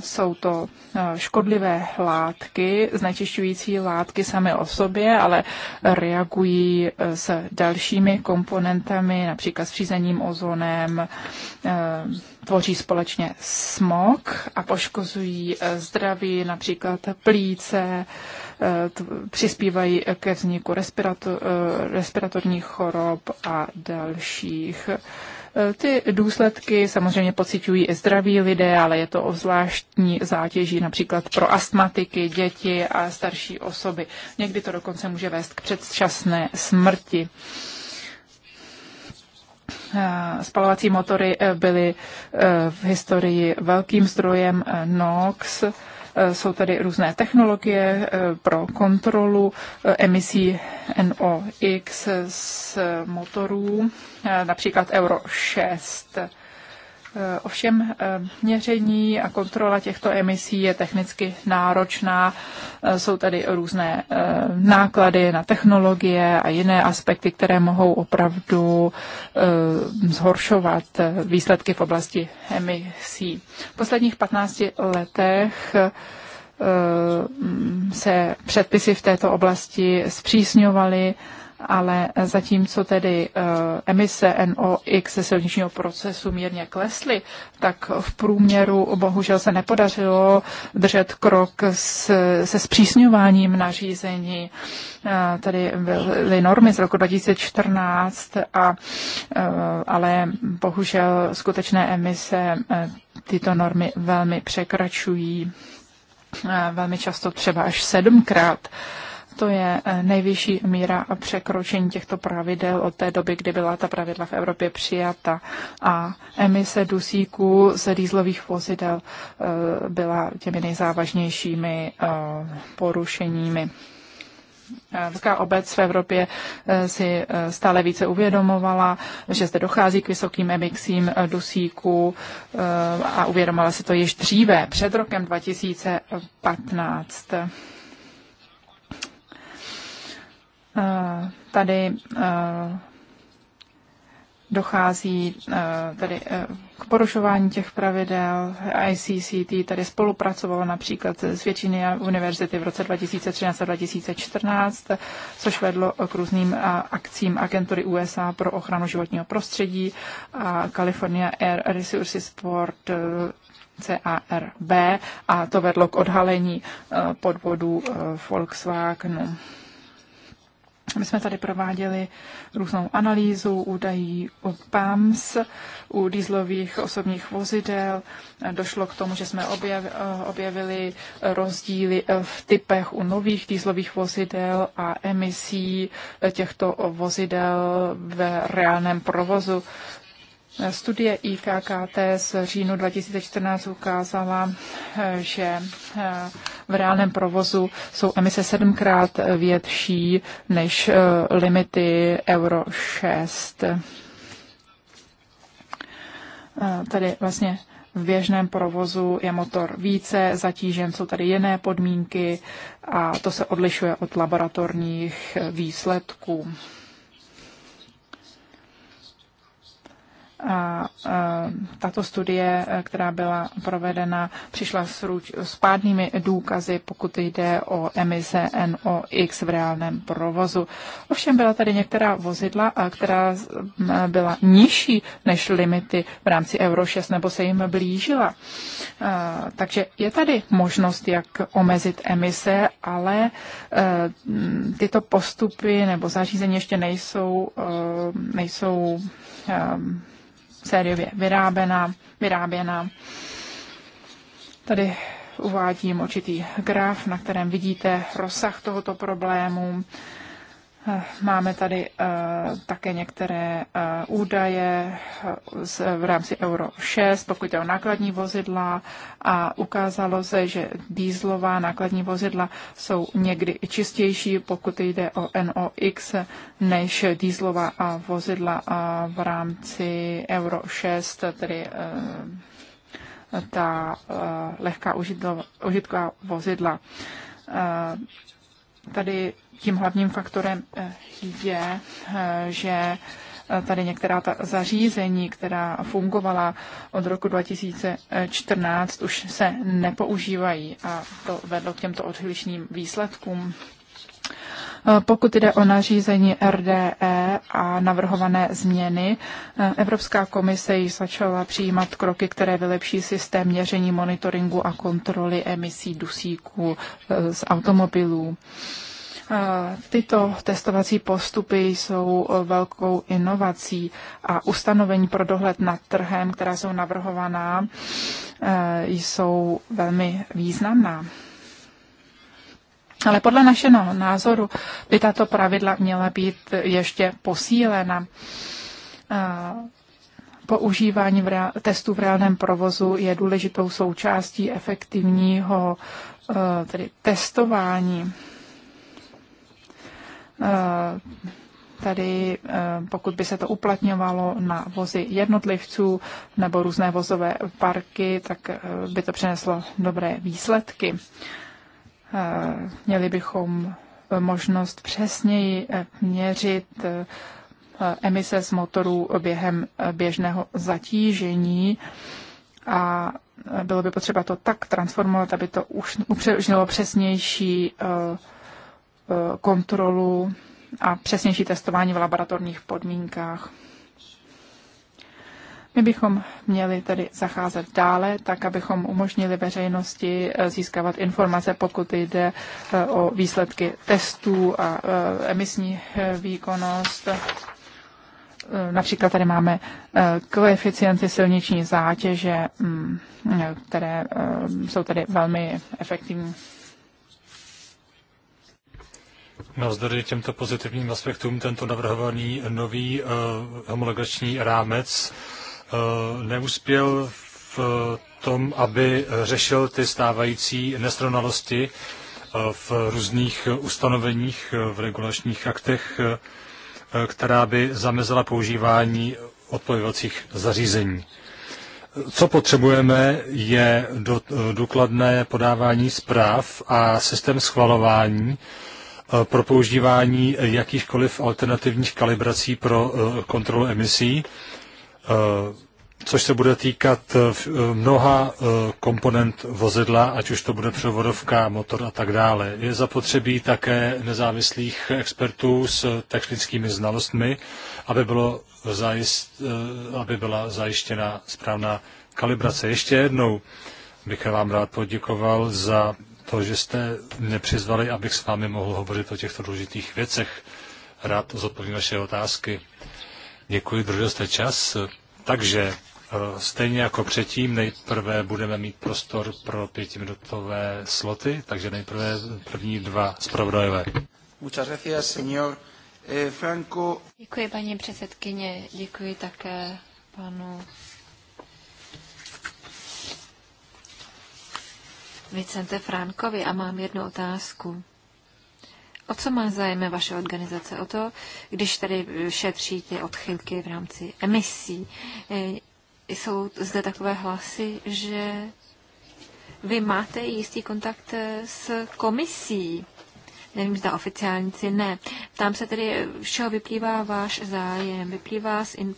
jsou to e, škodlivé látky, znečišťující látky samy o sobě, ale reagují e, s dalšími komponentami, například s řízením ozonem, e, tvoří společně smog a poškozují zdraví, například plíce, přispívají ke vzniku respirator, respiratorních chorob a dalších. Ty důsledky samozřejmě pocitují i zdraví lidé, ale je to o zvláštní zátěží například pro astmatiky, děti a starší osoby. Někdy to dokonce může vést k předčasné smrti eh, spalovací motory eh, byly eh, v historii velkým zdrojem NOx. Jsou tady různé technologie pro kontrolu emisí NOx z motorů. Eh, například Euro 6. Eh, ovšem eh, měření a kontrola těchto emisí je technicky náročná. Jsou tady různé náklady na technologie a jiné aspekty, které mohou opravdu zhoršovat výsledky v oblasti emisí. V posledních 15 letech mm, se předpisy v této oblasti zpřísňovaly ale zatímco tedy eh, emise NOx ze silničního procesu mírně klesly, tak v průměru bohužel se nepodařilo držet krok s, se zpřísňováním nařízení. Eh, Tady byly normy z roku 2014, a, eh, ale bohužel skutečné emise tyto normy velmi překračují velmi často třeba až sedmkrát. Uh, to je eh, nejvyšší míra překročení těchto pravidel od té doby, kdy byla ta pravidla v Evropě přijata. A emise dusíků z dýzlových vozidel eh, byla těmi nejzávažnějšími eh, porušeními. Evropská obec v Evropě si stále více uvědomovala, že zde dochází k vysokým emixím dusíků a uvědomovala si to již dříve, před rokem 2015. Eh, tady eh, dochází eh, tady k porušování těch pravidel. ICCT tady spolupracovalo například s většiny univerzity v roce 2013 a 2014, což vedlo k různým akcím agentury USA pro ochranu životního prostředí a California Air Resources Board CARB a to vedlo k odhalení podvodu Volkswagenu. My jsme tady prováděli různou analýzu údají o PAMS, u dýzlových osobních vozidel. Došlo k tomu, že jsme eh, objevili rozdíly eh, v typech u nových dýzlových vozidel a emisí eh, těchto vozidel ve reálném provozu. Studie IKKT z říjnu 2014 ukázala, že eh, v reálném provozu jsou emise sedmkrát větší než eh, limity Euro 6. Eh, tady vlastně v běžném provozu je motor více zatížen, jsou tady jiné podmínky a to se odlišuje od laboratorních výsledků. a, tato studie, která byla provedena, přišla s, ruč, s pádnými důkazy, pokud jde o emise NOx v reálném provozu. Ovšem byla tady některá vozidla, která byla nižší než limity v rámci Euro 6 nebo se jim blížila. takže je tady možnost, jak omezit emise, ale e, tyto postupy nebo zařízení ještě nejsou, e, nejsou e, sériově vyráběna. vyráběna. Tady uvádím určitý graf, na kterém vidíte rozsah tohoto problému. Eh, máme tady eh, také některé eh, údaje v rámci Euro 6, pokud je o nákladní vozidla a ukázalo se, že dýzlová nákladní vozidla jsou někdy čistější, pokud jde o NOx, než dýzlová vozidla v rámci Euro 6, tedy ta lehká užitková vozidla. Tady tím hlavním faktorem eh, je, eh, že eh, tady některá ta zařízení, která fungovala od roku 2014, už se nepoužívají a to vedlo k těmto odlišným výsledkům. Pokud jde o nařízení RDE a navrhované změny, Evropská komise již začala přijímat kroky, které vylepší systém měření monitoringu a kontroly emisí dusíku z automobilů. Tyto testovací postupy jsou e, velkou inovací a ustanovení pro dohled nad trhem, která jsou navrhovaná, e, jsou velmi významná. Ale podle našeho názoru by tato pravidla měla být ještě posílena. E, používání v reál, testů v reálném provozu je důležitou součástí efektivního tedy testování Eh, tady, eh, pokud by se to uplatňovalo na vozy jednotlivců nebo různé vozové parky, tak eh, by to přineslo dobré výsledky. Měli bychom možnost přesněji měřit emise z motorů během běžného zatížení a bylo by potřeba to tak transformovat, aby to už upřežnilo přesnější uh, Eh, kontrolu a přesnější testování v laboratorních podmínkách. My bychom měli tedy zacházet dále, tak abychom umožnili veřejnosti eh, získávat informace, pokud jde eh, o výsledky testů a emisní výkonnost. Například tady máme koeficienty silniční zátěže, mm, které jsou tady velmi efektivní Navzdory těmto pozitivním aspektům tento navrhovaný nový uh, homologační rámec uh, neuspěl v tom, aby řešil ty stávající nesrovnalosti eh, v různých ustanoveních v regulačních aktech, která by zamezila používání odpojovacích zařízení. Co potřebujeme, je do, důkladné podávání zpráv a systém schvalování, Eh, pro používání jakýchkoliv alternativních kalibrací pro eh, kontrolu emisí, eh, což se bude týkat mnoha komponent vozidla, ať už to bude převodovka, motor a tak dále. Je zapotřebí také nezávislých expertů s technickými znalostmi, aby, bylo zajist, aby byla zajištěna správná kalibrace. Ještě jednou bych vám rád poděkoval za to, že jste mě přizvali, abych s vámi mohl hovořit o těchto důležitých věcech. Rád zodpovím vaše otázky. Děkuji, držel jste čas. Takže eh, stejně jako předtím, nejprve budeme mít prostor pro pětiminutové sloty, takže nejprve první dva zpravodajové. Eh, Franco. Děkuji, paní předsedkyně. Děkuji také panu Vicente Frankovi a mám jednu otázku. O co má zájem vaše organizace? O to, když tady šetříte odchylky v rámci emisí. E, jsou zde takové hlasy, že vy máte jistý kontakt s komisí. Nevím, zda oficiálníci ne. Tam se tedy všeho vyplývá váš zájem. Vyplývá z in-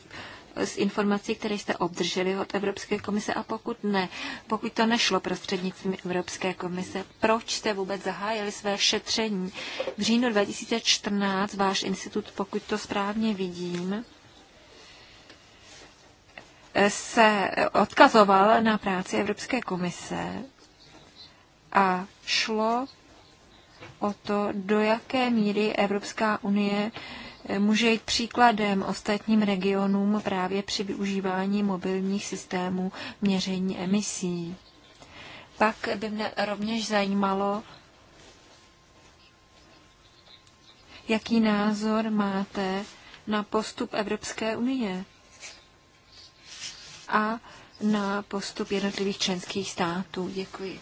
z informací, které jste obdrželi od Evropské komise a pokud ne, pokud to nešlo prostřednictvím Evropské komise, proč jste vůbec zahájili své šetření? V říjnu 2014 váš institut, pokud to správně vidím, se odkazoval na práci Evropské komise a šlo o to, do jaké míry Evropská unie může jít příkladem ostatním regionům právě při využívání mobilních systémů měření emisí. Pak by mě rovněž zajímalo, jaký názor máte na postup Evropské unie a na postup jednotlivých členských států. Děkuji.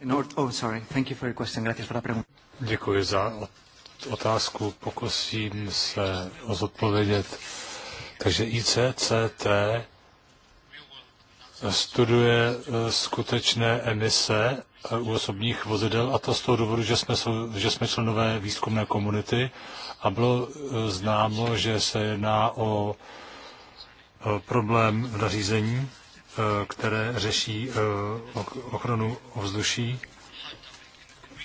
No, oh, Děkuji za otázku. Pokusím se o zodpovědět. Takže ICCT studuje eh, skutečné emise eh, u osobních vozidel a to z toho důvodu, že jsme, že jsme členové výzkumné komunity a bylo eh, známo, že se jedná o problém v nařízení Eh, které řeší eh, ochranu ovzduší.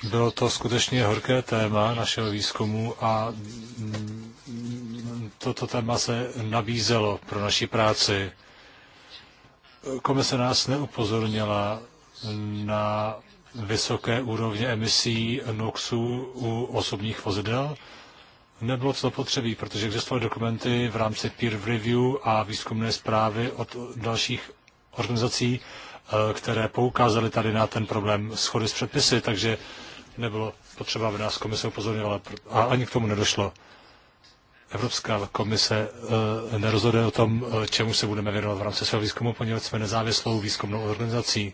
Bylo to skutečně horké téma našeho výzkumu a mm, toto téma se nabízelo pro naši práci. Komise nás neupozornila na vysoké úrovně emisí NOXu u osobních vozidel. Nebylo to potřebí, protože existovaly dokumenty v rámci peer review a výzkumné zprávy od dalších organizací, eh, které poukázaly tady na ten problém schody s předpisy, takže nebylo potřeba, aby nás komise upozornila, a ani k tomu nedošlo. Evropská komise eh, nerozhoduje o tom, eh, čemu se budeme věnovat v rámci svého výzkumu, poněvadž jsme nezávislou výzkumnou organizací.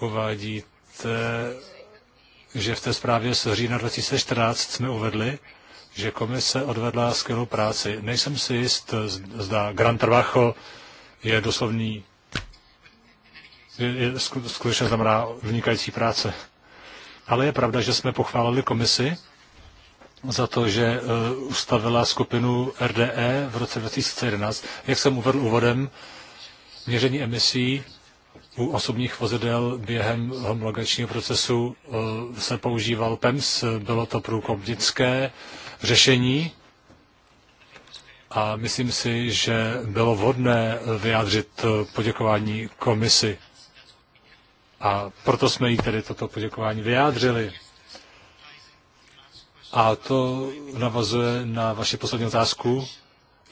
Uvádíte, že v té zprávě z října 2014 jsme uvedli, že komise odvedla skvělou práci. Nejsem si jist, zda Grant Trvacho je doslovný je, skutečně znamená vynikající práce. Ale je pravda, že jsme pochválili komisi za to, že e, ustavila skupinu RDE v roce 2011. Jak jsem uvedl úvodem, měření emisí u osobních vozidel během homologačního procesu e, se používal PEMS, bylo to průkopnické řešení a myslím si, že bylo vhodné vyjádřit poděkování komisi. A proto jsme jí tedy toto poděkování vyjádřili. A to navazuje na vaši poslední otázku,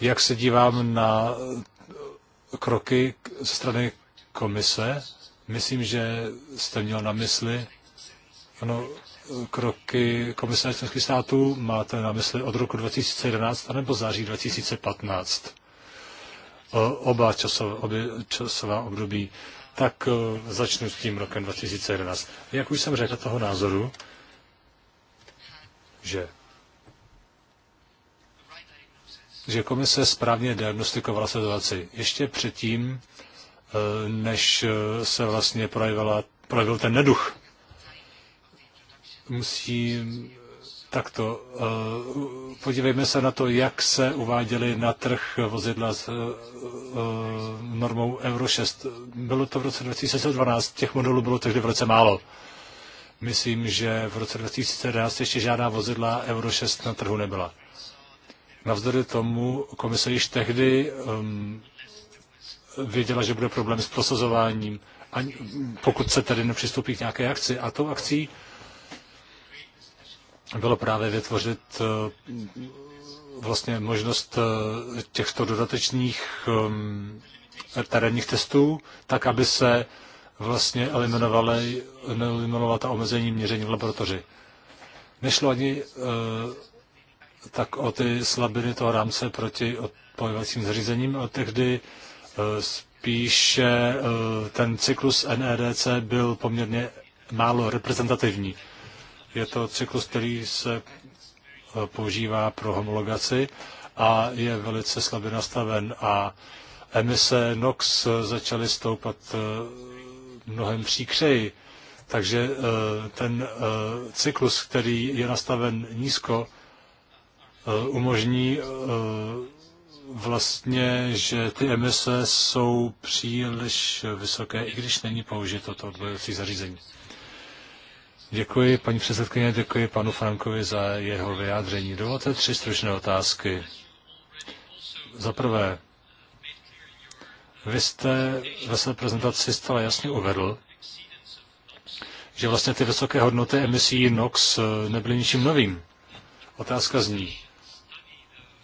jak se dívám na kroky ze strany komise. Myslím, že jste měl na mysli ano, kroky komise členských států, máte na mysli od roku 2011 anebo září 2015. Oba časová, obě časová období tak eh, začnu s tím rokem 2011. Jak už jsem řekl toho názoru, že že komise správně diagnostikovala situaci ještě předtím, eh, než eh, se vlastně projevil ten neduch. Musím takto. Eh, podívejme se na to, jak se uváděly na trh vozidla s eh, eh, normou Euro 6. Bylo to v roce 2012, těch modelů bylo tehdy velice málo. Myslím, že v roce 2011 ještě žádná vozidla Euro 6 na trhu nebyla. Navzdory tomu komise již tehdy um, věděla, že bude problém s prosazováním, ani, pokud se tedy nepřistoupí k nějaké akci. A tou akcí bylo právě vytvořit eh, vlastně možnost eh, těchto dodatečných eh, terénních testů, tak aby se vlastně eliminovaly, eliminovala ta omezení měření v laboratoři. Nešlo ani tak o ty slabiny toho rámce proti odpojovacím zařízením, ale tehdy spíše ten cyklus NEDC byl poměrně málo reprezentativní. Je to cyklus, který se eh, používá pro homologaci a je velice slabě nastaven a emise NOx eh, začaly stoupat eh, mnohem příkřeji. Takže ten cyklus, který je nastaven nízko, umožní vlastně, že ty emise jsou příliš vysoké, i když není použito to odbojovací zařízení. Děkuji paní předsedkyně, děkuji panu Frankovi za jeho vyjádření. Dovolte tři stručné otázky. Za prvé, vy jste ve své prezentaci zcela jasně uvedl, že vlastně ty vysoké hodnoty emisí NOx eh, nebyly ničím novým. Otázka zní,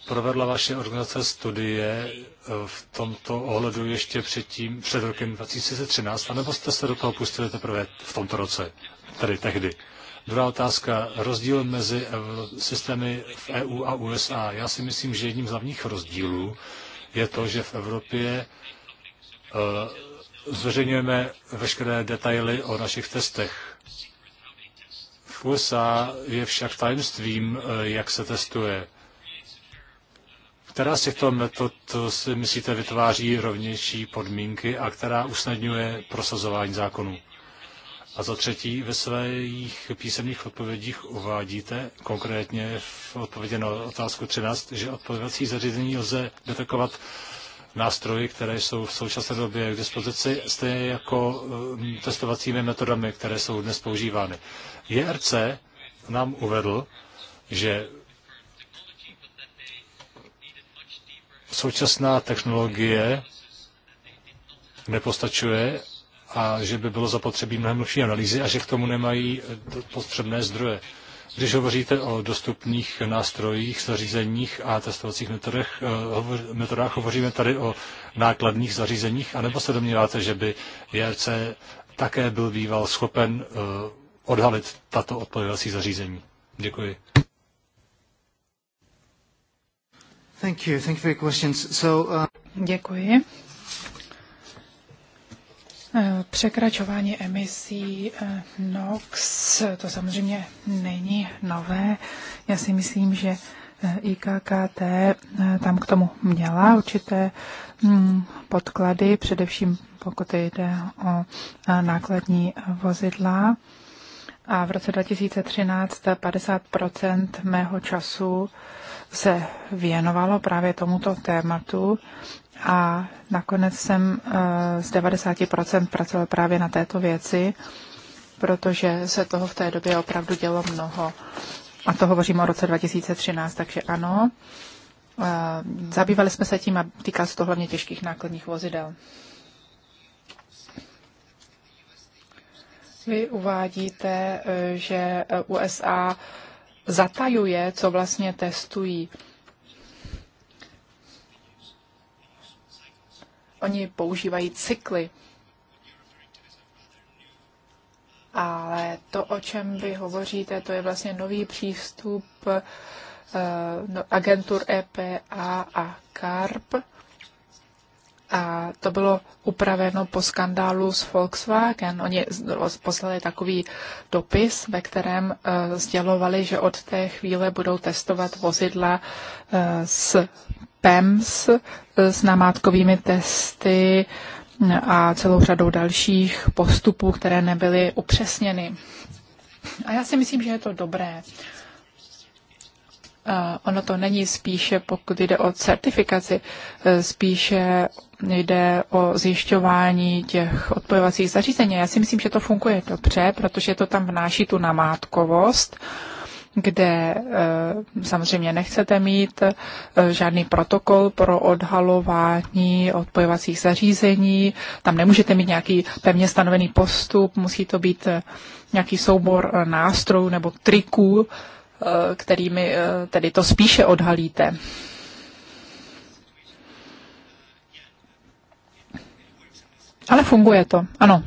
provedla vaše organizace studie eh, v tomto ohledu ještě předtím, před rokem 2013, anebo jste se do toho pustili teprve v tomto roce? tedy tehdy. Druhá otázka, rozdíl mezi systémy v EU a USA. Já si myslím, že jedním z hlavních rozdílů je to, že v Evropě e, zveřejňujeme veškeré detaily o našich testech. V USA je však tajemstvím, e, jak se testuje. Která z těchto metod si myslíte vytváří rovnější podmínky a která usnadňuje prosazování zákonů? A za třetí, ve svých písemných odpovědích uvádíte, konkrétně v odpovědi na otázku 13, že odpovědací zařízení lze detekovat nástroji, které jsou v současné době k dispozici, stejně jako hm, testovacími metodami, které jsou dnes používány. JRC nám uvedl, že současná technologie nepostačuje a že by bylo zapotřebí mnohem lepší analýzy a že k tomu nemají eh, potřebné zdroje. Když hovoříte o dostupných nástrojích, zařízeních a testovacích metodech, eh, metodách, hovoříme tady o nákladných zařízeních, anebo se domníváte, že by JRC také byl býval schopen eh, odhalit tato odpovědací zařízení? Děkuji. Thank you. Thank you for your questions. So, uh... Děkuji Eh, překračování emisí eh, NOx, to samozřejmě není nové. Já si myslím, že eh, IKKT tam k tomu měla určité mm, podklady, především pokud jde o nákladní vozidla. A v roce 2013 50 mého času se věnovalo právě tomuto tématu a nakonec jsem eh, z 90% pracoval právě na této věci, protože se toho v té době opravdu dělo mnoho. A to hovořím o roce 2013, takže ano. Eh, zabývali jsme se tím a týká se to hlavně těžkých nákladních vozidel. Vy uvádíte, eh, že USA zatajuje, co vlastně testují. Oni používají cykly. Ale to, o čem vy hovoříte, to je vlastně nový přístup eh, no, agentur EPA a CARP. A to bylo upraveno po skandálu s Volkswagen. Oni no, poslali takový dopis, ve kterém eh, sdělovali, že od té chvíle budou testovat vozidla eh, s PEMS e, s namátkovými testy a celou řadou dalších postupů, které nebyly upřesněny. A já si myslím, že je to dobré. E, ono to není spíše, pokud jde o certifikaci, e, spíše jde o zjišťování těch odpojovacích zařízení. Já si myslím, že to funguje dobře, protože to tam vnáší tu namátkovost. Uh, kde eh, samozřejmě nechcete mít eh, žádný protokol pro odhalování odpojovacích zařízení, tam nemůžete mít nějaký pevně stanovený postup, musí to být eh, nějaký soubor nástrojů nebo triků, kterými tedy to spíše odhalíte. Ale funguje to, ano,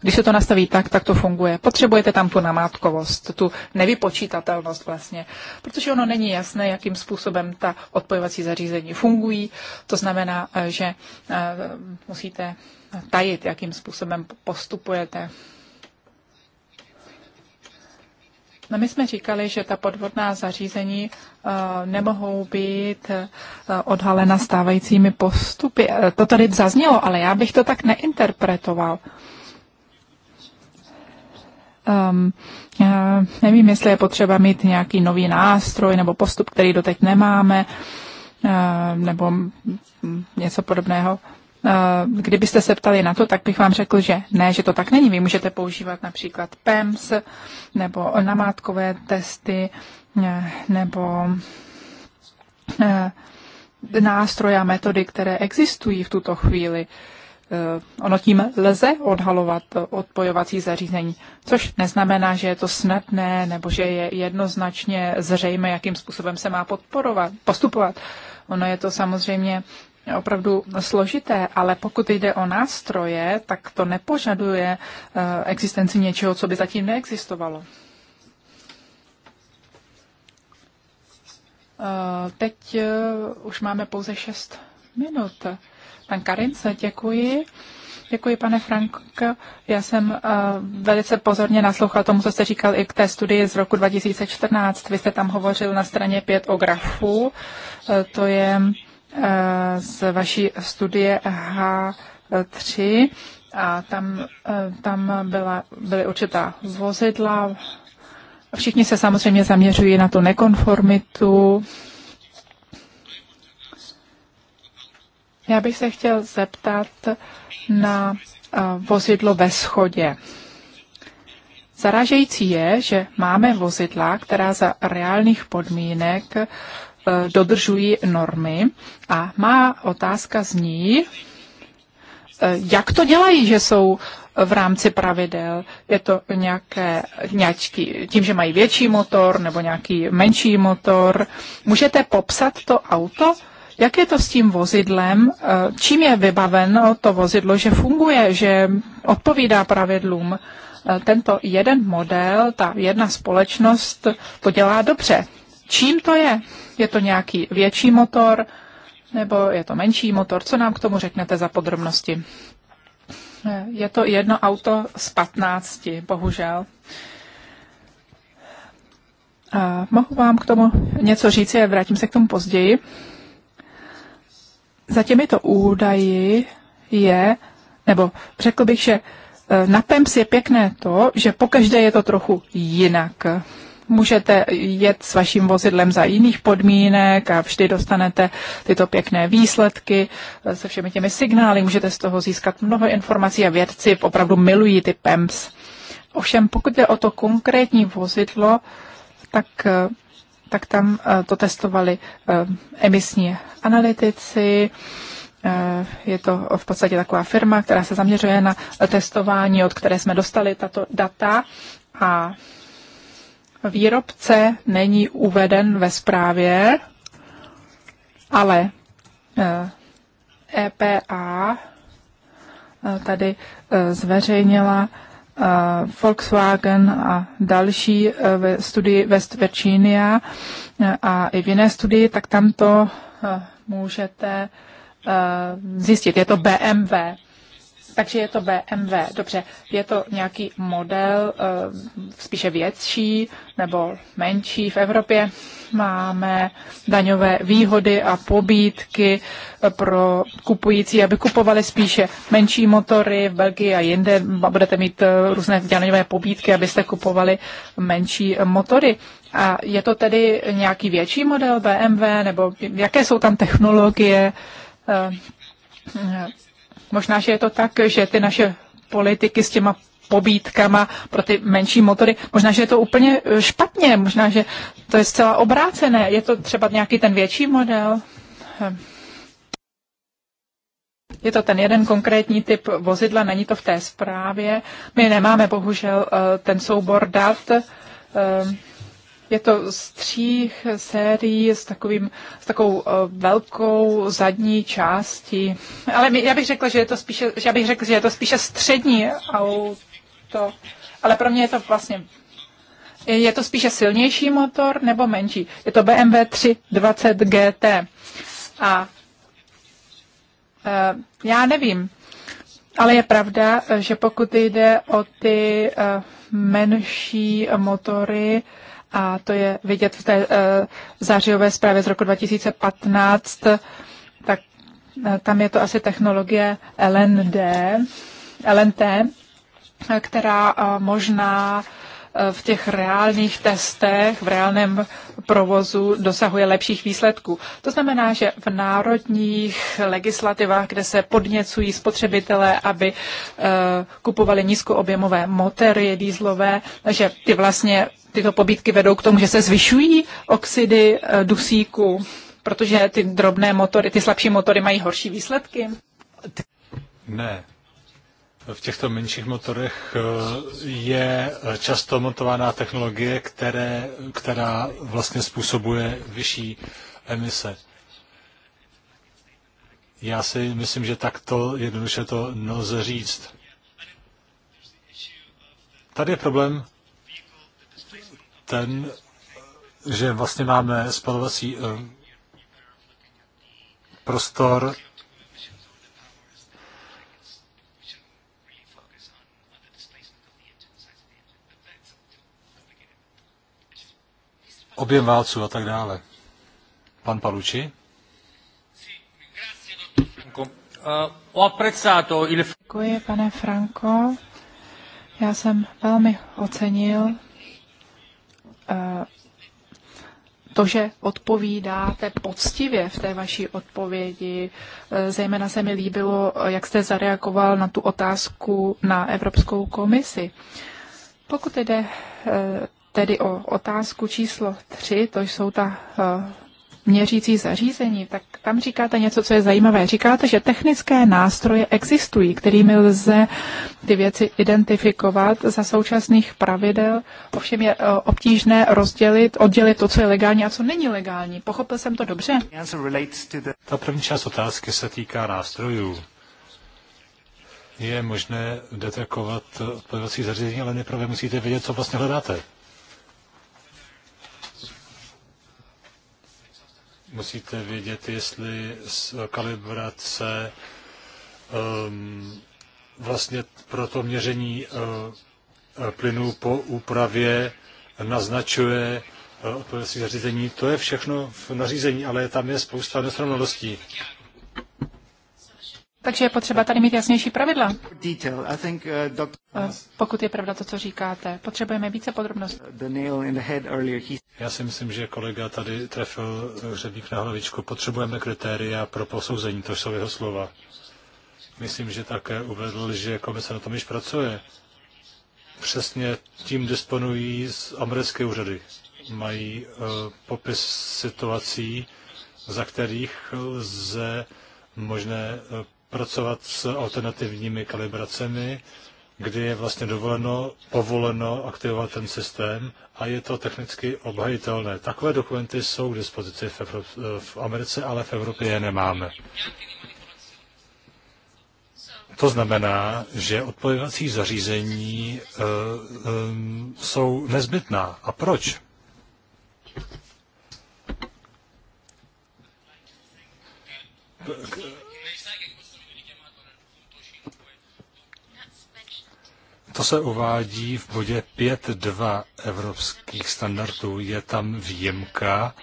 když se to nastaví tak, tak to funguje. Potřebujete tam tu namátkovost, tu nevypočítatelnost vlastně, protože ono není jasné, jakým způsobem ta odpojovací zařízení fungují. To znamená, eh, že eh, musíte tajit, jakým způsobem postupujete. No my jsme říkali, že ta podvodná zařízení eh, nemohou být odhalena stávajícími postupy. To tady zaznělo, ale já bych to tak neinterpretoval um, uh, nevím, jestli je potřeba mít nějaký nový nástroj nebo postup, který doteď nemáme, uh, nebo něco podobného. Uh, kdybyste se ptali na to, tak bych vám řekl, že ne, že to tak není. Vy můžete používat například PEMS nebo namátkové testy nebo uh, nástroje a metody, které existují v tuto chvíli. Uh, Eh, ono tím lze odhalovat odpojovací zařízení, což neznamená, že je to snadné nebo že je jednoznačně zřejmé, jakým způsobem se má podporovat, postupovat. Ono je to samozřejmě opravdu složité, ale pokud jde o nástroje, tak to nepožaduje eh, existenci něčeho, co by zatím neexistovalo. Eh, teď už máme pouze šest minut. Pan Karinc, děkuji. Děkuji, pane Frank. Já jsem uh, velice pozorně naslouchal tomu, co jste říkal i k té studii z roku 2014. Vy jste tam hovořil na straně 5 o grafu. Uh, to je uh, z vaší studie H3 a tam, uh, tam byla, byly určitá vozidla. Všichni se samozřejmě zaměřují na tu nekonformitu Já bych se chtěl zeptat na eh, vozidlo ve schodě. Zarážející je, že máme vozidla, která za reálných podmínek eh, dodržují normy a má otázka zní, eh, jak to dělají, že jsou v rámci pravidel? Je to nějaké, nějaký, tím, že mají větší motor nebo nějaký menší motor? Můžete popsat to auto? Jak je to s tím vozidlem? Eh, čím je vybaveno to vozidlo, že funguje, že odpovídá pravidlům? Eh, tento jeden model, ta jedna společnost to dělá dobře. Čím to je? Je to nějaký větší motor nebo je to menší motor? Co nám k tomu řeknete za podrobnosti? Eh, je to jedno auto z 15, bohužel. mohu vám k tomu něco říct, vrátím se k tomu později za těmito údaji je, nebo řekl bych, že e, na PEMS je pěkné to, že pokaždé je to trochu jinak. Můžete jet s vaším vozidlem za jiných podmínek a vždy dostanete tyto pěkné výsledky e, se všemi těmi signály. Můžete z toho získat mnoho informací a vědci opravdu milují ty PEMS. Ovšem, pokud jde o to konkrétní vozidlo, tak e, tak tam eh, to testovali eh, emisní analytici, eh, je to v podstatě taková firma, která se zaměřuje na testování, od které jsme dostali tato data a výrobce není uveden ve zprávě, ale EPA e tady zveřejnila Volkswagen a další e, ve studii West Virginia e, a i v jiné studii, tak tam to e, můžete zjistit. Je to BMW takže je to BMW, dobře, je to nějaký model eh, spíše větší nebo menší. V Evropě máme daňové výhody a pobídky eh, pro kupující, aby kupovali spíše menší motory v Belgii a jinde. Budete mít eh, různé daňové pobídky, abyste kupovali menší motory. A je to tedy nějaký větší model BMW, nebo jaké jsou tam technologie? Možná, že je to tak, že ty naše politiky s těma pobítkama pro ty menší motory. Možná, že je to úplně eh, špatně, možná, že to je zcela obrácené. Je to třeba nějaký ten větší model? Hm. Je to ten jeden konkrétní typ vozidla, není to v té zprávě. My nemáme bohužel eh, ten soubor dat. Hm. Je to střih sérií s, takovým, s takovou eh, velkou zadní částí. Ale my, já bych řekla, že je to spíše, já bych řekla, že je to spíše střední auto. Ale pro mě je to vlastně je to spíše silnější motor nebo menší? Je to BMW 320 GT. A e, já nevím, ale je pravda, že pokud jde o ty e, menší motory, a to je vidět v té eh, zářijové zprávě z roku 2015, tak eh, tam je to asi technologie LND, LNT, eh, která možná v těch reálných testech, v reálném provozu dosahuje lepších výsledků. To znamená, že v národních legislativách, kde se podněcují spotřebitelé, aby eh, kupovali nízkoobjemové motory dýzlové, že ty vlastně tyto pobídky vedou k tomu, že se zvyšují oxidy eh, dusíku, protože ty drobné motory, ty slabší motory mají horší výsledky? Ne, v těchto menších motorech eh, je často montovaná technologie, které, která vlastně způsobuje vyšší emise. Já si myslím, že takto jednoduše to nelze říct. Tady je problém ten, že vlastně máme spalovací eh, prostor objem válců a tak dále. Pan Paluči? Děkuji, pane Franco. Já jsem velmi ocenil eh, to, že odpovídáte poctivě v té vaší odpovědi. Eh, zejména se mi líbilo, jak jste zareagoval na tu otázku na Evropskou komisi. Pokud jde eh, tedy o otázku číslo 3, to jsou ta eh, měřící zařízení, tak tam říkáte něco, co je zajímavé. Říkáte, že technické nástroje existují, kterými lze ty věci identifikovat za současných pravidel. Ovšem je eh, obtížné rozdělit, oddělit to, co je legální a co není legální. Pochopil jsem to dobře? Ta první část otázky se týká nástrojů. Je možné detekovat odpovědací zařízení, ale nejprve musíte vědět, co vlastně hledáte. musíte vědět, jestli z kalibrace um, vlastně pro to měření uh, plynu po úpravě naznačuje eh, odpovědnosti zařízení. To je všechno v nařízení, ale tam je spousta nesrovnalostí. Takže je potřeba tady mít jasnější pravidla. Uh, eh, pokud je pravda to, co říkáte, potřebujeme více podrobností. Uh, Já si myslím, že kolega tady trefil hřebík eh, na hlavičku. Potřebujeme kritéria pro posouzení, to jsou jeho slova. Myslím, že také uvedl, že komise na tom již pracuje. Přesně tím disponují z americké úřady. Mají uh, popis situací, za kterých lze možné pracovat s alternativními kalibracemi, kdy je vlastně dovoleno, povoleno aktivovat ten systém a je to technicky obhajitelné. Takové dokumenty jsou k dispozici v, Evrop- v Americe, ale v Evropě je nemáme. To znamená, že odpojovací zařízení uh, um, jsou nezbytná. A proč? K- To se uvádí v bodě 5.2 evropských standardů. Je tam výjimka,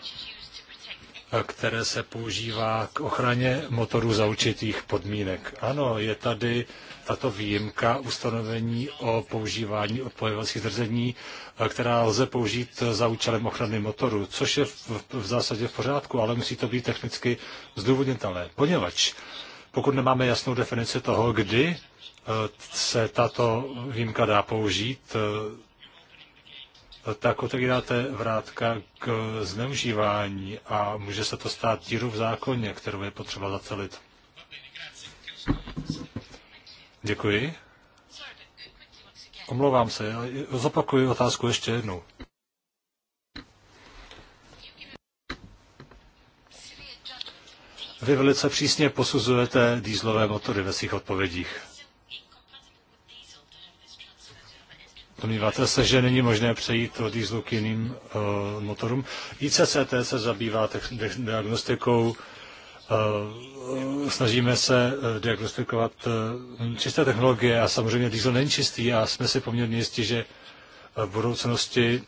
které se používá k ochraně motorů za určitých podmínek. Ano, je tady tato výjimka ustanovení o používání odpojovacích držení, která lze použít za účelem ochrany motoru, což je v, v zásadě v pořádku, ale musí to být technicky zdůvodnitelné, poněvadž pokud nemáme jasnou definici toho, kdy se tato výjimka dá použít, eh, tak otevíráte vrátka k zneužívání a může se to stát díru v zákoně, kterou je potřeba zacelit. Děkuji. Omlouvám se, zopakuji otázku ještě jednou. Vy velice přísně posuzujete dýzlové motory ve svých odpovědích. Domníváte se, že není možné přejít od dýzlu k jiným uh, motorům? ICCT se zabývá diagnostikou, uh, snažíme se eh, diagnostikovat uh, čisté technologie a samozřejmě dýzl není čistý a jsme si poměrně jistí, že v budoucnosti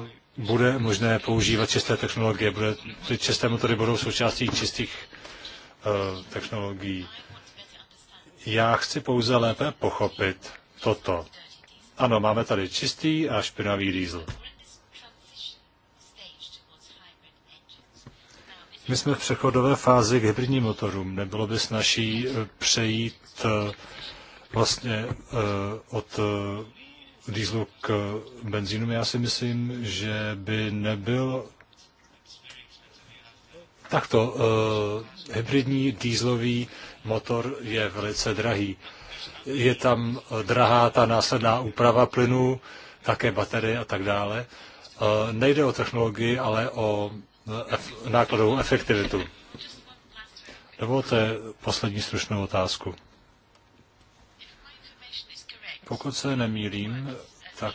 uh, bude možné používat čisté technologie, bude, ty čisté motory budou součástí čistých uh, technologií. Já chci pouze lépe pochopit toto. Ano, máme tady čistý a špinavý diesel. My jsme v přechodové fázi k hybridním motorům. Nebylo by snaží eh, přejít eh, vlastně eh, od dýzlu k benzínu. Já si myslím, že by nebyl takto. Hybridní dýzlový motor je velice drahý je tam eh, drahá ta následná úprava plynu, také baterie a tak dále. Eh, nejde o technologii, ale o eh, nákladovou efektivitu. Dovolte poslední stručnou otázku. Pokud se nemýlím, tak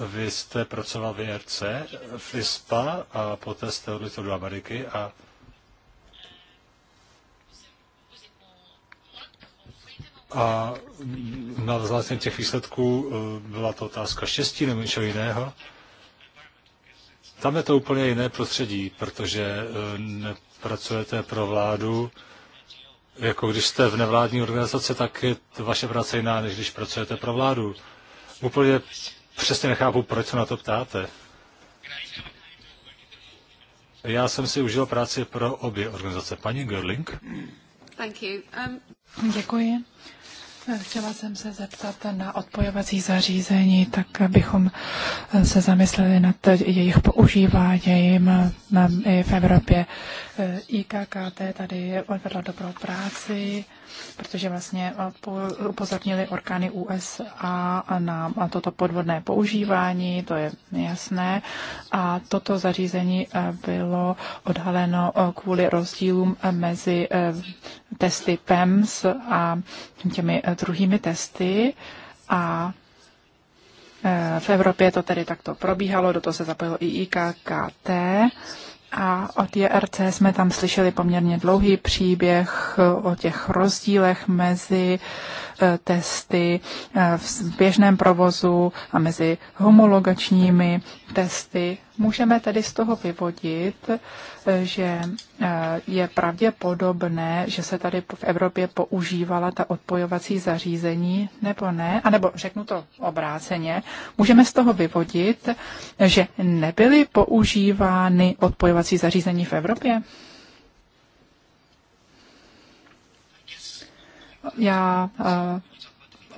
vy jste pracoval v IRC, e v ISPA a poté jste odletěl do Ameriky a A na základě těch výsledků e, byla to otázka štěstí nebo něčeho jiného. Tam je to úplně jiné prostředí, protože e, nepracujete pro vládu. Jako když jste v nevládní organizaci, tak je vaše práce jiná, než když pracujete pro vládu. Úplně přesně nechápu, proč se na to ptáte. Já jsem si užil práci pro obě organizace. Paní Görling. Thank you. Um, Děkuji. Chtěla jsem se zeptat na odpojovací zařízení, tak abychom se zamysleli nad jejich používáním v Evropě. E, IKKT tady odvedla dobrou práci protože vlastně eh, upozornili orgány USA na toto podvodné používání, to je jasné. A toto zařízení eh, bylo odhaleno eh, kvůli rozdílům mezi testy PEMS a těmi druhými testy. A v Evropě to tedy takto probíhalo, do toho se zapojilo i IKKT. A od JRC jsme tam slyšeli poměrně dlouhý příběh o těch rozdílech mezi Eh, testy eh, v běžném provozu a mezi homologačními testy. Můžeme tedy z toho vyvodit, eh, že je pravděpodobné, že se tady v Evropě používala ta odpojovací zařízení, nebo ne, anebo řeknu to obráceně, můžeme z toho vyvodit, že nebyly používány odpojovací zařízení v Evropě? Já eh,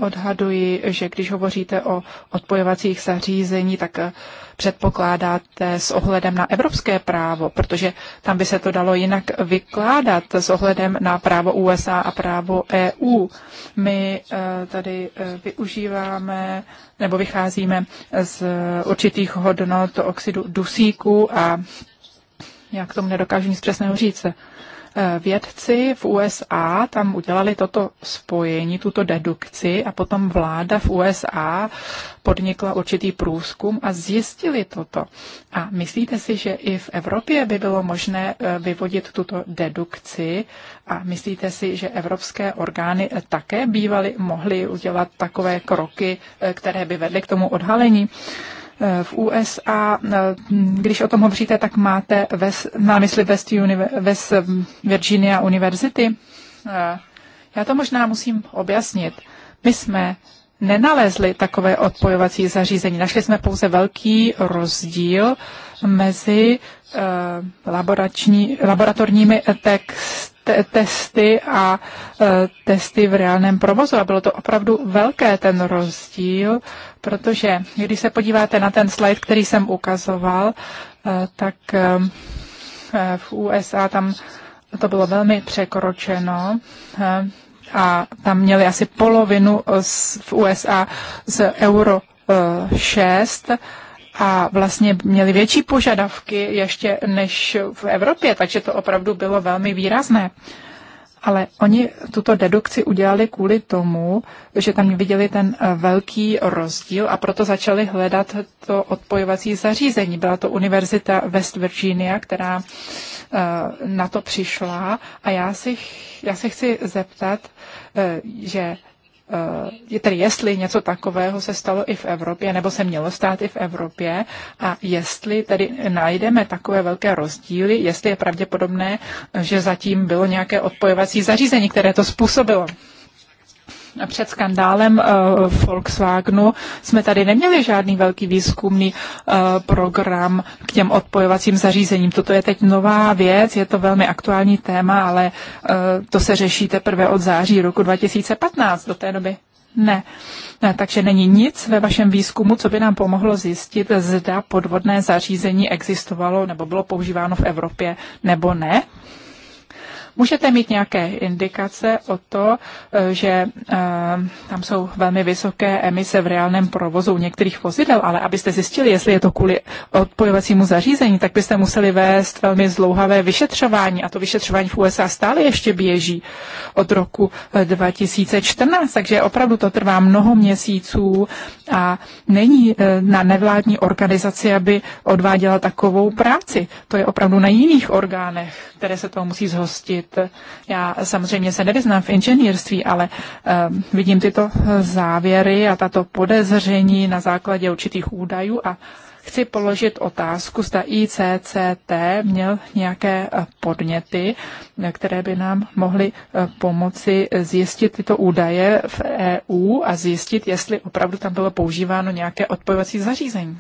odhaduji, že když hovoříte o odpojovacích zařízení, tak eh, předpokládáte s ohledem na evropské právo, protože tam by se to dalo jinak vykládat s ohledem na právo USA a právo EU. My eh, tady využíváme nebo vycházíme z určitých hodnot oxidu dusíku a já k tomu nedokážu nic přesného říct. Eh, vědci v USA tam udělali toto spojení, tuto dedukci a potom vláda v USA podnikla určitý průzkum a zjistili toto. A myslíte si, že i v Evropě by bylo možné eh, vyvodit tuto dedukci a myslíte si, že evropské orgány také bývaly, mohly udělat takové kroky, eh, které by vedly k tomu odhalení? Eh, v USA, eh, když o tom hovoříte, tak máte na mysli West, Univer- West eh, Virginia University? Já to možná musím objasnit. My jsme nenalezli takové odpojovací zařízení. Našli jsme pouze velký rozdíl mezi laboratorními text, te- testy a e, testy v reálném provozu. A bylo to opravdu velké ten rozdíl, protože když se podíváte na ten slide, který jsem ukazoval, e, tak e, e v USA tam to bylo velmi překročeno. E, a tam měli asi polovinu z, v USA z euro 6 e, a vlastně měli větší požadavky ještě než v Evropě, takže to opravdu bylo velmi výrazné. Ale oni tuto dedukci udělali kvůli tomu, že tam viděli ten eh, velký rozdíl a proto začali hledat to odpojovací zařízení. Byla to univerzita West Virginia, která eh, na to přišla a já, si, já si chci zeptat, eh, že Eh, tedy jestli něco takového se stalo i v Evropě, nebo se mělo stát i v Evropě, a jestli tedy najdeme takové velké rozdíly, jestli je pravděpodobné, že zatím bylo nějaké odpojovací zařízení, které to způsobilo před skandálem uh, Volkswagenu jsme tady neměli žádný velký výzkumný uh, program k těm odpojovacím zařízením. Toto je teď nová věc, je to velmi aktuální téma, ale uh, to se řeší teprve od září roku 2015. Do té doby ne. ne. Takže není nic ve vašem výzkumu, co by nám pomohlo zjistit, zda podvodné zařízení existovalo nebo bylo používáno v Evropě nebo ne. Můžete mít nějaké indikace o to, eh, že eh, tam jsou velmi vysoké emise v reálném provozu některých vozidel, ale abyste zjistili, jestli je to kvůli odpojovacímu zařízení, tak byste museli vést velmi zlouhavé vyšetřování a to vyšetřování v USA stále ještě běží od roku 2014, eh, takže opravdu to trvá mnoho měsíců a není na nevládní organizaci, aby odváděla takovou práci. To je opravdu na jiných orgánech, které se toho musí zhostit řešit. Já samozřejmě se nevyznám v inženýrství, ale um, vidím tyto závěry a tato podezření na základě určitých údajů a chci položit otázku, zda ICCT měl nějaké e, podněty, které by nám mohly e, pomoci zjistit tyto údaje v EU a zjistit, jestli opravdu tam bylo používáno nějaké odpojovací zařízení.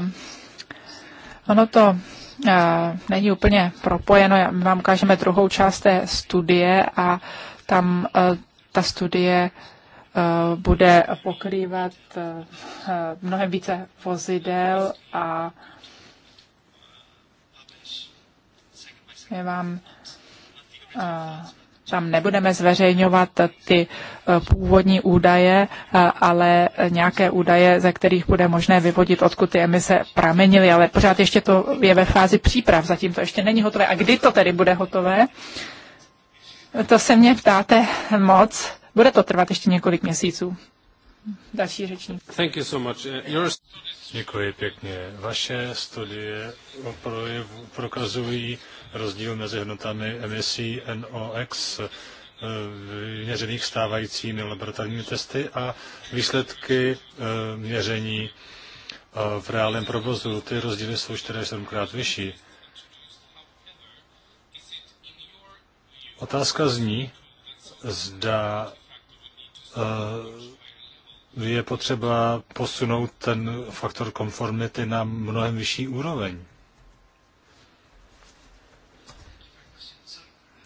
Um, Ono to eh, není úplně propojeno. My vám ukážeme druhou část té studie a tam eh, ta studie eh, bude pokrývat mnohem více vozidel a my vám tam nebudeme zveřejňovat ty eh, původní údaje, eh, ale nějaké údaje, ze kterých bude možné vyvodit, odkud ty emise pramenily, ale pořád ještě to je ve fázi příprav, zatím to ještě není hotové. A kdy to tedy bude hotové? To se mě ptáte moc. Bude to trvat ještě několik měsíců. Další řečník. Thank you so much. Eh, your... Děkuji pěkně. Vaše studie projevu prokazují rozdíl mezi hodnotami emisí NOx eh, měřených stávajícími laboratorními testy a výsledky eh, měření eh, v reálném provozu. Ty rozdíly jsou 4 až 7 krát vyšší. Otázka zní, zda je potřeba posunout ten faktor konformity na mnohem vyšší úroveň.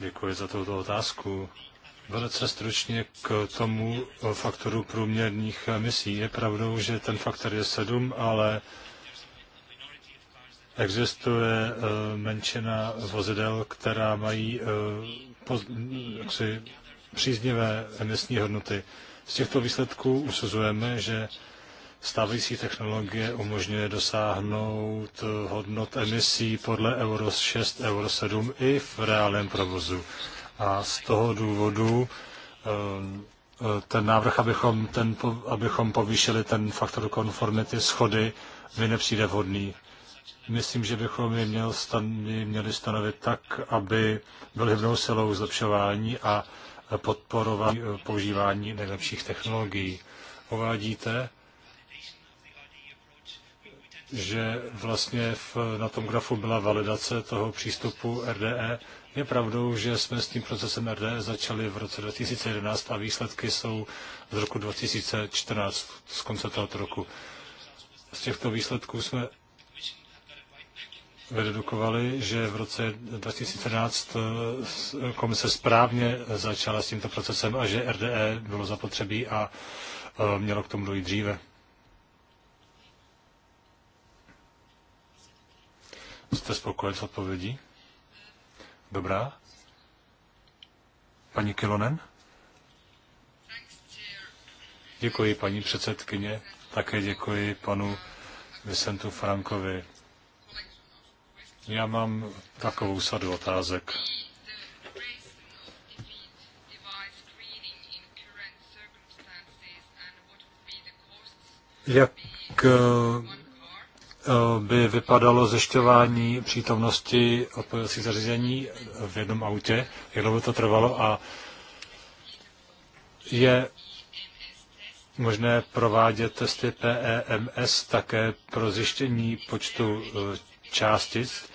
Děkuji za tuto otázku. Velice stručně k tomu faktoru průměrných emisí. Je pravdou, že ten faktor je 7, ale existuje eh, menšina vozidel, která mají eh, příznivé emisní hodnoty. Z těchto výsledků usuzujeme, že Stávající technologie umožňuje dosáhnout hodnot emisí podle Euro 6, Euro 7 i v reálném provozu. A z toho důvodu eh, ten návrh, abychom, ten, abychom povýšili ten faktor konformity schody, mi nepřijde vhodný. Myslím, že bychom je měl stan, měli stanovit tak, aby byl hybnou silou zlepšování a podporování eh, používání nejlepších technologií. Uvádíte, že vlastně v, na tom grafu byla validace toho přístupu RDE. Je pravdou, že jsme s tím procesem RDE začali v roce 2011 a výsledky jsou z roku 2014, z konce tohoto roku. Z těchto výsledků jsme vydedukovali, že v roce 2011 eh, komise správně začala s tímto procesem a že RDE bylo zapotřebí a eh, mělo k tomu dojít dříve. Jste spokojen s odpovědí? Dobrá. Paní Kilonen? Děkuji, paní předsedkyně. Také děkuji panu Vicentu Frankovi. Já mám takovou sadu otázek. Jak eh, Eh, by vypadalo zjišťování přítomnosti odpovědacích zařízení v jednom autě, jak dlouho by to trvalo a je možné provádět testy PEMS také pro zjištění počtu eh, částic.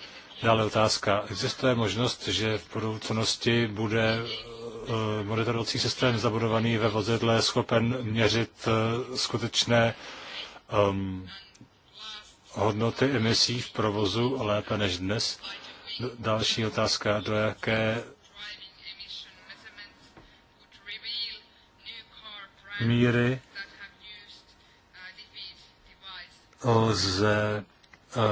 Dále otázka. Existuje možnost, že v budoucnosti bude eh, monitorovací systém zabudovaný ve vozidle schopen měřit skutečné um, hodnoty emisí v provozu lépe než dnes. Další otázka, do jaké míry lze uh,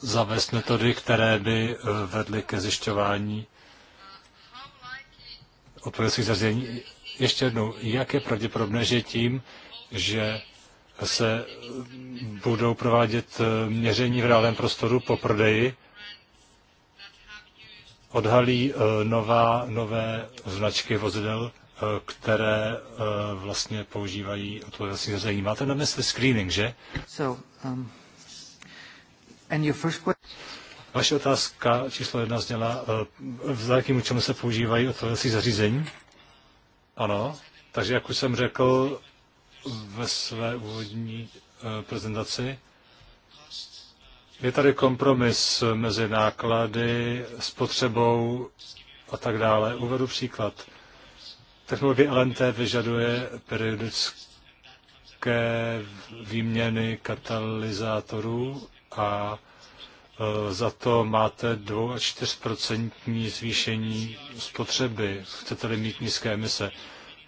zavést metody, které by eh, vedly ke zjišťování odpovědných zařízení. Ještě jednou, jak je pravděpodobné, že tím, že se budou provádět eh, měření v reálném prostoru po prodeji, odhalí eh, nová, nové značky vozidel, eh, které vlastně používají odpovědací zařízení. Máte na mysli screening, že? So, um, and your first question? Vaše otázka číslo jedna zněla, za jakým účelem se používají odpovědací zařízení? Ano, takže jak už jsem řekl, ve své úvodní eh, prezentaci. Je tady kompromis mezi náklady, spotřebou a tak dále. Uvedu příklad. Technologie LNT vyžaduje periodické výměny katalyzátorů a eh, za to máte 2 až 4 zvýšení spotřeby, chcete-li mít nízké emise.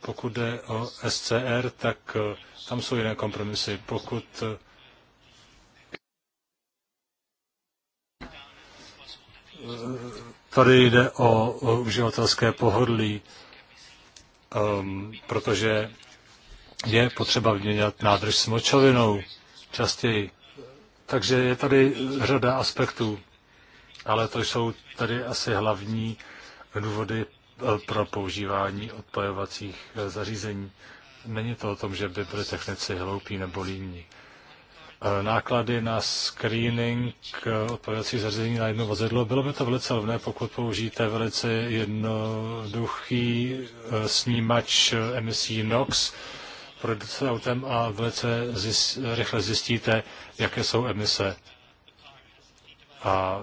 Pokud jde o SCR, tak eh, tam jsou jiné kompromisy. Pokud eh, tady jde o, uživatelské pohodlí, um, protože je potřeba vyměňovat nádrž s močovinou častěji. Takže je tady řada aspektů, ale to jsou tady asi hlavní důvody, pro používání odpojovacích eh, zařízení. Není to o tom, že by byli technici hloupí nebo líní. Eh, náklady na screening eh, odpovědacích zařízení na jedno vozidlo, bylo by to velice levné, pokud použijete velice jednoduchý snímač emisí NOx, pro autem a velice zjist, rychle zjistíte, jaké jsou emise. A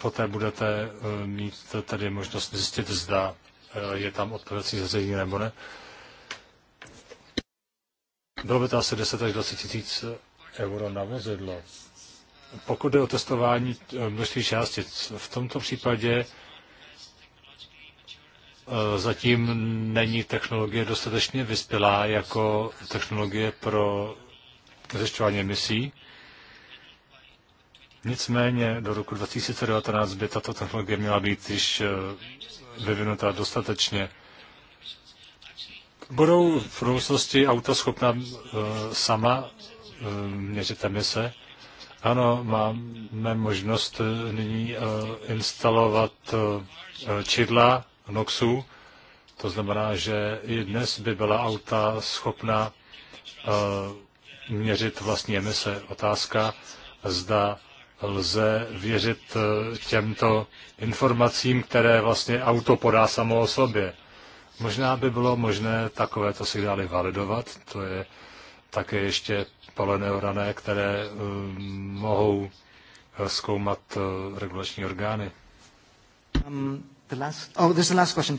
Poté budete eh, mít tedy možnost zjistit, zda eh, je tam odpovědací zařízení nebo ne. Bylo by to asi 10 až 20 tisíc eh, euro na vozidlo. Pokud jde o testování množství částic, v tomto případě zatím není technologie dostatečně vyspělá jako technologie pro zjišťování emisí. Nicméně do roku 2019 by tato technologie měla být již eh, vyvinutá dostatečně. Budou v budoucnosti auta schopná eh, sama eh, měřit emise? Ano, máme možnost nyní instalovat čidla NOXu, to znamená, že i dnes by byla auta schopna měřit vlastní emise. Otázka, zda lze věřit eh, těmto informacím, které vlastně auto podá samo o sobě. Možná by bylo možné takovéto signály validovat, to je také ještě paleneurané, které eh, mohou eh, zkoumat regulační orgány. Um, the last, oh, there's the last question.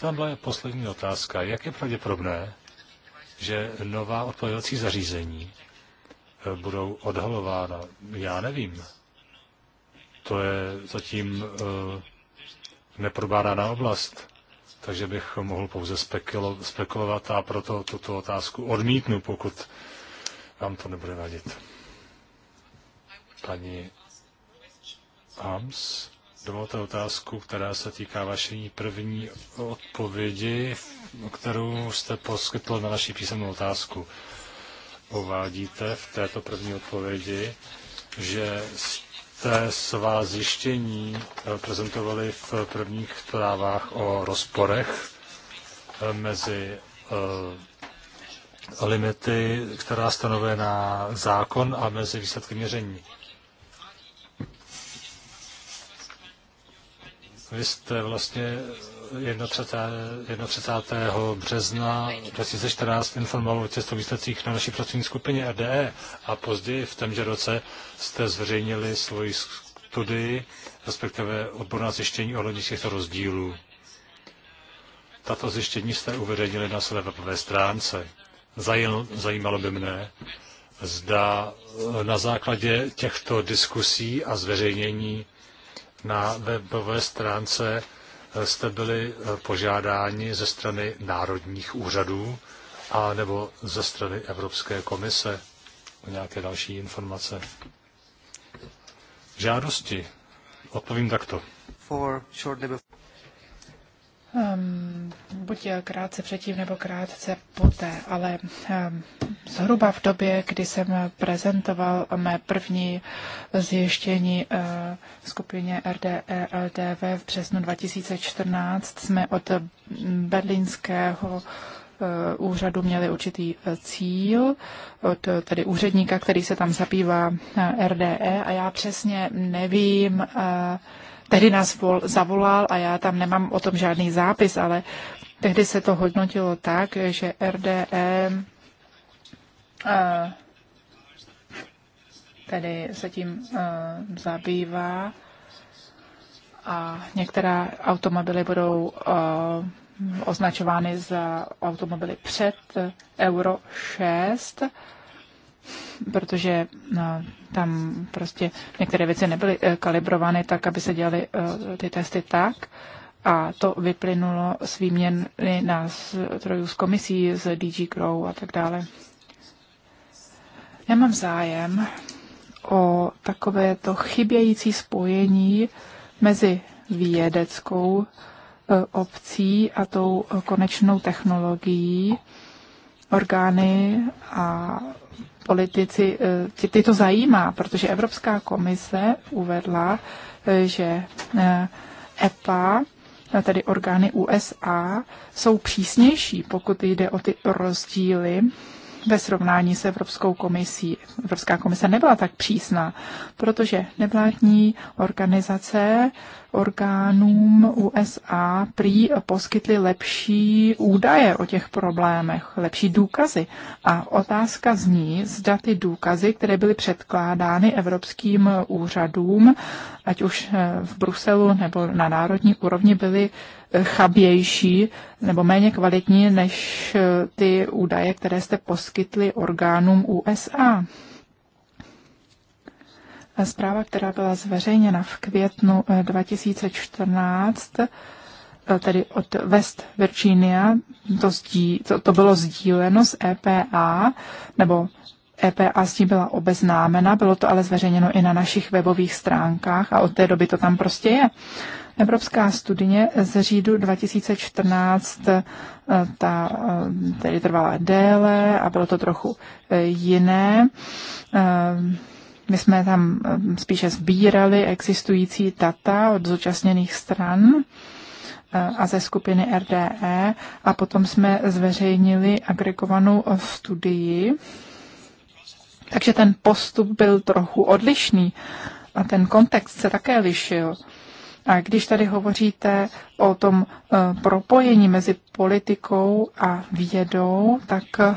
Tam byla poslední otázka. Jak je pravděpodobné, že nová odpovědací zařízení budou odhalována? Já nevím to je zatím eh, neprobádaná oblast. Takže bych mohl pouze spekulo, spekulovat a proto tuto otázku odmítnu, pokud vám to nebude vadit. Paní Hams, dovolte otázku, která se týká vaší první odpovědi, kterou jste poskytl na naší písemnou otázku. Uvádíte v této první odpovědi, že s jste svá zjištění eh, prezentovali v prvních zprávách o rozporech eh, mezi eh, limity, která stanovuje na zákon a mezi výsledky měření. Vy jste vlastně 31. 31. března 2014 informoval o těchto výsledcích na naší pracovní skupině RDE a později v témže roce jste zveřejnili svoji studii, respektive odborná zjištění ohledně těchto rozdílů. Tato zjištění jste uveřejnili na své webové stránce. Zajímalo by mne, zda e, na základě těchto diskusí a zveřejnění na webové stránce jste byli eh, požádáni ze strany národních úřadů a nebo ze strany Evropské komise o nějaké další informace? Žádosti. Odpovím takto um, buď krátce předtím nebo krátce poté, ale um, zhruba v době, kdy jsem prezentoval mé první zjištění uh, skupině RDE LDV v březnu 2014, jsme od berlínského eh, úřadu měli určitý eh, cíl od tedy úředníka, který se tam zabývá RDE a já přesně nevím, uh, tehdy nás vol, zavolal a já tam nemám o tom žádný zápis, ale tehdy se to hodnotilo tak, že RDE eh, tedy se tím eh, zabývá a některá automobily budou eh, označovány za automobily před Euro 6 protože no, tam prostě některé věci nebyly eh, kalibrovány tak, aby se dělaly eh, ty testy tak. A to vyplynulo s výměny trojů z komisí, z DG Grow a tak dále. Já mám zájem o takové to chybějící spojení mezi vědeckou eh, obcí a tou konečnou technologií, orgány a politici, eh, ty, ty to zajímá, protože Evropská komise uvedla, eh, že EPA, eh, e tedy orgány USA, jsou přísnější, pokud jde o ty rozdíly ve srovnání s Evropskou komisí. Evropská komise nebyla tak přísná, protože nevládní organizace orgánům USA prý poskytly lepší údaje o těch problémech, lepší důkazy. A otázka zní, zda ty důkazy, které byly předkládány evropským úřadům, ať už v Bruselu nebo na národní úrovni, byly chabější nebo méně kvalitní než eh, ty údaje, které jste poskytli orgánům USA. Zpráva, která byla zveřejněna v květnu 2014, eh, eh, tedy od West Virginia, to, sdí, to, to bylo sdíleno z EPA, nebo EPA s tím byla obeznámena, bylo to ale zveřejněno i na našich webových stránkách a od té doby to tam prostě je. Evropská studie z řídu 2014 eh, ta eh, tedy trvala déle a bylo to trochu eh, jiné. My jsme tam spíše sbírali existující data od zúčastněných stran a ze skupiny RDE a potom jsme zveřejnili agregovanou studii. Takže ten postup byl trochu odlišný a ten kontext se také lišil. A když tady hovoříte o tom eh, propojení mezi politikou a vědou, tak eh,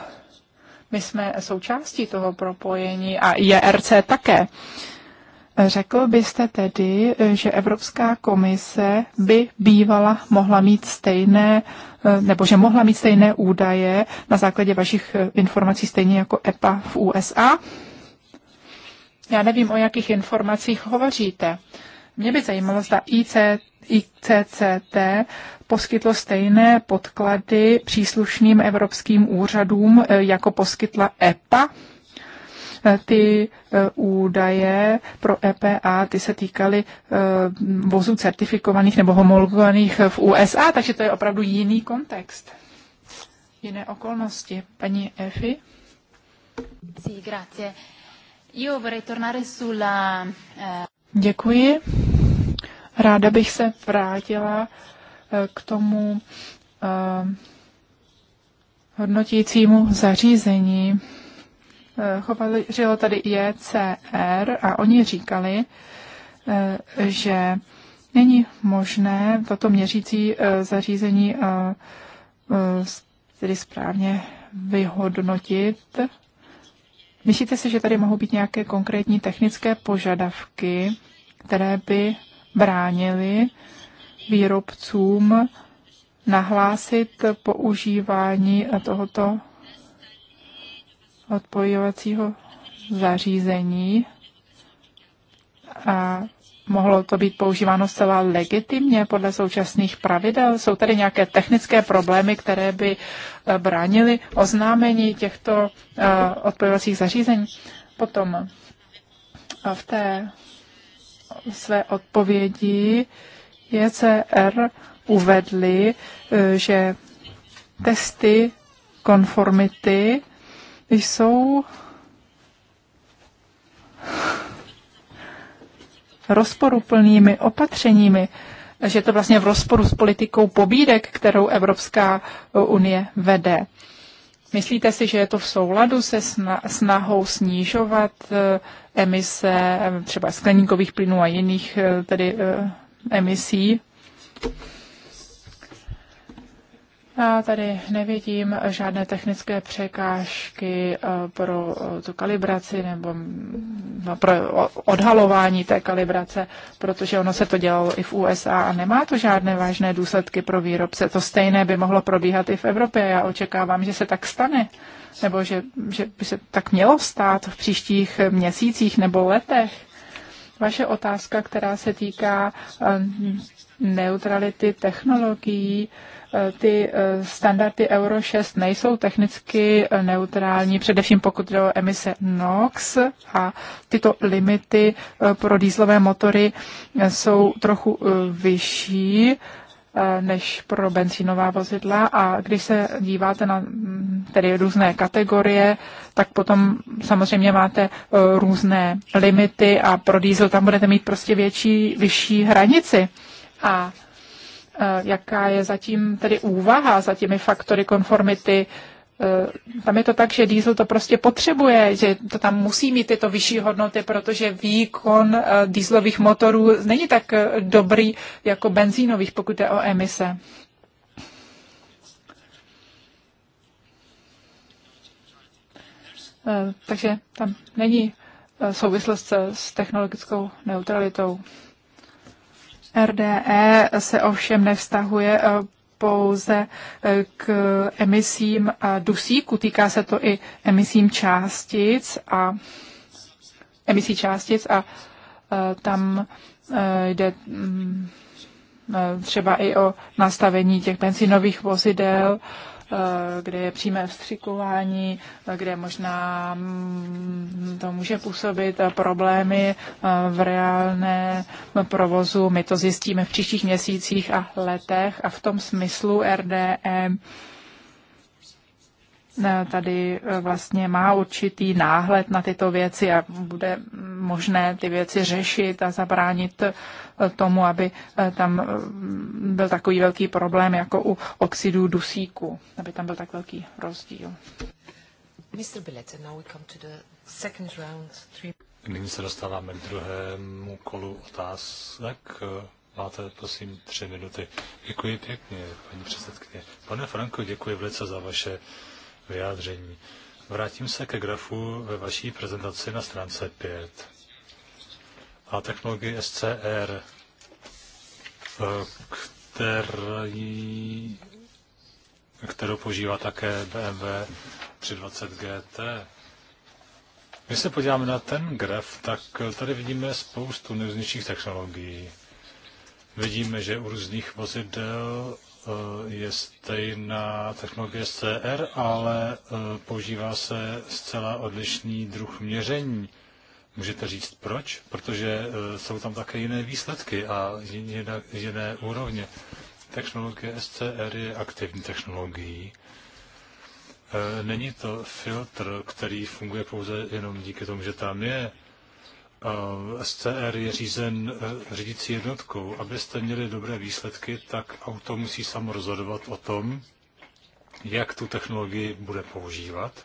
my jsme součástí toho propojení a JRC e také. Řekl byste tedy, eh, že Evropská komise by bývala mohla mít stejné, nebo že mohla mít stejné údaje na základě vašich informací stejně jako EPA v USA? Já nevím, o jakých informacích hovoříte. Mě by zajímalo, zda IC, ICCT poskytlo stejné podklady příslušným evropským úřadům, eh, jako poskytla EPA. Eh, ty eh, údaje pro EPA, ty se týkaly vozů certifikovaných nebo homologovaných v USA, takže to je opravdu jiný kontext, jiné okolnosti. Paní Efi? Sì, grazie. Io vorrei tornare sulla... Děkuji. Ráda bych se vrátila eh, k tomu eh, hodnotícímu zařízení. Eh, hovořilo tady JCR e a oni říkali, že není možné toto měřící zařízení tedy správně vyhodnotit. Myslíte si, že tady mohou být nějaké konkrétní technické požadavky, které by bránili výrobcům nahlásit používání tohoto odpojovacího zařízení a mohlo to být používáno zcela legitimně podle současných pravidel? Jsou tady nějaké technické problémy, které by eh, bránily oznámení těchto eh, odpojovacích zařízení? Potom eh, v té své odpovědi JCR uvedli, eh, že testy konformity jsou rozporuplnými opatřeními, že je to vlastně v rozporu s politikou pobídek, kterou Evropská unie vede. Myslíte si, že je to v souladu se snahou snižovat eh, emise eh, třeba skleníkových plynů a jiných eh, tedy emisí? Já tady nevidím žádné technické překážky eh, pro eh, tu kalibraci nebo mm, no, pro odhalování té kalibrace, protože ono se to dělalo i v USA a nemá to žádné vážné důsledky pro výrobce. To stejné by mohlo probíhat i v Evropě. Já očekávám, že se tak stane, nebo že, že by se tak mělo stát v příštích měsících nebo letech. Vaše otázka, která se týká eh, neutrality technologií, Eh, ty eh, standardy Euro 6 nejsou technicky eh, neutrální, především pokud jde o emise NOx a tyto limity pro dýzlové motory jsou trochu vyšší než pro benzínová vozidla a když se díváte na mm, tedy různé kategorie, tak potom samozřejmě máte různé limity a pro diesel tam budete mít prostě větší, vyšší hranici. A Eh, jaká je zatím tedy úvaha za těmi faktory konformity. Eh, tam je to tak, že diesel to prostě potřebuje, že to tam musí mít tyto vyšší hodnoty, protože výkon eh, dieselových motorů není tak dobrý jako benzínových, pokud je o emise. Takže tam není souvislost s technologickou neutralitou. RDE se ovšem nevztahuje eh, pouze eh, k emisím eh, dusíku, týká se to i emisím částic a emisí částic a tam jde mm, třeba i o nastavení těch benzínových vozidel, Eh, kde je přímé vstřikování, eh, kde možná mm, to může působit eh, problémy v reálné provozu. My to zjistíme v příštích měsících a letech a v tom smyslu RDE tady vlastně má určitý náhled na tyto věci a bude možné ty věci řešit a zabránit tomu, aby eh, tam eh, byl takový velký problém jako u oxidu dusíku, aby tam byl tak velký rozdíl. Mr. Billet, now we come to the second round. Three... Nyní se dostáváme k druhému kolu otázek. Máte, prosím, tři minuty. Děkuji pěkně, paní předsedkyně. Pane Franko, děkuji velice za vaše vyjádření. Vrátím se ke grafu ve vaší prezentaci na stránce 5 a technologii SCR, eh, který, kterou používá také BMW 320 GT. Když se podíváme na ten graf, tak tady vidíme spoustu nejrůznějších technologií. Vidíme, že u různých vozidel eh, je stejná technologie CR, ale eh, používá se zcela odlišný druh měření. Můžete říct proč? Protože e, jsou tam také jiné výsledky a jiné, jiné úrovně. Technologie SCR je aktivní technologií. E, není to filtr, který funguje pouze jenom díky tomu, že tam je. E, SCR je řízen řídící jednotkou. Abyste měli dobré výsledky, tak auto musí samo rozhodovat o tom, jak tu technologii bude používat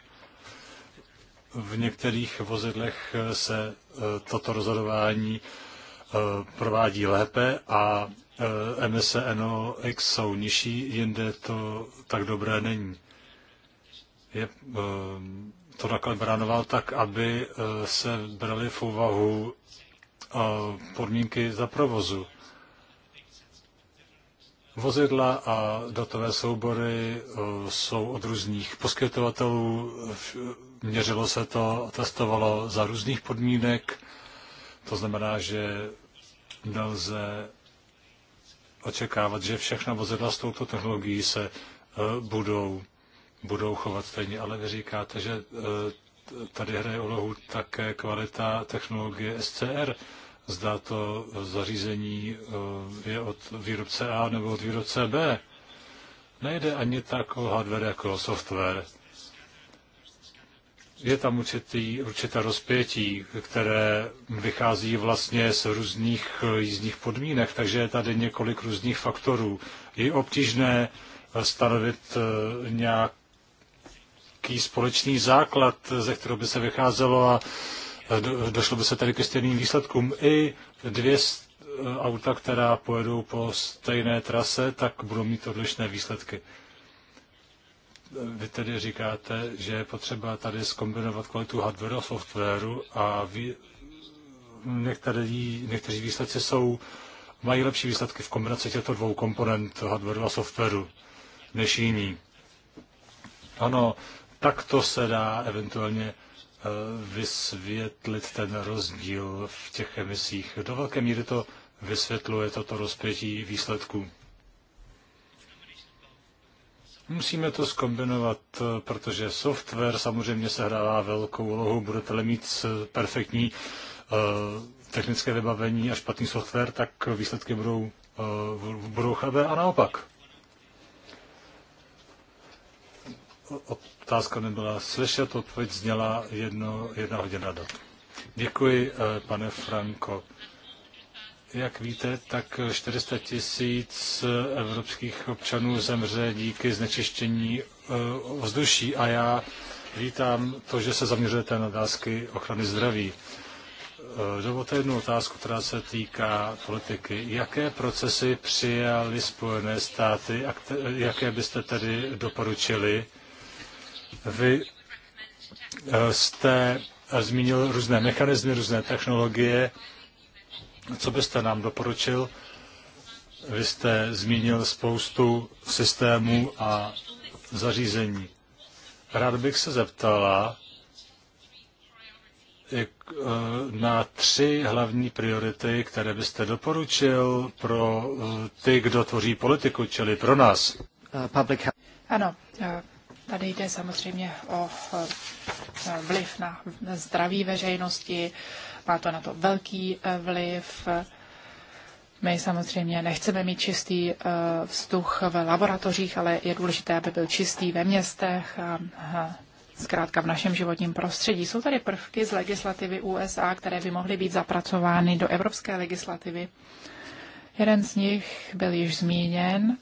v některých vozidlech se e, toto rozhodování e, provádí lépe a e, emise NOx jsou nižší, jinde to tak dobré není. Je to nakalibránoval tak, aby se brali v úvahu podmínky za provozu. Vozidla a datové soubory jsou od různých poskytovatelů, měřilo se to, testovalo za různých podmínek, to znamená, že nelze očekávat, že všechna vozidla s touto technologií se eh, budou, budou chovat stejně, ale vy říkáte, že eh, tady hraje úlohu také kvalita technologie SCR. Zdá to zařízení eh, je od výrobce A nebo od výrobce B. Nejde ani tak o hardware jako o software je tam určitý, určité rozpětí, které vychází vlastně z různých eh, jízdních podmínek, takže je tady několik různých faktorů. Je obtížné eh, stanovit eh, nějaký společný základ, ze kterého by se vycházelo a došlo by se tady ke stejným výsledkům. I dvě auta, která pojedou po stejné trase, tak budou mít odlišné výsledky. Vy tedy říkáte, že je potřeba tady skombinovat kvalitu hardware a softwaru a vy, některý, někteří výsledci jsou, mají lepší výsledky v kombinaci těchto dvou komponent hardware a softwaru než jiní. Ano, tak to se dá eventuálně eh, vysvětlit ten rozdíl v těch emisích. Do velké míry to vysvětluje toto rozpětí výsledků. Musíme to skombinovat, protože software samozřejmě sehrává velkou úlohu. Budete-li mít perfektní eh, technické vybavení a špatný software, tak výsledky budou, eh, budou chabé a naopak. Otázka nebyla slyšet, odpověď zněla jedno, jedna hodina dat. Děkuji, eh, pane Franko. Jak víte, tak 400 tisíc evropských občanů zemře díky znečištění eh, vzduší a já vítám to, že se zaměřujete na otázky ochrany zdraví. Eh, dovolte jednu otázku, která se týká politiky. Jaké procesy přijali Spojené státy a jaké byste tedy doporučili? Vy eh, jste zmínil různé mechanismy, různé technologie. Co byste nám doporučil? Vy jste zmínil spoustu systémů a zařízení. Rád bych se zeptala jak, eh, na tři hlavní priority, které byste doporučil pro eh, ty, kdo tvoří politiku, čili pro nás. Ano, eh, tady jde samozřejmě o vliv na zdraví veřejnosti, má to na to velký eh, vliv. My samozřejmě nechceme mít čistý eh, vzduch v laboratořích, ale je důležité, aby byl čistý ve městech a zkrátka v našem životním prostředí. Jsou tady prvky z legislativy USA, které by mohly být zapracovány do evropské legislativy. Jeden z nich byl již zmíněn.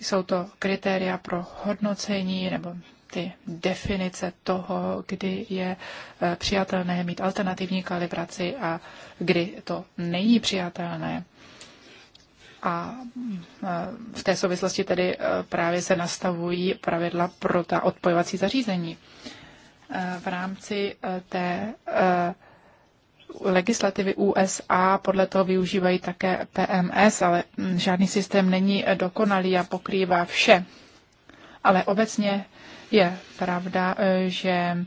Jsou to kritéria pro hodnocení nebo ty definice toho, kdy je eh, přijatelné mít alternativní kalibraci a kdy to není přijatelné. A eh, v té souvislosti tedy eh, právě se nastavují pravidla pro ta odpojovací zařízení. V rámci té legislativy USA podle toho využívají také PMS, ale hm, žádný systém není dokonalý a pokrývá vše. Ale obecně je pravda, e, že e,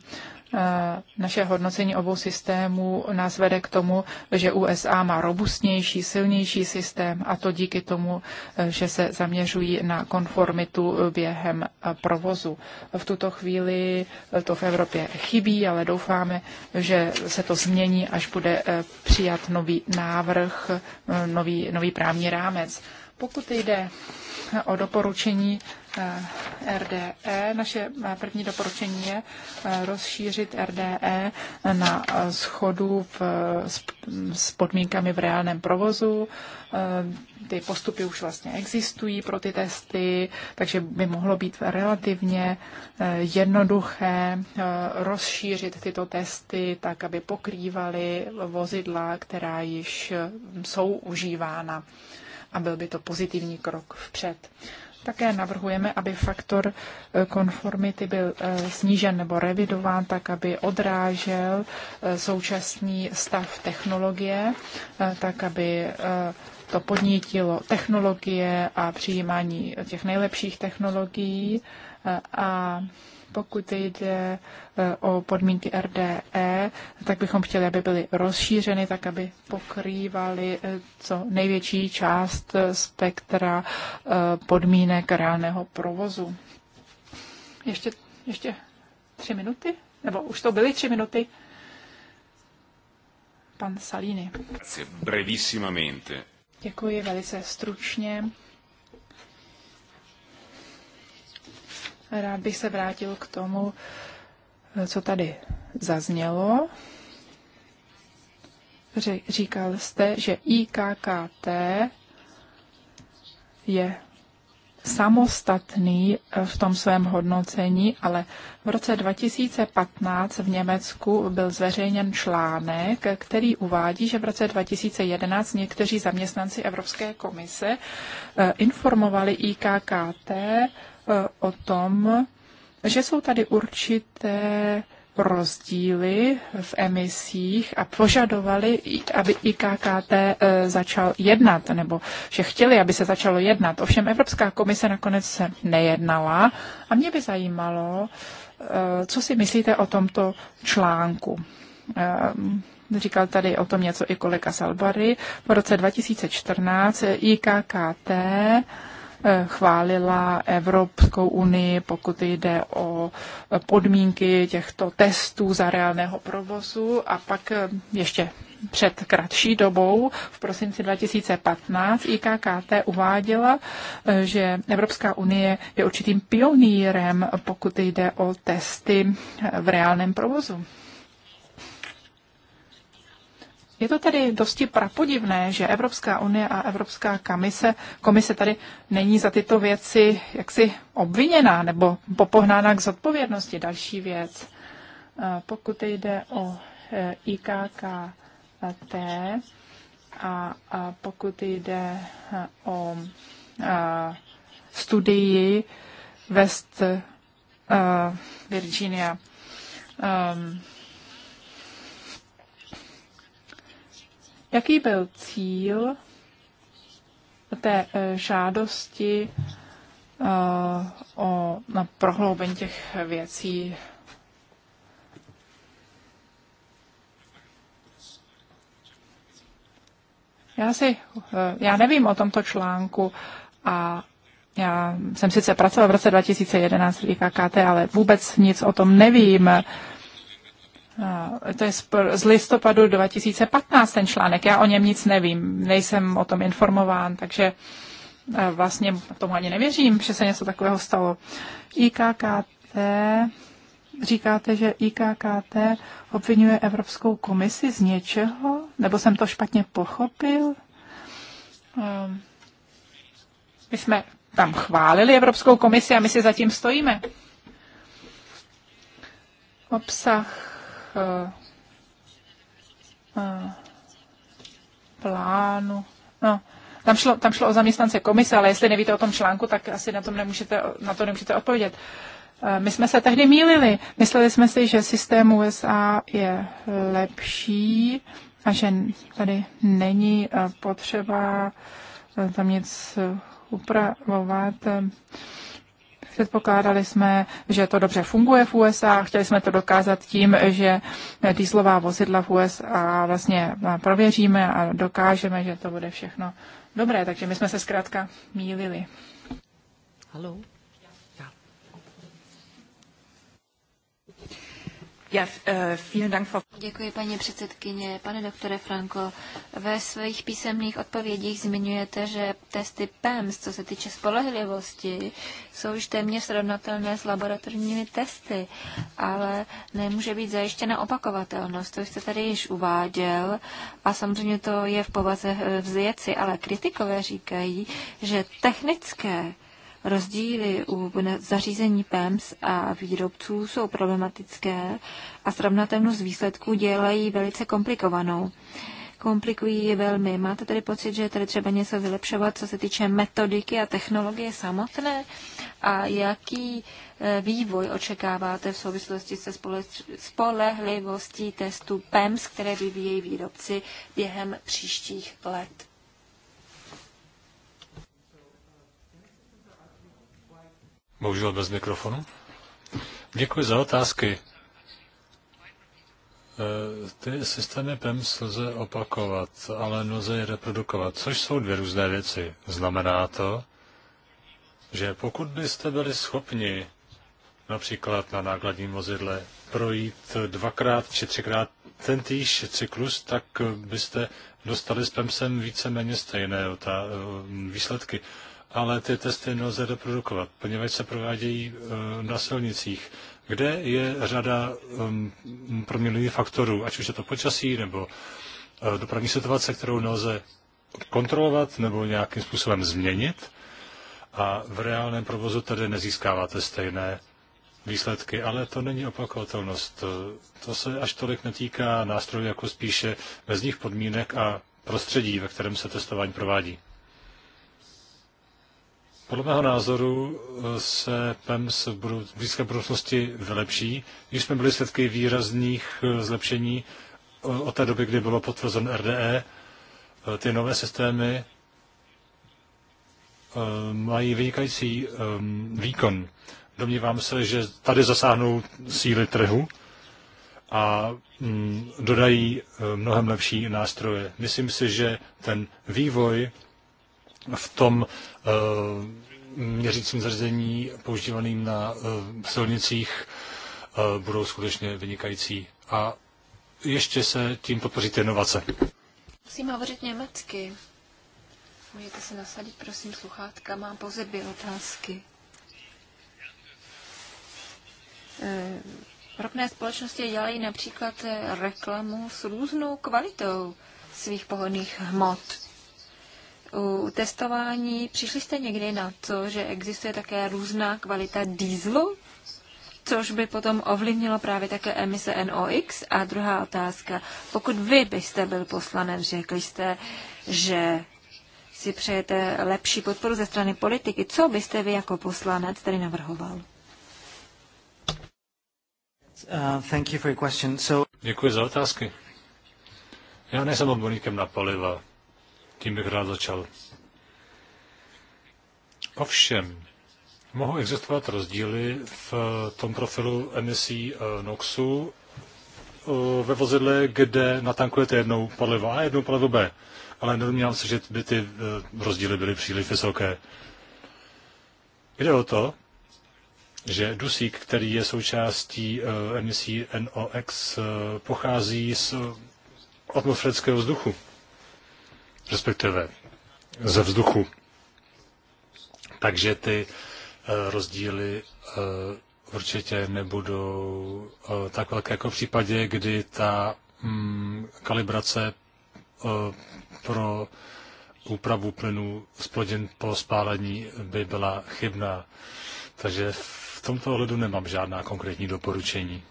naše hodnocení obou systémů nás vede k tomu, že USA má robustnější, silnější systém a to díky tomu, e, že se zaměřují na konformitu během provozu. V tuto chvíli to v Evropě chybí, ale doufáme, že se to změní, až bude přijat nový návrh, nový, nový právní rámec. Pokud jde o doporučení Eh, RDE. Naše eh, první doporučení je eh, rozšířit RDE na schodu v, s, s podmínkami v reálném provozu. Ty postupy už vlastně existují pro ty testy, takže by mohlo být relativně jednoduché rozšířit tyto testy tak, aby pokrývaly vozidla, která již jsou užívána a byl by to pozitivní krok vpřed. Také navrhujeme, aby faktor e, konformity byl e, snížen nebo revidován tak, aby odrážel e, současný stav technologie, tak, aby to podnítilo technologie a přijímání těch nejlepších technologií a pokud jde e, o podmínky RDE, tak bychom chtěli, aby byly rozšířeny, tak aby pokrývaly e, co největší část e, spektra podmínek reálného provozu. Ještě, ještě tři minuty? Nebo už to byly tři minuty? Pan Salini. Děkuji velice stručně. Rád bych se vrátil k tomu, co tady zaznělo. Říkal jste, že IKKT je samostatný v tom svém hodnocení, ale v roce 2015 v Německu byl zveřejněn článek, který uvádí, že v roce 2011 někteří zaměstnanci Evropské komise eh, informovali IKKT Eh, o tom, že jsou tady určité rozdíly v emisích a požadovali, aby IKKT eh, začal jednat, nebo že chtěli, aby se začalo jednat. Ovšem Evropská komise nakonec se nejednala a mě by zajímalo, eh, co si myslíte o tomto článku. Říkal tady o tom něco i kolega Salbary. V roce 2014 IKKT Eh, chválila Evropskou unii, pokud jde o eh, podmínky těchto testů za reálného provozu a pak eh, ještě před kratší dobou, v prosinci 2015, IKKT uváděla, že Evropská unie je určitým pionýrem, pokud jde o testy v reálném provozu. Je to tedy dosti prapodivné, že Evropská unie a Evropská komise, komise tady není za tyto věci jaksi obviněná nebo popohnána k zodpovědnosti. Další věc, eh, pokud jde o eh, IKKT a pokud jde eh, o studii West Virginia, um, Jaký byl cíl té eh, žádosti eh, o na prohloubení těch věcí? Já si, eh, já nevím o tomto článku a já jsem sice pracoval v roce 2011 v IKKT, ale vůbec nic o tom nevím to je z listopadu 2015 ten článek, já o něm nic nevím, nejsem o tom informován, takže eh, vlastně tomu ani nevěřím, že se něco takového stalo. IKKT, říkáte, že IKKT obvinuje Evropskou komisi z něčeho? Nebo jsem to špatně pochopil? Ehm, my jsme tam chválili Evropskou komisi a my si zatím stojíme. Obsah Eh, eh, plánu. No, tam šlo, tam šlo o zaměstnance komise, ale jestli nevíte o tom článku, tak asi na, tom nemůžete, na to nemůžete odpovědět. Eh, my jsme se tehdy mýlili. Mysleli jsme si, že systém USA je lepší a že tady není potřeba tam nic upravovat. Předpokládali jsme, že to dobře funguje v USA, chtěli jsme to dokázat tím, že dýzlová vozidla v USA vlastně prověříme a dokážeme, že to bude všechno dobré. Takže my jsme se zkrátka mílili. Hello. Eh, Děkuji, paní předsedkyně. Pane doktore Franko, ve svých písemných odpovědích zmiňujete, že testy PEMS, co se týče spolehlivosti, jsou již téměř srovnatelné s laboratorními testy, ale nemůže být zajištěna opakovatelnost. To jste tady již uváděl a samozřejmě to je v povaze eh, vzjeci, ale kritikové říkají, že technické Rozdíly u zařízení PEMS a výrobců jsou problematické a srovnatelnost výsledků dělají velice komplikovanou. Komplikují je velmi. Máte tedy pocit, že je tady třeba něco vylepšovat, co se týče metodiky a technologie samotné? A jaký e, vývoj očekáváte v souvislosti se spolehlivostí testů PEMS, které vyvíjejí výrobci během příštích let? Bohužel bez mikrofonu. Děkuji za otázky. E, ty systémy PEMS lze opakovat, ale lze je reprodukovat, což jsou dvě různé věci. Znamená to, že pokud byste byli schopni například na nákladním vozidle projít dvakrát či třikrát ten týž cyklus, tak byste dostali s PEMSem víceméně stejné e, výsledky ale ty testy nelze reprodukovat, poněvadž se provádějí eh, na silnicích, kde je řada eh, proměnlivých faktorů, ať už je to počasí nebo eh, dopravní situace, kterou nelze kontrolovat nebo nějakým způsobem změnit. A v reálném provozu tedy nezískáváte stejné výsledky, ale to není opakovatelnost. To se až tolik netýká nástrojů, jako spíše nich podmínek a prostředí, ve kterém se testování provádí. Podle mého názoru eh, se PEMS v blízké budoucnosti vylepší. Již jsme byli svědky výrazných eh, zlepšení eh, od té doby, kdy bylo potvrzen RDE. Ty nové systémy mají vynikající výkon. Domnívám se, že tady zasáhnou síly trhu a mm, dodají mnohem lepší nástroje. Myslím si, že ten vývoj v tom eh, měřícím zařízení používaným na eh, silnicích eh, budou skutečně vynikající. A ještě se tím podpoříte inovace. Musím hovořit německy. Můžete se nasadit, prosím, sluchátka. Mám pouze dvě otázky. Ropné společnosti dělají například reklamu s různou kvalitou svých pohodných hmot u testování, přišli jste někdy na to, že existuje také různá kvalita dýzlu, což by potom ovlivnilo právě také emise NOx? A druhá otázka, pokud vy byste byl poslanec, řekli jste, že si přejete lepší podporu ze strany politiky, co byste vy jako poslanec tedy navrhoval? Uh, thank you for your question. Děkuji za otázky. Já nejsem odborníkem na paliva. Tím bych rád začal. Ovšem, mohou existovat rozdíly v tom profilu emisí eh, NOXu eh, ve vozidle, kde natankujete jednou palivo A, jednou palivo B. Ale nedomnívám se, že by ty eh, rozdíly byly příliš vysoké. Jde o to, že dusík, který je součástí emisí NOx, pochází z atmosférického vzduchu respektive ze vzduchu. Takže ty eh, rozdíly eh, určitě nebudou eh, tak velké jako v případě, kdy ta mm, kalibrace pro úpravu plynu z plodin po spálení by byla chybná. Takže v tomto ohledu nemám žádná konkrétní doporučení.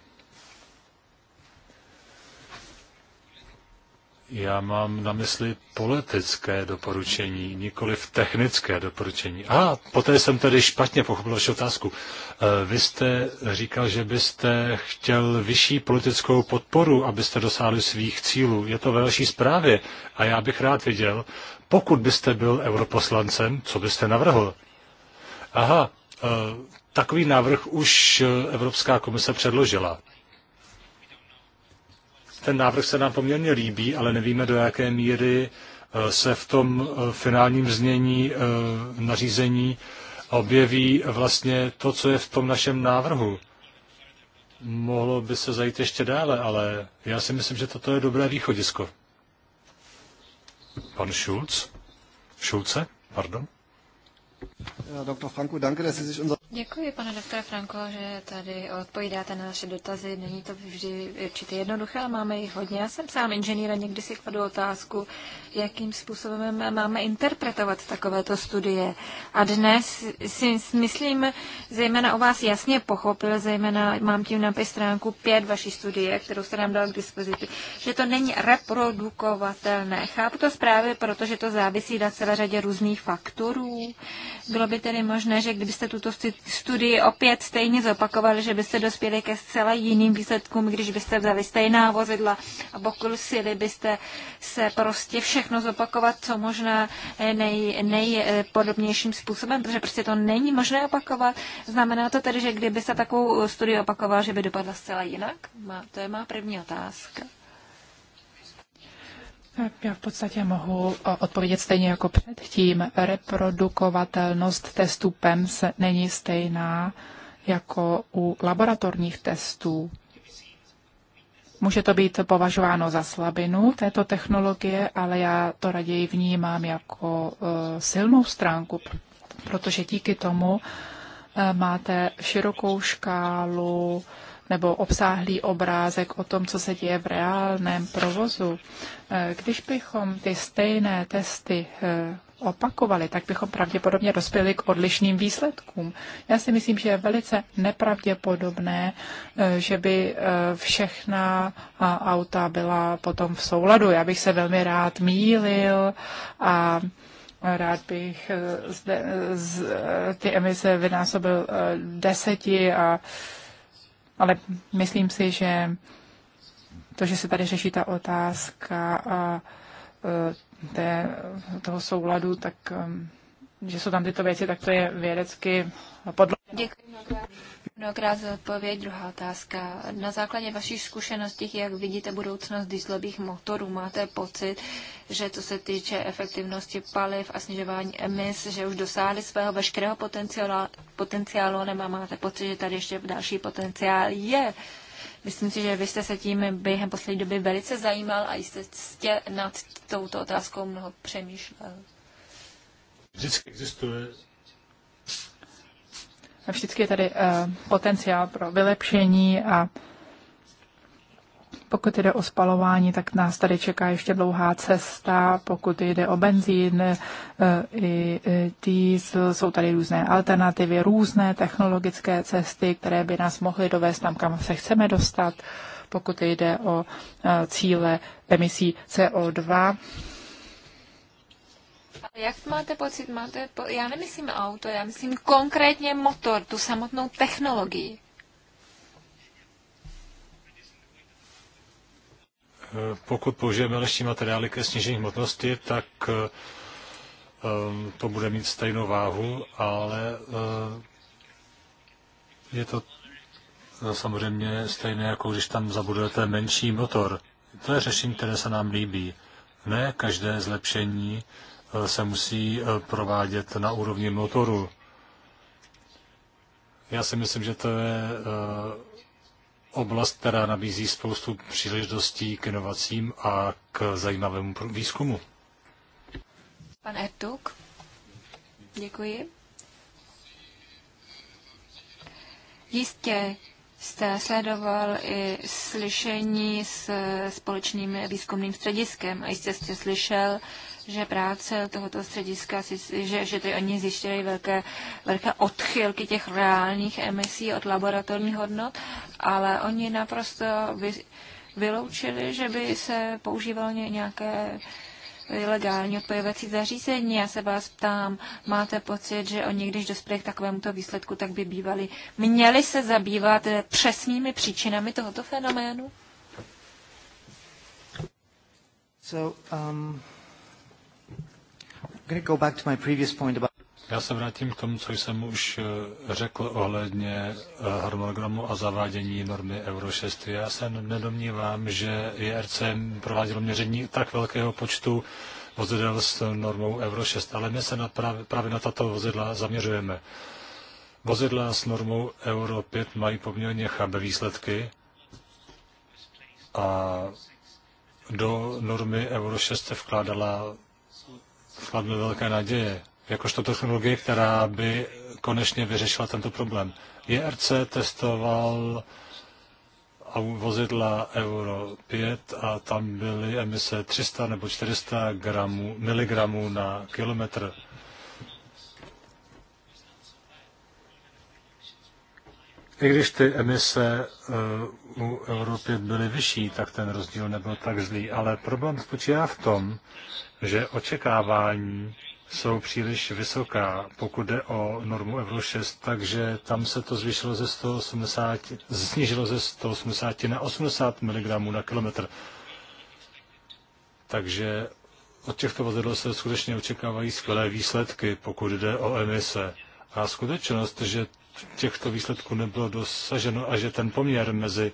Já mám na mysli politické doporučení, nikoli v technické doporučení. A poté jsem tedy špatně pochopil vaši otázku. E, vy jste říkal, že byste chtěl vyšší politickou podporu, abyste dosáhli svých cílů. Je to ve vaší zprávě a já bych rád viděl, pokud byste byl europoslancem, co byste navrhl? Aha, e, takový návrh už Evropská komise předložila. Ten návrh se nám poměrně líbí, ale nevíme, do jaké míry eh, se v tom eh, finálním znění eh, nařízení objeví vlastně to, co je v tom našem návrhu. Mohlo by se zajít ještě dále, ale já si myslím, že toto je dobré východisko. Pan Schulz? Schulze? Pardon? Ja, Dr. Franco, danke, dass Sie sich unser Děkuji, pane doktore Franko, že tady odpovídáte na naše dotazy. Není to vždy určitě jednoduché, ale máme jich hodně. Já jsem sám inženýr a někdy si kladu otázku, jakým způsobem máme interpretovat takovéto studie. A dnes si myslím, zejména o vás jasně pochopil, zejména mám tím na stránku pět vaší studie, kterou jste nám dal k dispozici, že to není reprodukovatelné. Chápu to zprávě, protože to závisí na celé řadě různých faktorů. Bylo by tedy možné, že kdybyste tuto studii opět stejně zopakovali, že byste dospěli ke zcela jiným výsledkům, když byste vzali stejná vozidla a pokusili byste se prostě všechno zopakovat, co možná nej, nejpodobnějším způsobem, protože prostě to není možné opakovat. Znamená to tedy, že kdyby se takovou studii opakoval, že by dopadla zcela jinak? Má, to je má první otázka. Já v podstatě mohu eh, odpovědět stejně jako předtím. Reprodukovatelnost testů PEMS není stejná jako u laboratorních testů. Může to být považováno za slabinu této technologie, ale já to raději vnímám jako eh, silnou stránku, protože díky tomu eh, máte širokou škálu nebo obsáhlý obrázek o tom, co se děje v reálném provozu. Eh, když bychom ty stejné testy eh, opakovali, tak bychom pravděpodobně dospěli k odlišným výsledkům. Já si myslím, že je velice nepravděpodobné, eh, že by všechna auta byla potom v souladu. Já bych se velmi rád mýlil a Rád bych zde, z, ty emise vynásobil deseti a ale myslím si, že to, že se tady řeší ta otázka a e, té, toho souladu, tak um, že jsou tam tyto věci, tak to je vědecky podloženo. Děkuji mnohokrát. Mnohokrát za odpověď. Druhá otázka. Na základě vašich zkušeností, jak vidíte budoucnost dieselových motorů, máte pocit, že co se týče efektivnosti paliv a snižování emis, že už dosáhli svého veškerého potenciálu, potenciálu nebo máte pocit, že tady ještě další potenciál je? Myslím si, že vy jste se tím během poslední doby velice zajímal a jste nad touto otázkou mnoho přemýšlel. Vždycky existuje vždycky je tady eh, potenciál pro vylepšení a pokud jde o spalování, tak nás tady čeká ještě dlouhá cesta. Pokud jde o benzín, eh, i diesel, jsou tady různé alternativy, různé technologické cesty, které by nás mohly dovést tam, kam se chceme dostat, pokud jde o eh, cíle emisí CO2. Jak máte pocit, máte, po... já nemyslím auto, já myslím konkrétně motor, tu samotnou technologii. Pokud použijeme lehčí materiály ke snížení hmotnosti, tak ehm, to bude mít stejnou váhu, ale ehm, je to e, samozřejmě stejné, jako když tam zabudujete menší motor. To je řešení, které se nám líbí. Ne každé zlepšení se musí eh, provádět na úrovni motoru. Já si myslím, že to je eh, oblast, která nabízí spoustu příležitostí k inovacím a k zajímavému výzkumu. Pan Ertuk, děkuji. Jistě jste sledoval i slyšení s společným výzkumným střediskem a jistě jste slyšel, že práce tohoto střediska, že, že tady oni zjištěli velké, velké odchylky těch reálných emisí od laboratorních hodnot, ale oni naprosto vy, vyloučili, že by se používalo nějaké ilegální odpojovací zařízení. Já se vás ptám, máte pocit, že oni, když dospěli k takovémuto výsledku, tak by bývali, měli se zabývat eh, přesnými příčinami tohoto fenoménu? So, um, já se vrátím k tomu, co jsem už eh, řekl ohledně eh, harmonogramu a zavádění normy Euro 6. Já se nedomnívám, že IRC e provádělo měření tak velkého počtu vozidel s normou Euro 6, ale my se na právě, právě na tato vozidla zaměřujeme. Vozidla s normou Euro 5 mají poměrně chabé výsledky a do normy Euro 6 se vkládala kladme velké naděje, jakožto technologie, která by konečně vyřešila tento problém. JRC e testoval vozidla Euro 5 a tam byly emise 300 nebo 400 gramů, miligramů na kilometr. I když ty emise eh, u Evropy byly vyšší, tak ten rozdíl nebyl tak zlý. Ale problém spočívá v tom, že očekávání jsou příliš vysoká, pokud jde o normu Euro 6, takže tam se to zvýšilo ze 180, znižilo ze 180 na 80 mg na kilometr. Takže od těchto vozidel se skutečně očekávají skvělé výsledky, pokud jde o emise. A skutečnost, že těchto výsledků nebylo dosaženo a že ten poměr mezi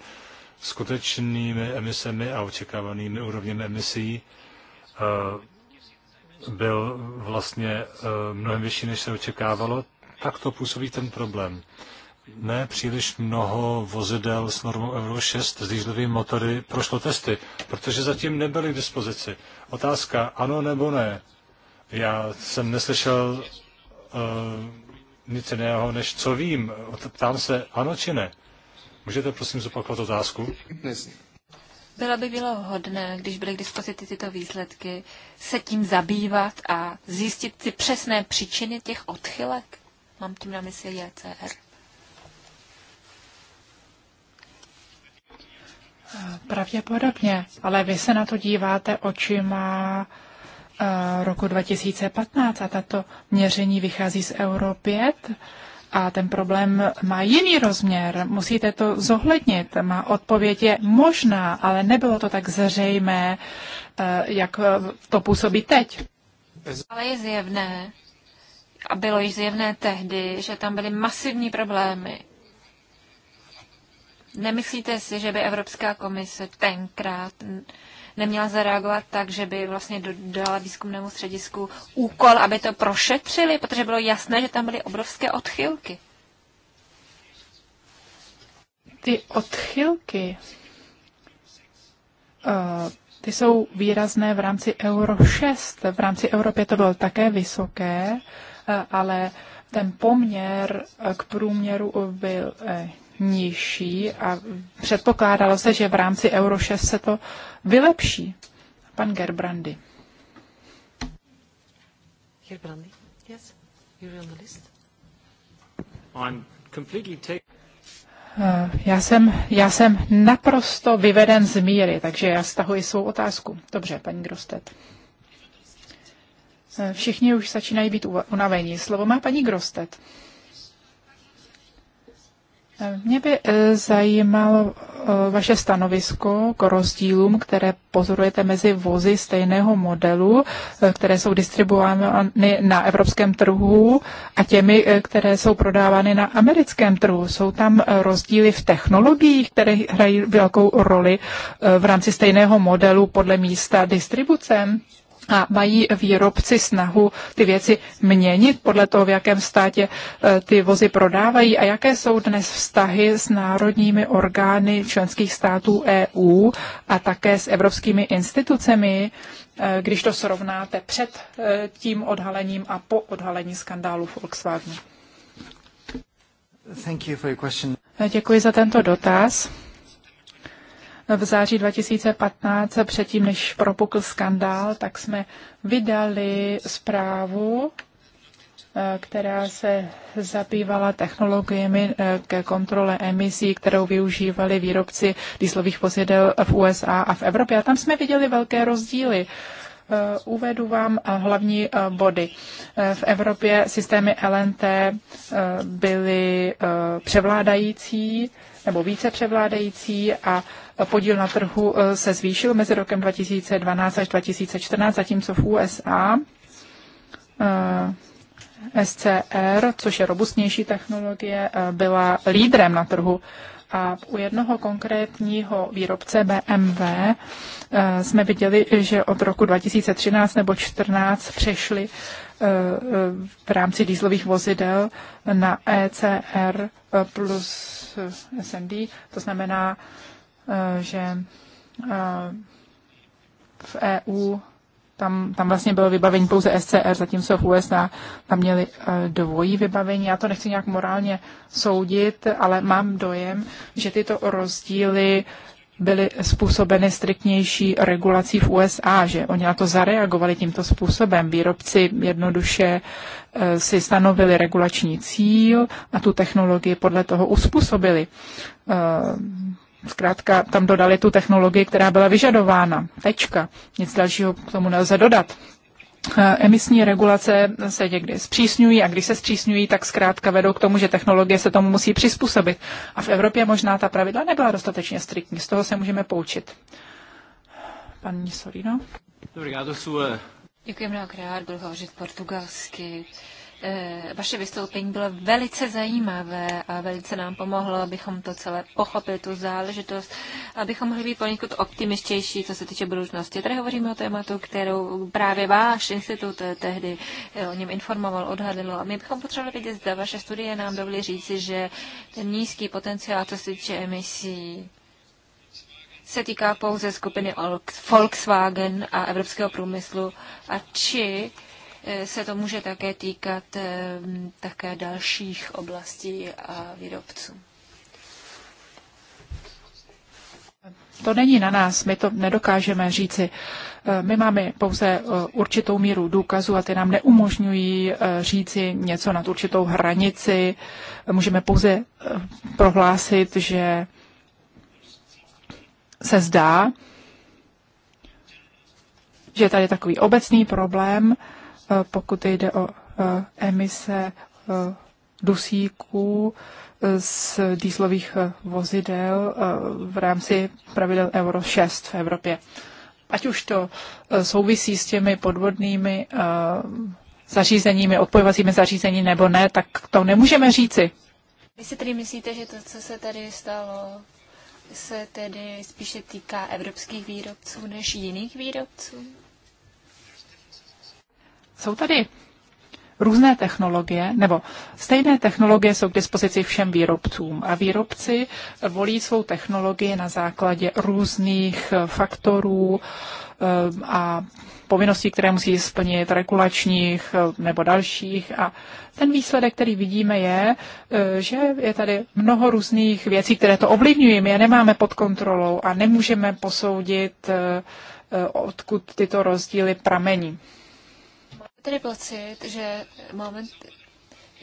skutečnými emisemi a očekávanými úrovněmi emisí eh, byl vlastně eh, mnohem vyšší, než se očekávalo, tak to působí ten problém. Ne příliš mnoho vozidel s normou Euro 6 s dýzlovými motory prošlo testy, protože zatím nebyly k dispozici. Otázka ano nebo ne. Já jsem neslyšel uh, nic jiného, než co vím. Ptám se, ano či ne? Můžete prosím zopakovat otázku? Bylo by bylo hodné, když byly k dispozici tyto výsledky, se tím zabývat a zjistit ty přesné příčiny těch odchylek? Mám tím na mysli JCR. Pravděpodobně, ale vy se na to díváte očima roku 2015 a tato měření vychází z Euro 5 a ten problém má jiný rozměr. Musíte to zohlednit. Má odpověď je možná, ale nebylo to tak zřejmé, e, jak to působí teď. Ale je zjevné, a bylo již zjevné tehdy, že tam byly masivní problémy. Nemyslíte si, že by Evropská komise tenkrát neměla zareagovat tak, že by vlastně dodala výzkumnému středisku úkol, aby to prošetřili, protože bylo jasné, že tam byly obrovské odchylky. Ty odchylky, uh, ty jsou výrazné v rámci Euro 6. V rámci Evropy to bylo také vysoké, uh, ale ten poměr eh, k průměru byl nižší a předpokládalo se, že v rámci Euro 6 se to vylepší. Pan Gerbrandy. Gerbrandy, yes, you're on the list. I'm completely taken. Eh, já jsem, já jsem naprosto vyveden z míry, takže já stahuji svou otázku. Dobře, paní Grostet. Eh, všichni už začínají být unavení. Slovo má paní Grostet. Mě by eh, zajímalo eh, vaše stanovisko k rozdílům, které pozorujete mezi vozy stejného modelu, eh, které jsou distribuovány na evropském trhu a těmi, které jsou prodávány na americkém trhu. Jsou tam rozdíly v technologiích, které hrají velkou roli v rámci stejného modelu podle místa distribuce? a mají výrobci snahu ty věci měnit podle toho, v jakém státě e, ty vozy prodávají a jaké jsou dnes vztahy s národními orgány členských států EU a také s evropskými institucemi, e, když to srovnáte před e, tím odhalením a po odhalení skandálu Volkswagenu. Děkuji za tento dotaz v září 2015, předtím než propukl skandál, tak jsme vydali zprávu, eh, která se zabývala technologiemi eh, ke kontrole emisí, kterou využívali výrobci dýzlových vozidel v USA a v Evropě. A tam jsme viděli velké rozdíly. Eh, uvedu vám hlavní body. V Evropě systémy LNT byly převládající nebo více převládající a podíl na trhu eh, se zvýšil mezi rokem 2012 až 2014, zatímco v USA eh, SCR, což je robustnější technologie, eh, byla lídrem na trhu. A u jednoho konkrétního výrobce BMW jsme viděli, že od roku 2013 nebo 2014 přešli v rámci dýzlových vozidel na ECR plus SND, To znamená, eh, že eh, v EU tam, tam vlastně bylo vybavení pouze SCR, zatímco v USA tam měli eh, dvojí vybavení. Já to nechci nějak morálně soudit, ale mám dojem, že tyto rozdíly byly způsobeny striktnější regulací v USA, že oni na to zareagovali tímto způsobem. Výrobci jednoduše e, si stanovili regulační cíl a tu technologii podle toho uspůsobili. E, zkrátka tam dodali tu technologii, která byla vyžadována. Tečka. Nic dalšího k tomu nelze dodat emisní regulace se někdy zpřísňují a když se zpřísňují, tak zkrátka vedou k tomu, že technologie se tomu musí přizpůsobit. A v Evropě možná ta pravidla nebyla dostatečně striktní. Z toho se můžeme poučit. Paní Sorino. Eh, Děkuji mnohokrát, budu hovořit portugalsky. Eh, vaše vystoupení bylo velice zajímavé a velice nám pomohlo, abychom to celé pochopili, tu záležitost, abychom mohli být poněkud optimističtější, co se týče budoucnosti. Tady hovoříme o tématu, kterou právě váš institut eh, tehdy eh, o něm informoval, odhadl. A my bychom potřebovali vidět, zda vaše studie nám dovolí říci, že ten nízký potenciál, co se týče emisí, se týká pouze skupiny Volkswagen a evropského průmyslu a či se to může také týkat eh, také dalších oblastí a výrobců. To není na nás, my to nedokážeme říci. Eh, my máme pouze eh, určitou míru důkazu a ty nám neumožňují říci něco nad určitou hranici. Můžeme pouze prohlásit, že se zdá, že je tady takový obecný problém, Eh, pokud jde o eh, emise eh, dusíků z dýzlových vozidel v rámci pravidel Euro 6 v Evropě. Ať už to souvisí s těmi podvodnými zařízeními, odpojovacími zařízení nebo ne, tak to nemůžeme říci. Vy si tedy myslíte, že to, co se tady stalo, se tedy spíše týká evropských výrobců než jiných výrobců? jsou tady různé technologie, nebo stejné technologie jsou k dispozici všem výrobcům a výrobci volí svou technologii na základě různých faktorů eh, a povinností, které musí splnit, regulačních eh, nebo dalších. A ten výsledek, který vidíme, je, eh, že je tady mnoho různých věcí, které to ovlivňují. My je nemáme pod kontrolou a nemůžeme posoudit, odkud tyto rozdíly pramení tedy pocit, že moment,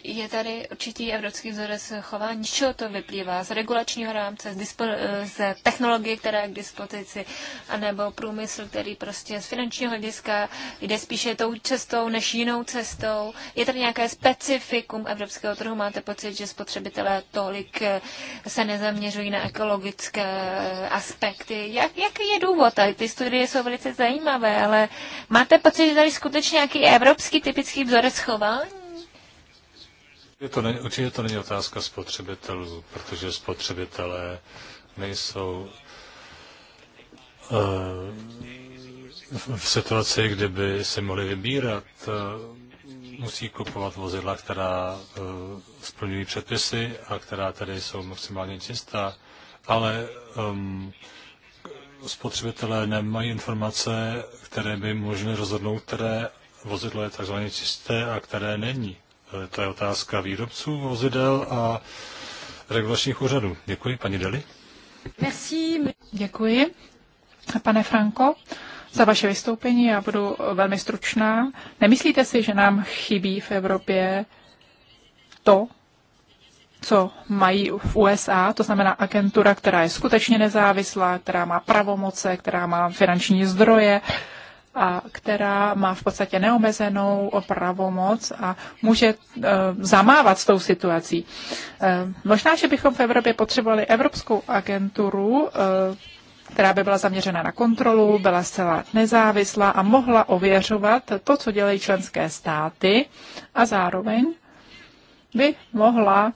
je tady určitý evropský vzorec chování, z čeho to vyplývá? Z regulačního rámce, z, dispo- z technologie, která je k dispozici, anebo průmysl, který prostě z finančního hlediska jde spíše tou cestou než jinou cestou. Je tady nějaké specifikum evropského trhu? Máte pocit, že spotřebitelé tolik eh, se nezaměřují na ekologické eh, aspekty? Jak, jaký je důvod? A ty studie jsou velice zajímavé, ale máte pocit, že tady skutečně nějaký evropský typický vzorec chování? To není, určitě to není otázka spotřebitelů, protože spotřebitelé nejsou uh, v situaci, kdyby si mohli vybírat. Eh, musí kupovat vozidla, která uh, splňují předpisy a která tady jsou maximálně čistá, ale um, spotřebitelé nemají informace, které by možné rozhodnout, které vozidlo je takzvaně čisté a které není. Eh, to je otázka výrobců vozidel a regulačních úřadů. Děkuji, paní Deli. Merci. Děkuji, pane Franko, za vaše vystoupení. Já budu velmi stručná. Nemyslíte si, že nám chybí v Evropě to, co mají v USA, to znamená agentura, která je skutečně nezávislá, která má pravomoce, která má finanční zdroje, a která má v podstatě neomezenou pravomoc a může eh, zamávat s tou situací. Eh, možná, že bychom v Evropě potřebovali Evropskou agenturu, eh, která by byla zaměřena na kontrolu, byla zcela nezávislá a mohla ověřovat to, co dělají členské státy a zároveň by mohla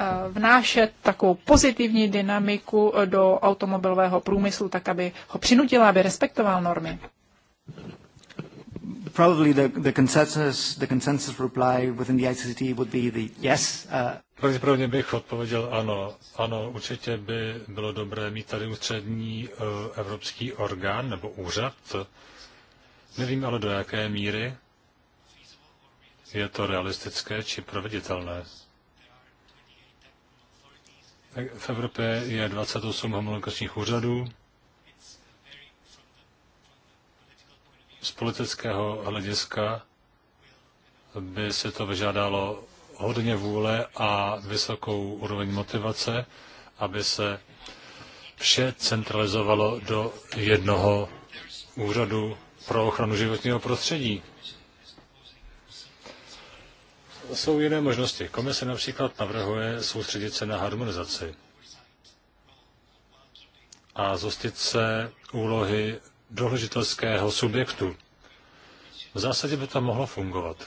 Eh, vnášet takovou pozitivní dynamiku do automobilového průmyslu, tak aby ho přinutila, aby respektoval normy? Probably the, the consensus the consensus reply within the ICCT would be the yes. Uh... Pravděpodobně bych odpověděl ano. Ano, určitě by bylo dobré mít tady ústřední uh, evropský orgán nebo úřad. Nevím ale do jaké míry je to realistické či proveditelné. V Evropě je 28 homologačních úřadů. Z politického hlediska by se to vyžádalo hodně vůle a vysokou úroveň motivace, aby se vše centralizovalo do jednoho úřadu pro ochranu životního prostředí jsou jiné možnosti. Komise například navrhuje soustředit se na harmonizaci a zostit se úlohy dohležitelského subjektu. V zásadě by to mohlo fungovat.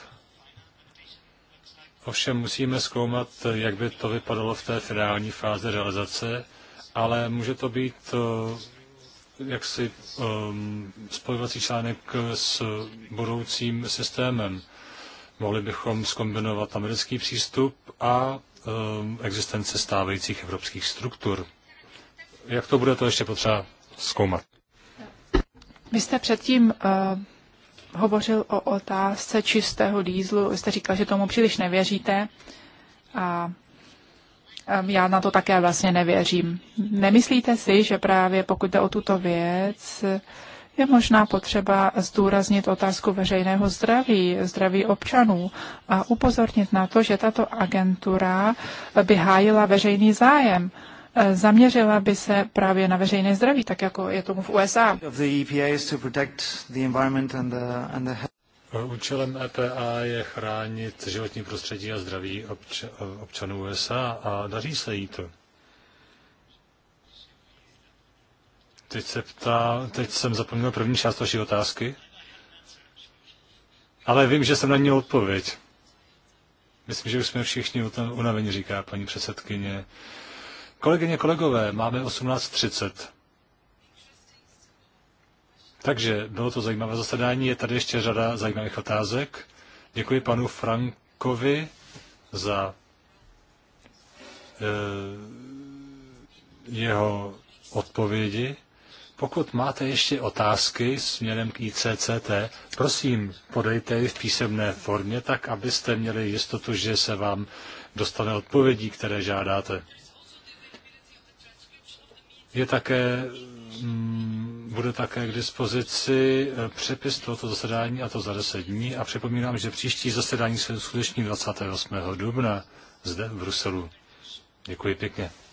Ovšem musíme zkoumat, jak by to vypadalo v té finální fázi realizace, ale může to být eh, jaksi um, spojovací článek s budoucím systémem. Mohli bychom skombinovat americký přístup a ehm, existence stávajících evropských struktur. Jak to bude, to ještě potřeba zkoumat. Vy jste předtím uh, hovořil o otázce čistého dýzlu. Vy jste říkal, že tomu příliš nevěříte. A ehm, já na to také vlastně nevěřím. Nemyslíte si, že právě pokud jde o tuto věc, je možná potřeba zdůraznit otázku veřejného zdraví, zdraví občanů a upozornit na to, že tato agentura by hájila veřejný zájem. Zaměřila by se právě na veřejné zdraví, tak jako je tomu v USA. E Účelem EPA je chránit životní prostředí a zdraví obč- občanů USA a daří se jí to. Teď se ptá, teď jsem zapomněl první část vaší otázky. Ale vím, že jsem na ní odpověď. Myslím, že už jsme všichni unavení, říká paní předsedkyně. Kolegyně, kolegové, máme 18.30. Takže bylo to zajímavé zasedání, je tady ještě řada zajímavých otázek. Děkuji panu Frankovi za eh, jeho odpovědi. Pokud máte ještě otázky směrem k ICCT, prosím, podejte je v písemné formě, tak abyste měli jistotu, že se vám dostane odpovědí, které žádáte. Je také, mm, bude také k dispozici eh, přepis tohoto zasedání, a to za 10 dní. A připomínám, že příští zasedání se uskuteční 28. dubna zde v Bruselu. Děkuji pěkně.